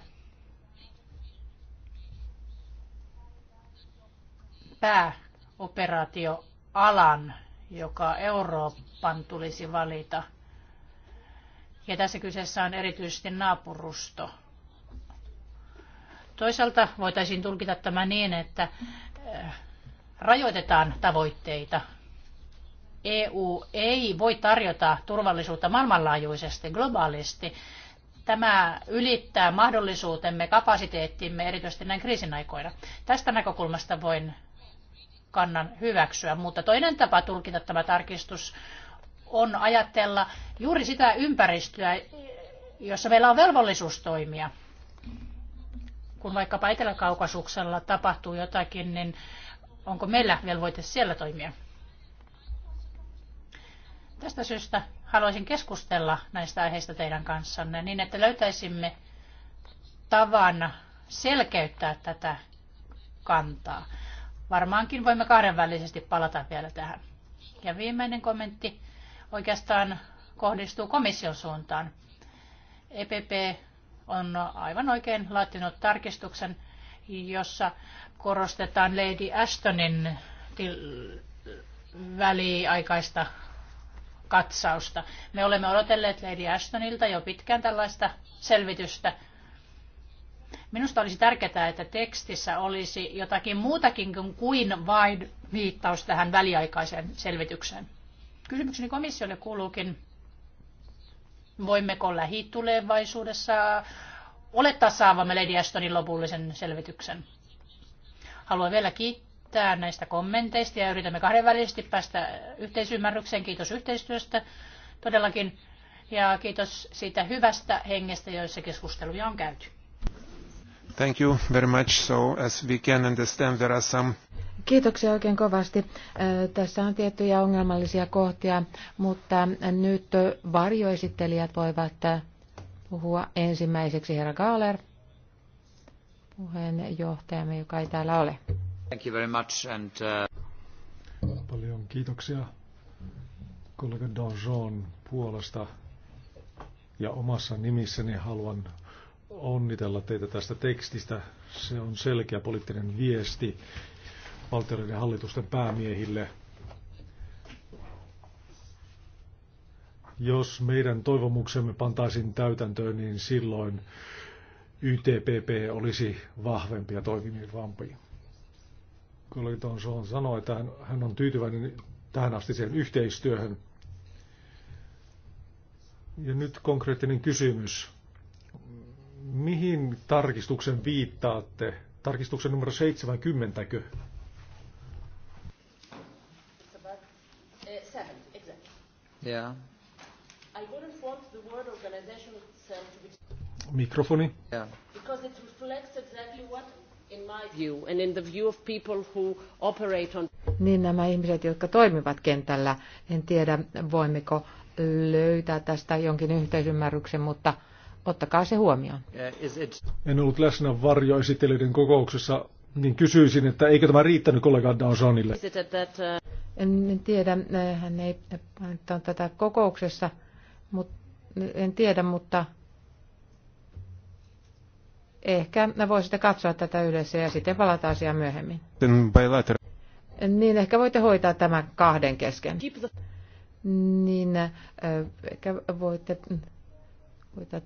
pääoperaatioalan joka Euroopan tulisi valita. Ja tässä kyseessä on erityisesti naapurusto. Toisaalta voitaisiin tulkita tämä niin, että eh, rajoitetaan tavoitteita. EU ei voi tarjota turvallisuutta maailmanlaajuisesti, globaalisti. Tämä ylittää mahdollisuutemme, kapasiteettimme, erityisesti näin kriisin aikoina. Tästä näkökulmasta voin kannan hyväksyä. Mutta toinen tapa tulkita tämä tarkistus on ajatella juuri sitä ympäristöä, jossa meillä on velvollisuus toimia. Kun vaikkapa Etelä-Kaukasuksella tapahtuu jotakin, niin onko meillä velvoite siellä toimia? Tästä syystä haluaisin keskustella näistä aiheista teidän kanssanne niin, että löytäisimme tavan selkeyttää tätä kantaa. Varmaankin voimme kahdenvälisesti palata vielä tähän. Ja viimeinen kommentti oikeastaan kohdistuu komission suuntaan. EPP on aivan oikein laatinut tarkistuksen, jossa korostetaan Lady Ashtonin väliaikaista katsausta. Me olemme odotelleet Lady Ashtonilta jo pitkään tällaista selvitystä – Minusta olisi tärkeää, että tekstissä olisi jotakin muutakin kuin vain viittaus tähän väliaikaiseen selvitykseen. Kysymykseni komissiolle kuuluukin, voimmeko lähitulevaisuudessa olettaa saavamme Lady Ashtonin lopullisen selvityksen. Haluan vielä kiittää näistä kommenteista ja yritämme kahdenvälisesti päästä yhteisymmärrykseen. Kiitos yhteistyöstä todellakin ja kiitos siitä hyvästä hengestä, joissa keskusteluja on käyty. Thank you very much. So as we can understand, there are some Kiitoksia oikein kovasti. Tässä on tiettyjä ongelmallisia kohtia, mutta nyt varjoesittelijät voivat puhua ensimmäiseksi herra Kaaler, puheenjohtajamme, joka ei täällä ole. Thank you very much and, uh... Paljon kiitoksia kollega Donjon puolesta ja omassa nimissäni haluan onnitella teitä tästä tekstistä. Se on selkeä poliittinen viesti valtioiden hallitusten päämiehille. Jos meidän toivomuksemme pantaisiin täytäntöön, niin silloin YTPP olisi vahvempi ja toimivampi. Kollega Tonson sanoi, että hän on tyytyväinen tähän asti sen yhteistyöhön. Ja nyt konkreettinen kysymys. Mihin tarkistuksen viittaatte? Tarkistuksen numero 70. -kö? Eh, yeah. Mikrofoni. Niin nämä ihmiset, jotka toimivat kentällä, en tiedä voimmeko löytää tästä jonkin yhteisymmärryksen, mutta Ottakaa se huomioon. En ollut läsnä varjoesittelyiden kokouksessa, niin kysyisin, että eikö tämä riittänyt kollega Dawsonille? Uh- en tiedä, eh, hän ei on tätä kokouksessa, mutta en tiedä, mutta ehkä voisitte katsoa tätä yleensä ja sitten palata asiaan myöhemmin. Niin, ehkä voitte hoitaa tämän kahden kesken. Niin, eh, ehkä voitte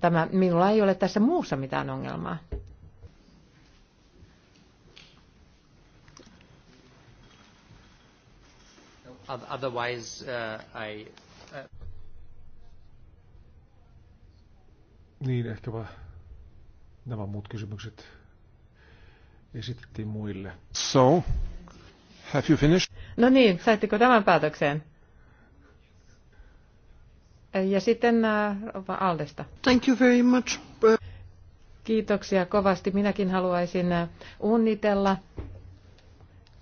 tämä. Minulla ei ole tässä muussa mitään ongelmaa. Otherwise, uh, I, uh... Niin, vaan nämä muut kysymykset esitettiin muille. So, have you finished? No niin, saitteko tämän päätökseen? Ja sitten äh, Aldesta. Thank you very much. Kiitoksia kovasti. Minäkin haluaisin äh, onnitella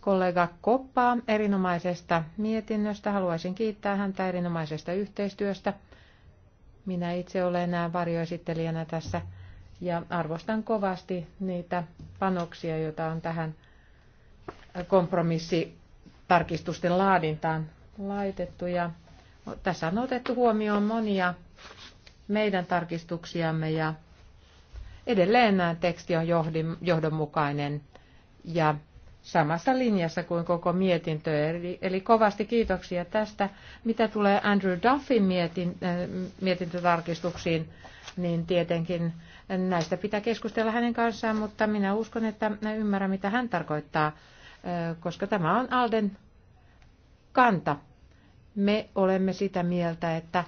kollega Koppaa erinomaisesta mietinnöstä. Haluaisin kiittää häntä erinomaisesta yhteistyöstä. Minä itse olen äh, varjoesittelijänä tässä ja arvostan kovasti niitä panoksia, joita on tähän kompromissitarkistusten laadintaan laitettu. Ja tässä on otettu huomioon monia meidän tarkistuksiamme ja edelleen teksti on johdonmukainen ja samassa linjassa kuin koko mietintö. Eli, eli kovasti kiitoksia tästä. Mitä tulee Andrew Duffin mietin, äh, mietintötarkistuksiin, niin tietenkin näistä pitää keskustella hänen kanssaan, mutta minä uskon, että mä ymmärrän, mitä hän tarkoittaa, äh, koska tämä on Alden kanta. Me olemme sitä mieltä, että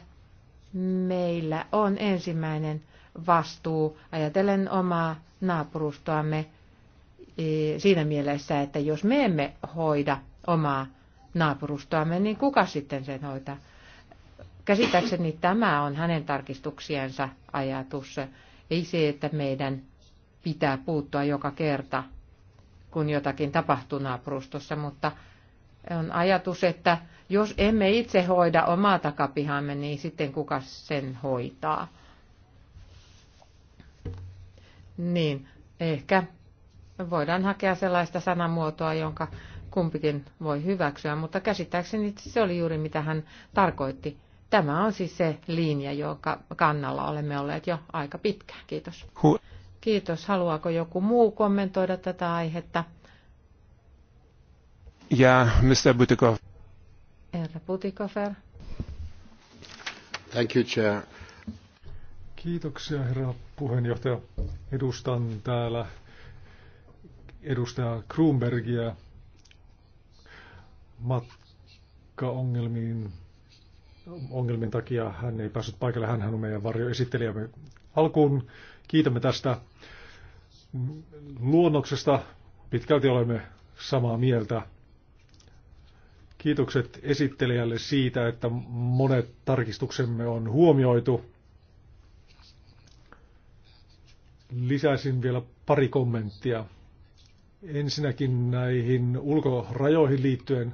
meillä on ensimmäinen vastuu, ajatellen omaa naapurustoamme e, siinä mielessä, että jos me emme hoida omaa naapurustoamme, niin kuka sitten sen hoitaa? Käsittääkseni tämä on hänen tarkistuksiensa ajatus. Ei se, että meidän pitää puuttua joka kerta, kun jotakin tapahtuu naapurustossa, mutta on ajatus, että jos emme itse hoida omaa takapihamme, niin sitten kuka sen hoitaa? Niin, ehkä voidaan hakea sellaista sanamuotoa, jonka kumpikin voi hyväksyä, mutta käsittääkseni se oli juuri mitä hän tarkoitti. Tämä on siis se linja, jonka kannalla olemme olleet jo aika pitkään. Kiitos. Kiitos. Haluaako joku muu kommentoida tätä aihetta? Ja Mr. Butikov. Herra Butikofer. Thank you, Chair. Kiitoksia, herra puheenjohtaja. Edustan täällä edustaja Kruunbergia matkaongelmiin ongelmin takia hän ei päässyt paikalle. Hän on meidän varjoesittelijämme. Alkuun kiitämme tästä luonnoksesta. Pitkälti olemme samaa mieltä. Kiitokset esittelijälle siitä, että monet tarkistuksemme on huomioitu. Lisäisin vielä pari kommenttia. Ensinnäkin näihin ulkorajoihin liittyen.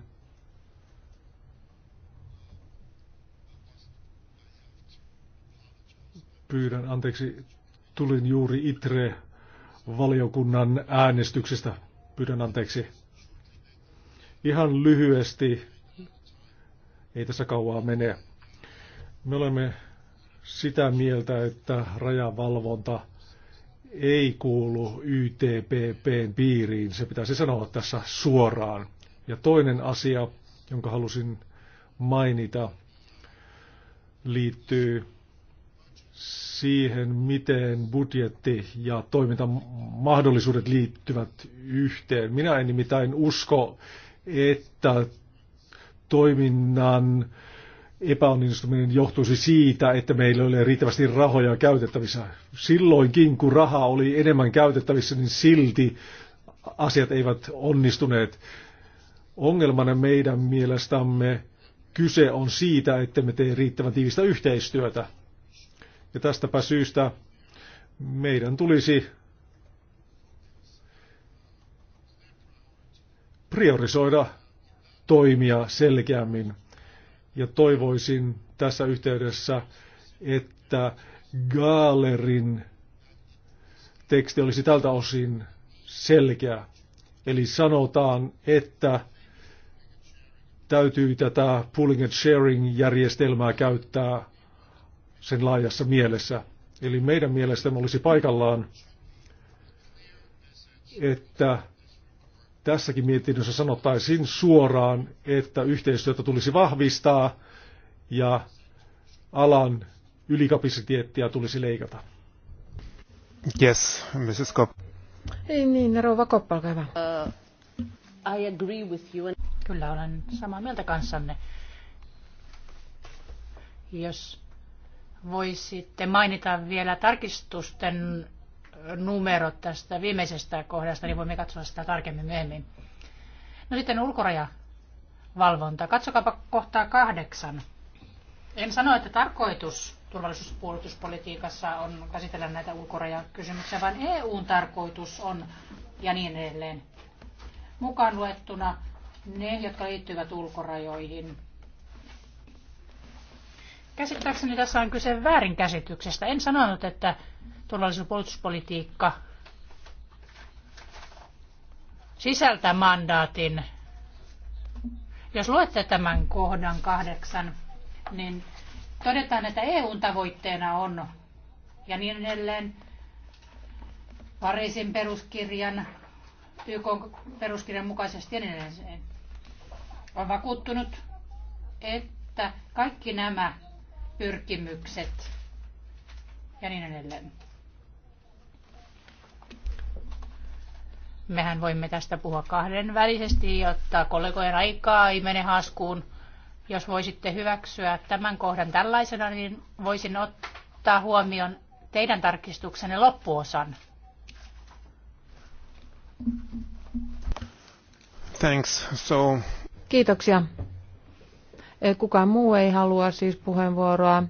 Pyydän anteeksi, tulin juuri ITRE-valiokunnan äänestyksestä. Pyydän anteeksi. Ihan lyhyesti, ei tässä kauaa mene. Me olemme sitä mieltä, että rajavalvonta ei kuulu YTPPn piiriin. Se pitäisi sanoa tässä suoraan. Ja toinen asia, jonka halusin mainita, liittyy siihen, miten budjetti ja toimintamahdollisuudet liittyvät yhteen. Minä en nimittäin usko että toiminnan epäonnistuminen johtuisi siitä, että meillä oli riittävästi rahoja käytettävissä. Silloinkin, kun rahaa oli enemmän käytettävissä, niin silti asiat eivät onnistuneet. Ongelmana meidän mielestämme kyse on siitä, että me tee riittävän tiivistä yhteistyötä. Ja tästäpä syystä meidän tulisi priorisoida toimia selkeämmin. Ja toivoisin tässä yhteydessä, että Gaalerin teksti olisi tältä osin selkeä. Eli sanotaan, että täytyy tätä pooling and sharing järjestelmää käyttää sen laajassa mielessä. Eli meidän mielestämme olisi paikallaan, että Tässäkin mietinnössä sanottaisiin suoraan, että yhteistyötä tulisi vahvistaa ja alan ylikapasiteettia tulisi leikata. Yes, Mrs. Kopp. Ei niin, Rouva Kopp, olkaa hyvä. Uh, I agree with you. Kyllä olen samaa mieltä kanssanne. Jos voisitte mainita vielä tarkistusten numerot tästä viimeisestä kohdasta, niin voimme katsoa sitä tarkemmin myöhemmin. No sitten ulkorajavalvonta. Katsokaapa kohtaa kahdeksan. En sano, että tarkoitus turvallisuuspuolustuspolitiikassa on käsitellä näitä ulkorajakysymyksiä, vaan EUn tarkoitus on ja niin edelleen. Mukaan luettuna ne, jotka liittyvät ulkorajoihin. Käsittääkseni tässä on kyse väärinkäsityksestä. En sanonut, että turvallisuus- ja puolustuspolitiikka sisältää mandaatin. Jos luette tämän kohdan kahdeksan, niin todetaan, että EUn tavoitteena on ja niin edelleen Pariisin peruskirjan, YK peruskirjan mukaisesti ja niin edelleen. On vakuuttunut, että kaikki nämä pyrkimykset ja niin edelleen Mehän voimme tästä puhua kahdenvälisesti, jotta kollegojen aikaa ei mene haskuun. Jos voisitte hyväksyä tämän kohdan tällaisena, niin voisin ottaa huomioon teidän tarkistuksenne loppuosan. Thanks. So... Kiitoksia. Kukaan muu ei halua siis puheenvuoroa,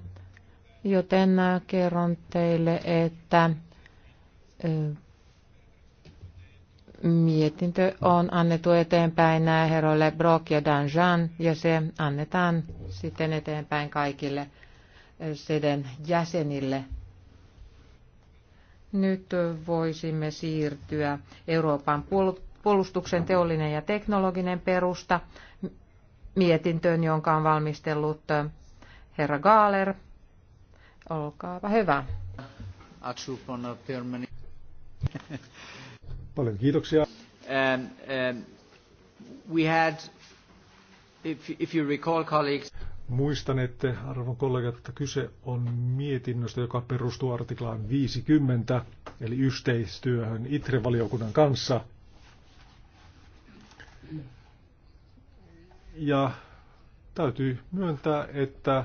joten kerron teille, että Mietintö on annettu eteenpäin herroille Brock ja Danjan ja se annetaan sitten eteenpäin kaikille seden jäsenille. Nyt voisimme siirtyä Euroopan puolustuksen teollinen ja teknologinen perusta mietintöön, jonka on valmistellut herra Gaaler. Olkaapa hyvä. (laughs) Paljon kiitoksia. Um, um, we had, if, if you recall, colleagues... Muistan, että arvon kollegat, että kyse on mietinnöstä, joka perustuu artiklaan 50, eli yhteistyöhön ITRE-valiokunnan kanssa. Ja täytyy myöntää, että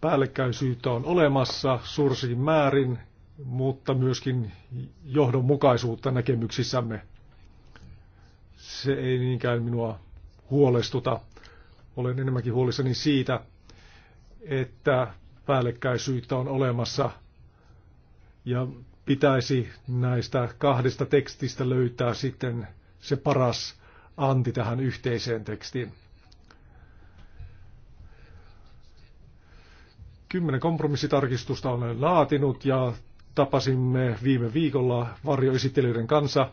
päällekkäisyyttä on olemassa suursin määrin mutta myöskin johdonmukaisuutta näkemyksissämme. Se ei niinkään minua huolestuta. Olen enemmänkin huolissani siitä, että päällekkäisyyttä on olemassa ja pitäisi näistä kahdesta tekstistä löytää sitten se paras anti tähän yhteiseen tekstiin. Kymmenen kompromissitarkistusta olen laatinut ja Tapasimme viime viikolla varjoesittelijöiden kanssa.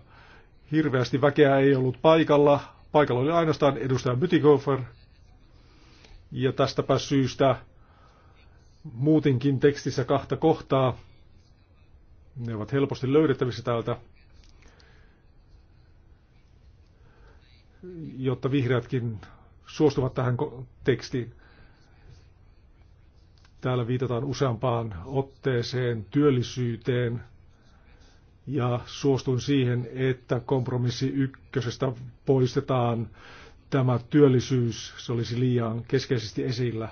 Hirveästi väkeä ei ollut paikalla. Paikalla oli ainoastaan edustaja Bytikofer. Ja tästäpä syystä muutinkin tekstissä kahta kohtaa. Ne ovat helposti löydettävissä täältä, jotta vihreätkin suostuvat tähän tekstiin. Täällä viitataan useampaan otteeseen, työllisyyteen, ja suostun siihen, että kompromissi ykkösestä poistetaan tämä työllisyys, se olisi liian keskeisesti esillä.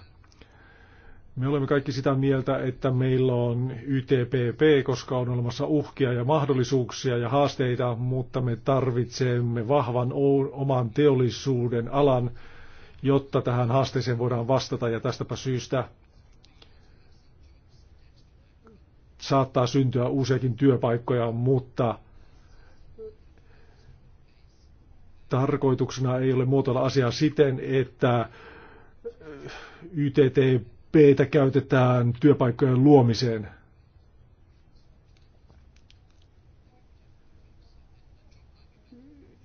Me olemme kaikki sitä mieltä, että meillä on YTPP, koska on olemassa uhkia ja mahdollisuuksia ja haasteita, mutta me tarvitsemme vahvan oman teollisuuden alan, jotta tähän haasteeseen voidaan vastata ja tästäpä syystä saattaa syntyä uusiakin työpaikkoja, mutta tarkoituksena ei ole muotoilla asiaa siten, että YTTP käytetään työpaikkojen luomiseen.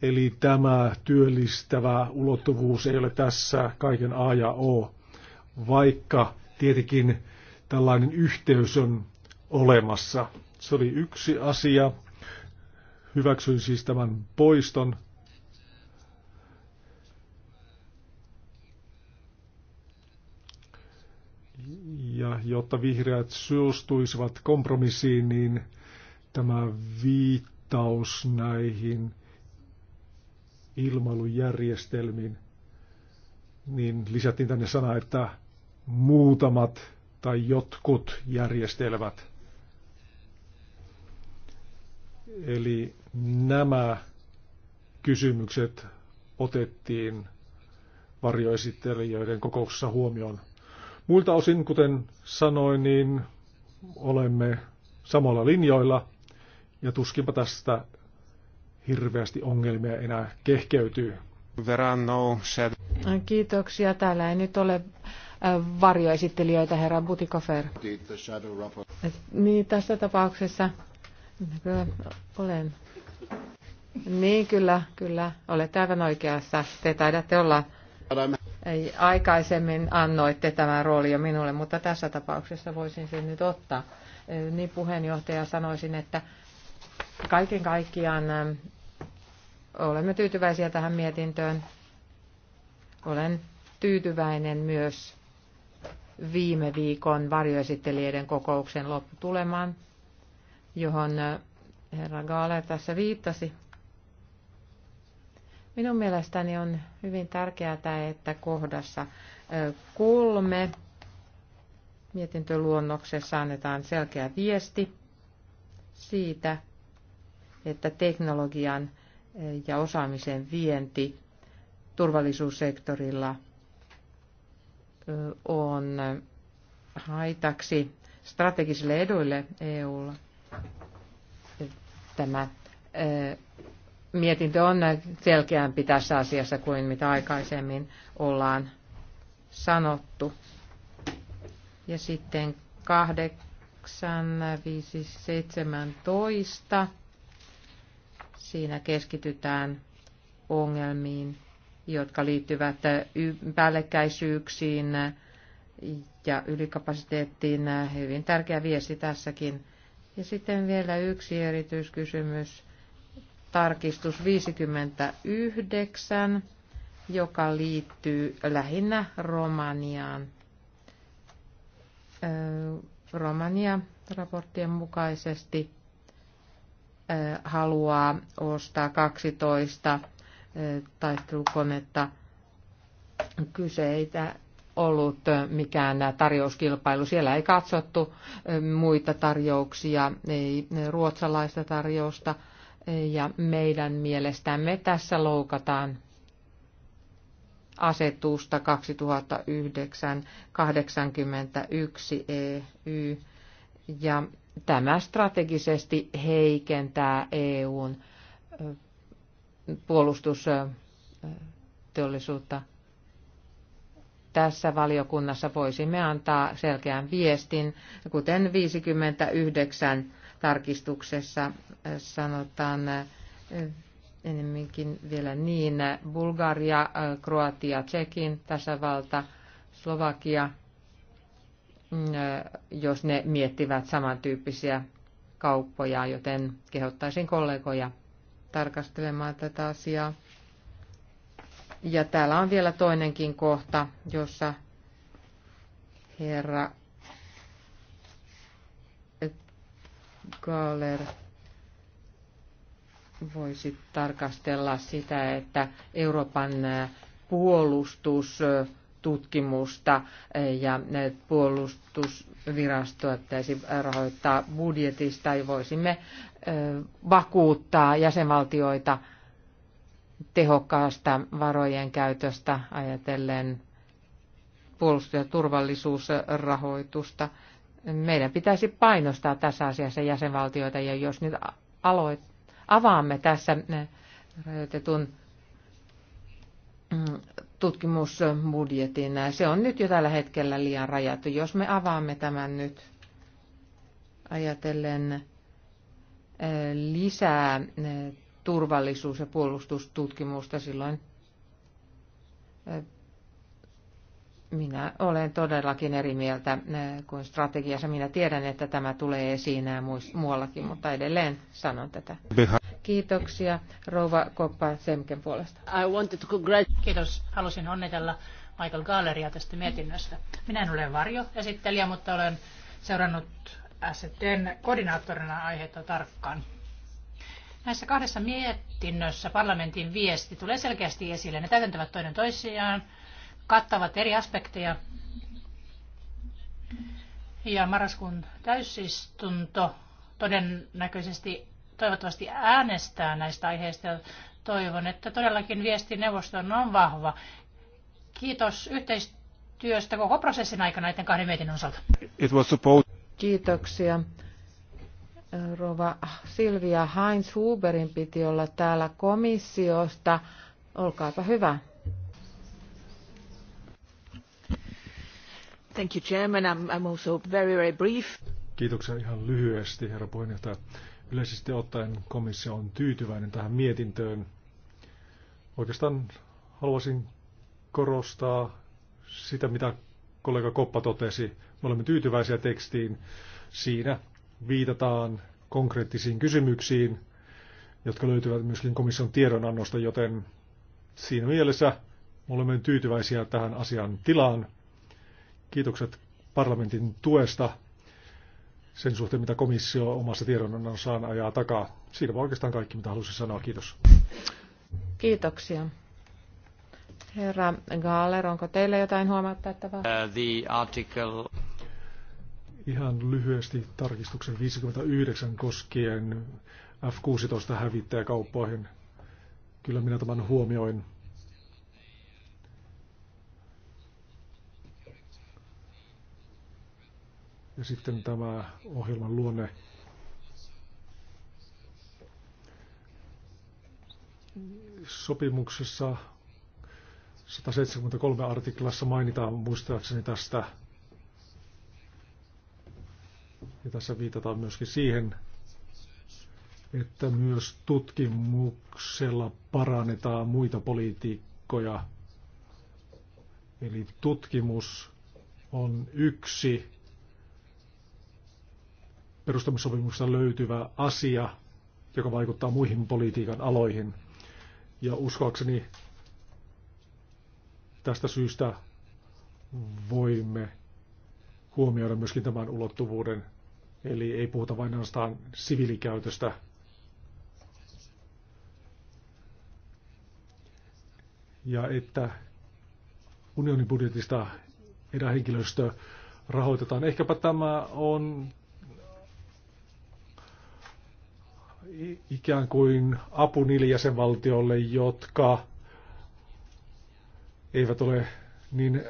Eli tämä työllistävä ulottuvuus ei ole tässä kaiken A ja O, vaikka tietenkin tällainen yhteys on olemassa. Se oli yksi asia. Hyväksyin siis tämän poiston. Ja jotta vihreät suostuisivat kompromissiin, niin tämä viittaus näihin ilmailujärjestelmiin, niin lisättiin tänne sana, että muutamat tai jotkut järjestelmät. Eli nämä kysymykset otettiin varjoesittelijöiden kokouksessa huomioon. Muilta osin, kuten sanoin, niin olemme samalla linjoilla ja tuskinpa tästä hirveästi ongelmia enää kehkeytyy. Kiitoksia. Täällä ei nyt ole varjoesittelijöitä, herra Butikofer. Niin, tässä tapauksessa Kyllä olen. Niin, kyllä, kyllä. Olet aivan oikeassa. Te taidatte olla ei, aikaisemmin annoitte tämän roolin jo minulle, mutta tässä tapauksessa voisin sen nyt ottaa. Niin puheenjohtaja sanoisin, että kaiken kaikkiaan ähm, olemme tyytyväisiä tähän mietintöön. Olen tyytyväinen myös viime viikon varjoesittelijöiden kokouksen lopputulemaan johon äh, herra Gaale tässä viittasi. Minun mielestäni on hyvin tärkeää, että kohdassa kolme mietintöluonnoksessa annetaan selkeä viesti siitä, että teknologian ja osaamisen vienti turvallisuussektorilla on haitaksi strategisille eduille EUlla. Tämä mietintö on selkeämpi tässä asiassa kuin mitä aikaisemmin ollaan sanottu. Ja sitten 8517. Siinä keskitytään ongelmiin, jotka liittyvät päällekkäisyyksiin ja ylikapasiteettiin. Hyvin tärkeä viesti tässäkin. Ja sitten vielä yksi erityiskysymys, tarkistus 59, joka liittyy lähinnä Romaniaan. Romania raporttien mukaisesti haluaa ostaa 12 taistelukonetta. Kyseitä ollut mikään tarjouskilpailu. Siellä ei katsottu eh, muita tarjouksia, ei ruotsalaista tarjousta. Eh, ja meidän mielestämme tässä loukataan asetusta 2009-81 EU. Ja tämä strategisesti heikentää EUn eh, puolustusteollisuutta tässä valiokunnassa voisimme antaa selkeän viestin, kuten 59 tarkistuksessa äh, sanotaan äh, enemminkin vielä niin, Bulgaria, äh, Kroatia, Tsekin tasavalta, Slovakia, jos ne miettivät samantyyppisiä kauppoja, joten kehottaisin kollegoja tarkastelemaan tätä asiaa. Ja täällä on vielä toinenkin kohta, jossa herra Galler voisi tarkastella sitä, että Euroopan puolustustutkimusta ja puolustusvirastoa pitäisi rahoittaa budjetista ja voisimme vakuuttaa jäsenvaltioita – tehokkaasta varojen käytöstä ajatellen puolustus- ja turvallisuusrahoitusta. Meidän pitäisi painostaa tässä asiassa jäsenvaltioita, ja jos nyt aloit, avaamme tässä eh, rajoitetun mm, tutkimusbudjetin, se on nyt jo tällä hetkellä liian rajattu. Jos me avaamme tämän nyt ajatellen eh, lisää eh, turvallisuus- ja puolustustutkimusta silloin. Minä olen todellakin eri mieltä kuin strategiassa. Minä tiedän, että tämä tulee esiin muuallakin, mutta edelleen sanon tätä. Kiitoksia Rouva Koppa Semken puolesta. I wanted to Kiitos. Halusin onnitella Michael Galleria tästä mietinnöstä. Minä en ole varjoesittelijä, mutta olen seurannut STn koordinaattorina aiheita tarkkaan. Näissä kahdessa mietinnössä parlamentin viesti tulee selkeästi esille. Ne täydentävät toinen toisiaan, kattavat eri aspekteja. Ja marraskuun täysistunto todennäköisesti toivottavasti äänestää näistä aiheista. toivon, että todellakin viesti neuvoston on vahva. Kiitos yhteistyöstä koko prosessin aikana näiden kahden mietinnön osalta. Kiitoksia. Rova Silvia Heinz Huberin piti olla täällä komissiosta. Olkaapa hyvä. Thank you, Chairman. I'm, I'm also very, very brief. Kiitoksia ihan lyhyesti, herra puheenjohtaja. Yleisesti ottaen komissio on tyytyväinen tähän mietintöön. Oikeastaan haluaisin korostaa sitä, mitä kollega Koppa totesi. Me olemme tyytyväisiä tekstiin siinä viitataan konkreettisiin kysymyksiin, jotka löytyvät myöskin komission tiedonannosta, joten siinä mielessä olemme tyytyväisiä tähän asian tilaan. Kiitokset parlamentin tuesta sen suhteen, mitä komissio omassa tiedonannossaan ajaa takaa. Siinä oikeastaan kaikki, mitä halusin sanoa. Kiitos. Kiitoksia. Herra Galler, onko teillä jotain huomattavaa? Uh, the article... Ihan lyhyesti tarkistuksen 59 koskien F-16 hävittäjäkauppoihin. Kyllä minä tämän huomioin. Ja sitten tämä ohjelman luonne. Sopimuksessa 173 artiklassa mainitaan muistaakseni tästä ja tässä viitataan myöskin siihen, että myös tutkimuksella parannetaan muita politiikkoja. Eli tutkimus on yksi perustamissopimuksesta löytyvä asia, joka vaikuttaa muihin politiikan aloihin. Ja uskoakseni tästä syystä voimme huomioida myöskin tämän ulottuvuuden Eli ei puhuta vain ainoastaan siviilikäytöstä. Ja että unionin budjetista henkilöstö rahoitetaan. Ehkäpä tämä on ikään kuin apu niille jäsenvaltioille, jotka eivät ole niin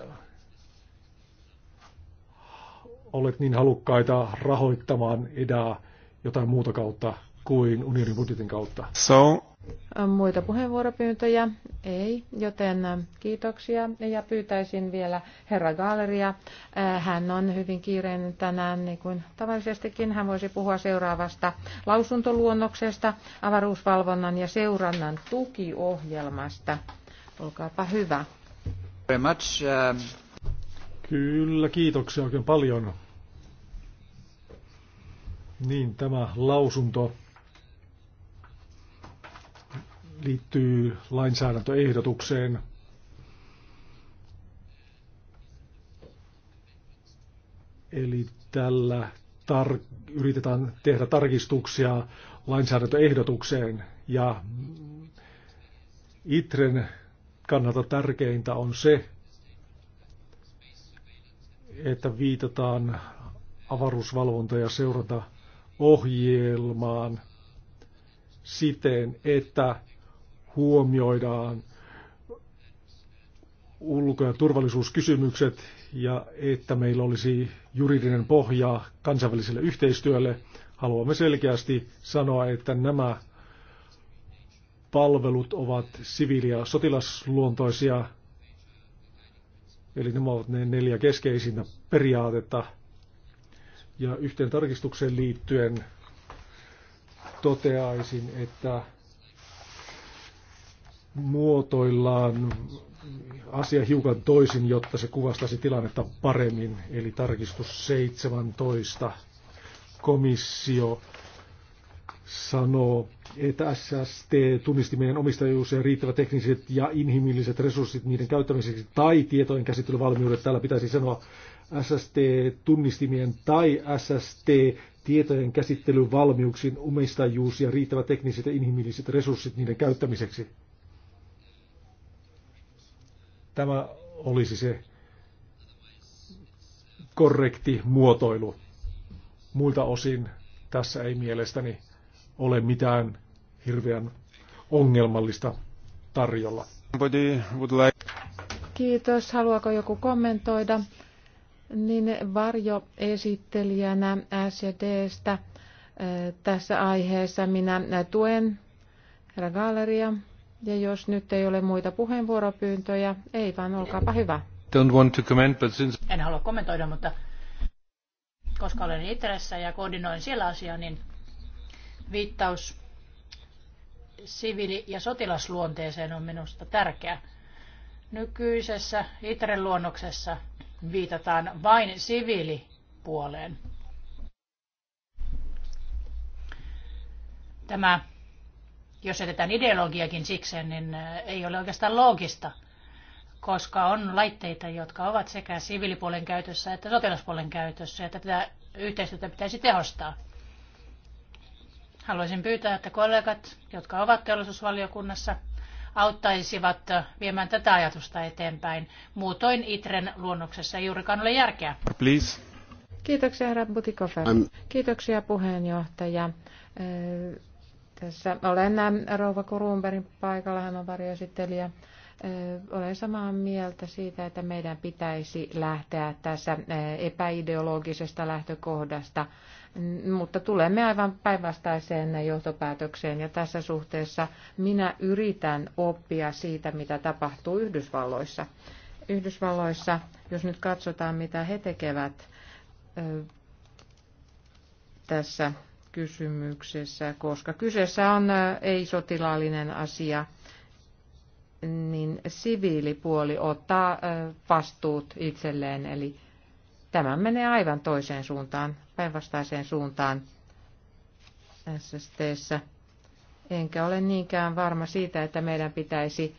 olleet niin halukkaita rahoittamaan edää jotain muuta kautta kuin unionin budjetin kautta. So. Muita puheenvuoropyyntöjä ei, joten kiitoksia ja pyytäisin vielä herra Galleria. Hän on hyvin kiireinen tänään, niin kuin tavallisestikin. Hän voisi puhua seuraavasta lausuntoluonnoksesta, avaruusvalvonnan ja seurannan tukiohjelmasta. Olkaapa hyvä. Very much, um, Kyllä, kiitoksia oikein paljon. Niin, tämä lausunto liittyy lainsäädäntöehdotukseen. Eli tällä tar- yritetään tehdä tarkistuksia lainsäädäntöehdotukseen ja ITREN kannalta tärkeintä on se, että viitataan avaruusvalvonta- ja seurata ohjelmaan siten, että huomioidaan ulko- ja turvallisuuskysymykset ja että meillä olisi juridinen pohja kansainväliselle yhteistyölle. Haluamme selkeästi sanoa, että nämä palvelut ovat siviili- ja sotilasluontoisia, eli nämä ovat ne neljä keskeisintä periaatetta – ja yhteen tarkistukseen liittyen toteaisin, että muotoillaan asia hiukan toisin, jotta se kuvastaisi tilannetta paremmin. Eli tarkistus 17. Komissio sanoo, että sst meidän omistajuus ja riittävät tekniset ja inhimilliset resurssit niiden käyttämiseksi tai tietojen käsittelyvalmiudet, täällä pitäisi sanoa SST-tunnistimien tai SST-tietojen käsittelyvalmiuksin omistajuus ja riittävät tekniset ja inhimilliset resurssit niiden käyttämiseksi. Tämä olisi se korrekti muotoilu. Muilta osin tässä ei mielestäni ole mitään hirveän ongelmallista tarjolla. Kiitos. Haluaako joku kommentoida? niin varjo esittelijänä SDstä äh, tässä aiheessa minä äh, tuen herra Galleria. Ja jos nyt ei ole muita puheenvuoropyyntöjä, ei vaan olkaapa hyvä. Don't want to comment, but since... En halua kommentoida, mutta koska olen Itressä ja koordinoin siellä asiaa, niin viittaus siviili- ja sotilasluonteeseen on minusta tärkeä. Nykyisessä Itren luonnoksessa viitataan vain siviilipuoleen. Tämä, jos jätetään ideologiakin sikseen, niin äh, ei ole oikeastaan loogista, koska on laitteita, jotka ovat sekä siviilipuolen käytössä että sotilaspuolen käytössä, ja tätä yhteistyötä pitäisi tehostaa. Haluaisin pyytää, että kollegat, jotka ovat teollisuusvaliokunnassa, auttaisivat viemään tätä ajatusta eteenpäin. Muutoin ITREN luonnoksessa ei juurikaan ole järkeä. Please. Kiitoksia herra Butikofer. Kiitoksia puheenjohtaja. Tässä olen ähm, rouva Kurumberin paikalla, hän on varjoesittelijä. Olen samaa mieltä siitä, että meidän pitäisi lähteä tässä epäideologisesta lähtökohdasta mutta tulemme aivan päinvastaiseen johtopäätökseen ja tässä suhteessa minä yritän oppia siitä, mitä tapahtuu Yhdysvalloissa. Yhdysvalloissa, jos nyt katsotaan, mitä he tekevät tässä kysymyksessä, koska kyseessä on ei-sotilaallinen asia, niin siviilipuoli ottaa vastuut itselleen, eli tämä menee aivan toiseen suuntaan päinvastaiseen suuntaan SSTssä. Enkä ole niinkään varma siitä, että meidän pitäisi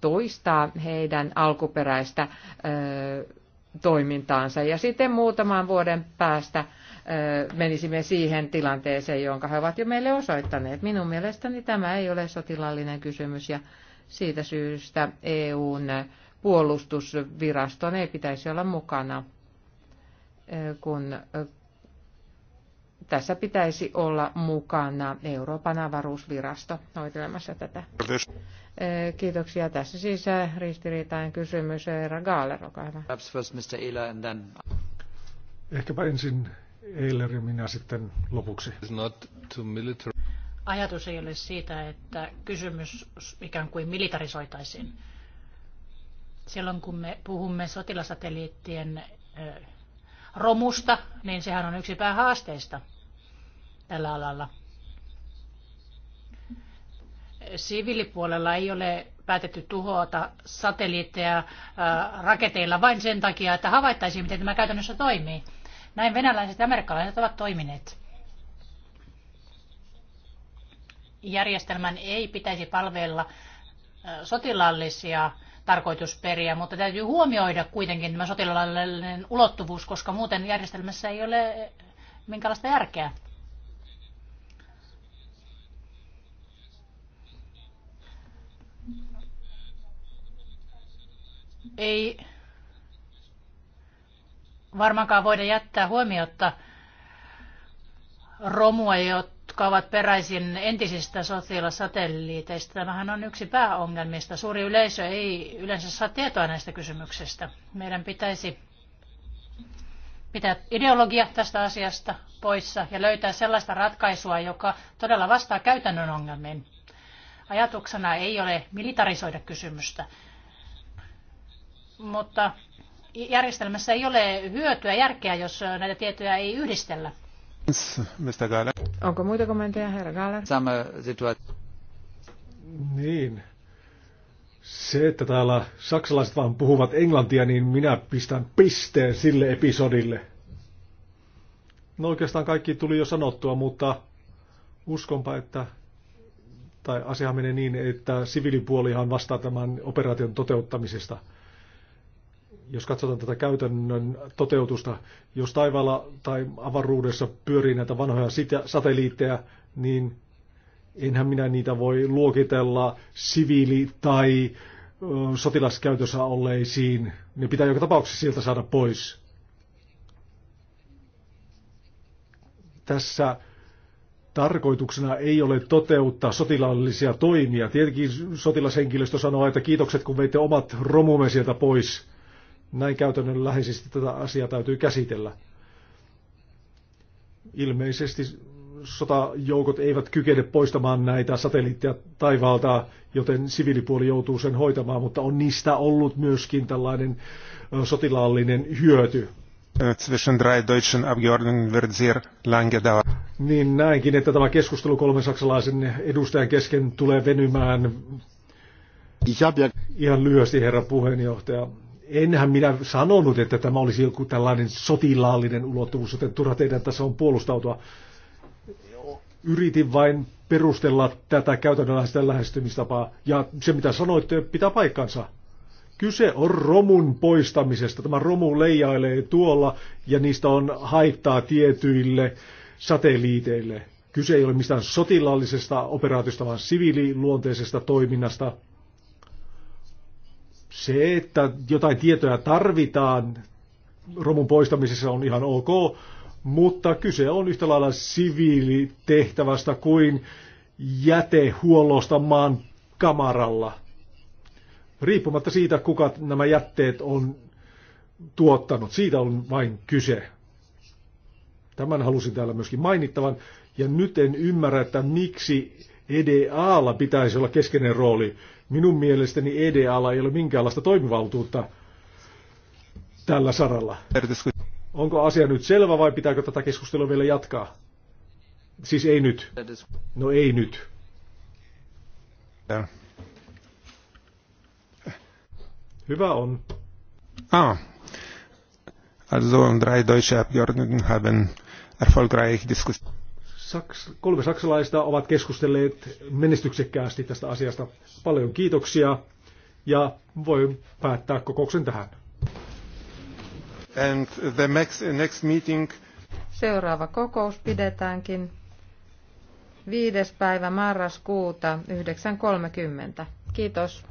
toistaa heidän alkuperäistä toimintaansa. Ja sitten muutaman vuoden päästä menisimme siihen tilanteeseen, jonka he ovat jo meille osoittaneet. Minun mielestäni tämä ei ole sotilallinen kysymys ja siitä syystä EUn puolustusviraston ei pitäisi olla mukana kun tässä pitäisi olla mukana Euroopan avaruusvirasto hoitelemassa tätä. Kiitoksia. Tässä siis ristiriitainen kysymys. Herra Gaaler, olkaa hyvä. Ehkäpä ensin Eiler ja minä sitten lopuksi. Ajatus ei ole siitä, että kysymys ikään kuin militarisoitaisiin. Silloin kun me puhumme sotilasatelliittien romusta, niin sehän on yksi päähaasteista tällä alalla. Siviilipuolella ei ole päätetty tuhota satelliitteja äh, raketeilla vain sen takia, että havaittaisiin, miten tämä käytännössä toimii. Näin venäläiset ja amerikkalaiset ovat toimineet. Järjestelmän ei pitäisi palvella äh, sotilaallisia tarkoitusperiä, mutta täytyy huomioida kuitenkin tämä sotilaallinen ulottuvuus, koska muuten järjestelmässä ei ole minkälaista järkeä. Ei varmaankaan voida jättää huomiota romua, jotta jotka ovat peräisin entisistä sotilasatelliiteista. Tämähän on yksi pääongelmista. Suuri yleisö ei yleensä saa tietoa näistä kysymyksistä. Meidän pitäisi pitää ideologia tästä asiasta poissa ja löytää sellaista ratkaisua, joka todella vastaa käytännön ongelmiin. Ajatuksena ei ole militarisoida kysymystä, mutta järjestelmässä ei ole hyötyä järkeä, jos näitä tietoja ei yhdistellä. Mr. Gala. Onko muita kommentteja, herra Gala? Sama situaatio. Niin. Se, että täällä saksalaiset vaan puhuvat englantia, niin minä pistän pisteen sille episodille. No oikeastaan kaikki tuli jo sanottua, mutta uskonpa, että tai asia menee niin, että siviilipuolihan vastaa tämän operaation toteuttamisesta – jos katsotaan tätä käytännön toteutusta, jos taivaalla tai avaruudessa pyörii näitä vanhoja satelliitteja, niin enhän minä niitä voi luokitella siviili- tai sotilaskäytössä olleisiin. Ne pitää joka tapauksessa sieltä saada pois. Tässä tarkoituksena ei ole toteuttaa sotilaallisia toimia. Tietenkin sotilashenkilöstö sanoo, että kiitokset kun veitte omat romumme sieltä pois. Näin käytännönläheisesti tätä asiaa täytyy käsitellä. Ilmeisesti sotajoukot eivät kykene poistamaan näitä satelliitteja taivaalta, joten siviilipuoli joutuu sen hoitamaan, mutta on niistä ollut myöskin tällainen sotilaallinen hyöty. Niin näinkin, että tämä keskustelu kolmen saksalaisen edustajan kesken tulee venymään ihan lyhyesti, herra puheenjohtaja. Enhän minä sanonut, että tämä olisi joku tällainen sotilaallinen ulottuvuus, joten turha teidän tässä on puolustautua. Yritin vain perustella tätä käytännönläheistä lähestymistapaa, ja se mitä sanoitte pitää paikkansa. Kyse on romun poistamisesta. Tämä romu leijailee tuolla, ja niistä on haittaa tietyille satelliiteille. Kyse ei ole mistään sotilaallisesta operaatiosta, vaan siviililuonteisesta toiminnasta – se, että jotain tietoja tarvitaan romun poistamisessa on ihan ok, mutta kyse on yhtä lailla siviilitehtävästä kuin jätehuollosta maan kamaralla. Riippumatta siitä, kuka nämä jätteet on tuottanut, siitä on vain kyse. Tämän halusin täällä myöskin mainittavan. Ja nyt en ymmärrä, että miksi EDAlla pitäisi olla keskeinen rooli. Minun mielestäni EDAlla ei ole minkäänlaista toimivaltuutta tällä saralla. Onko asia nyt selvä vai pitääkö tätä keskustelua vielä jatkaa? Siis ei nyt. No ei nyt. Hyvä on. Ah. Also drei deutsche Abgeordneten haben erfolgreich diskutiert. Saks, kolme saksalaista ovat keskustelleet menestyksekkäästi tästä asiasta. Paljon kiitoksia ja voi päättää kokouksen tähän. And the next, next meeting. Seuraava kokous pidetäänkin 5. päivä marraskuuta 9.30. Kiitos.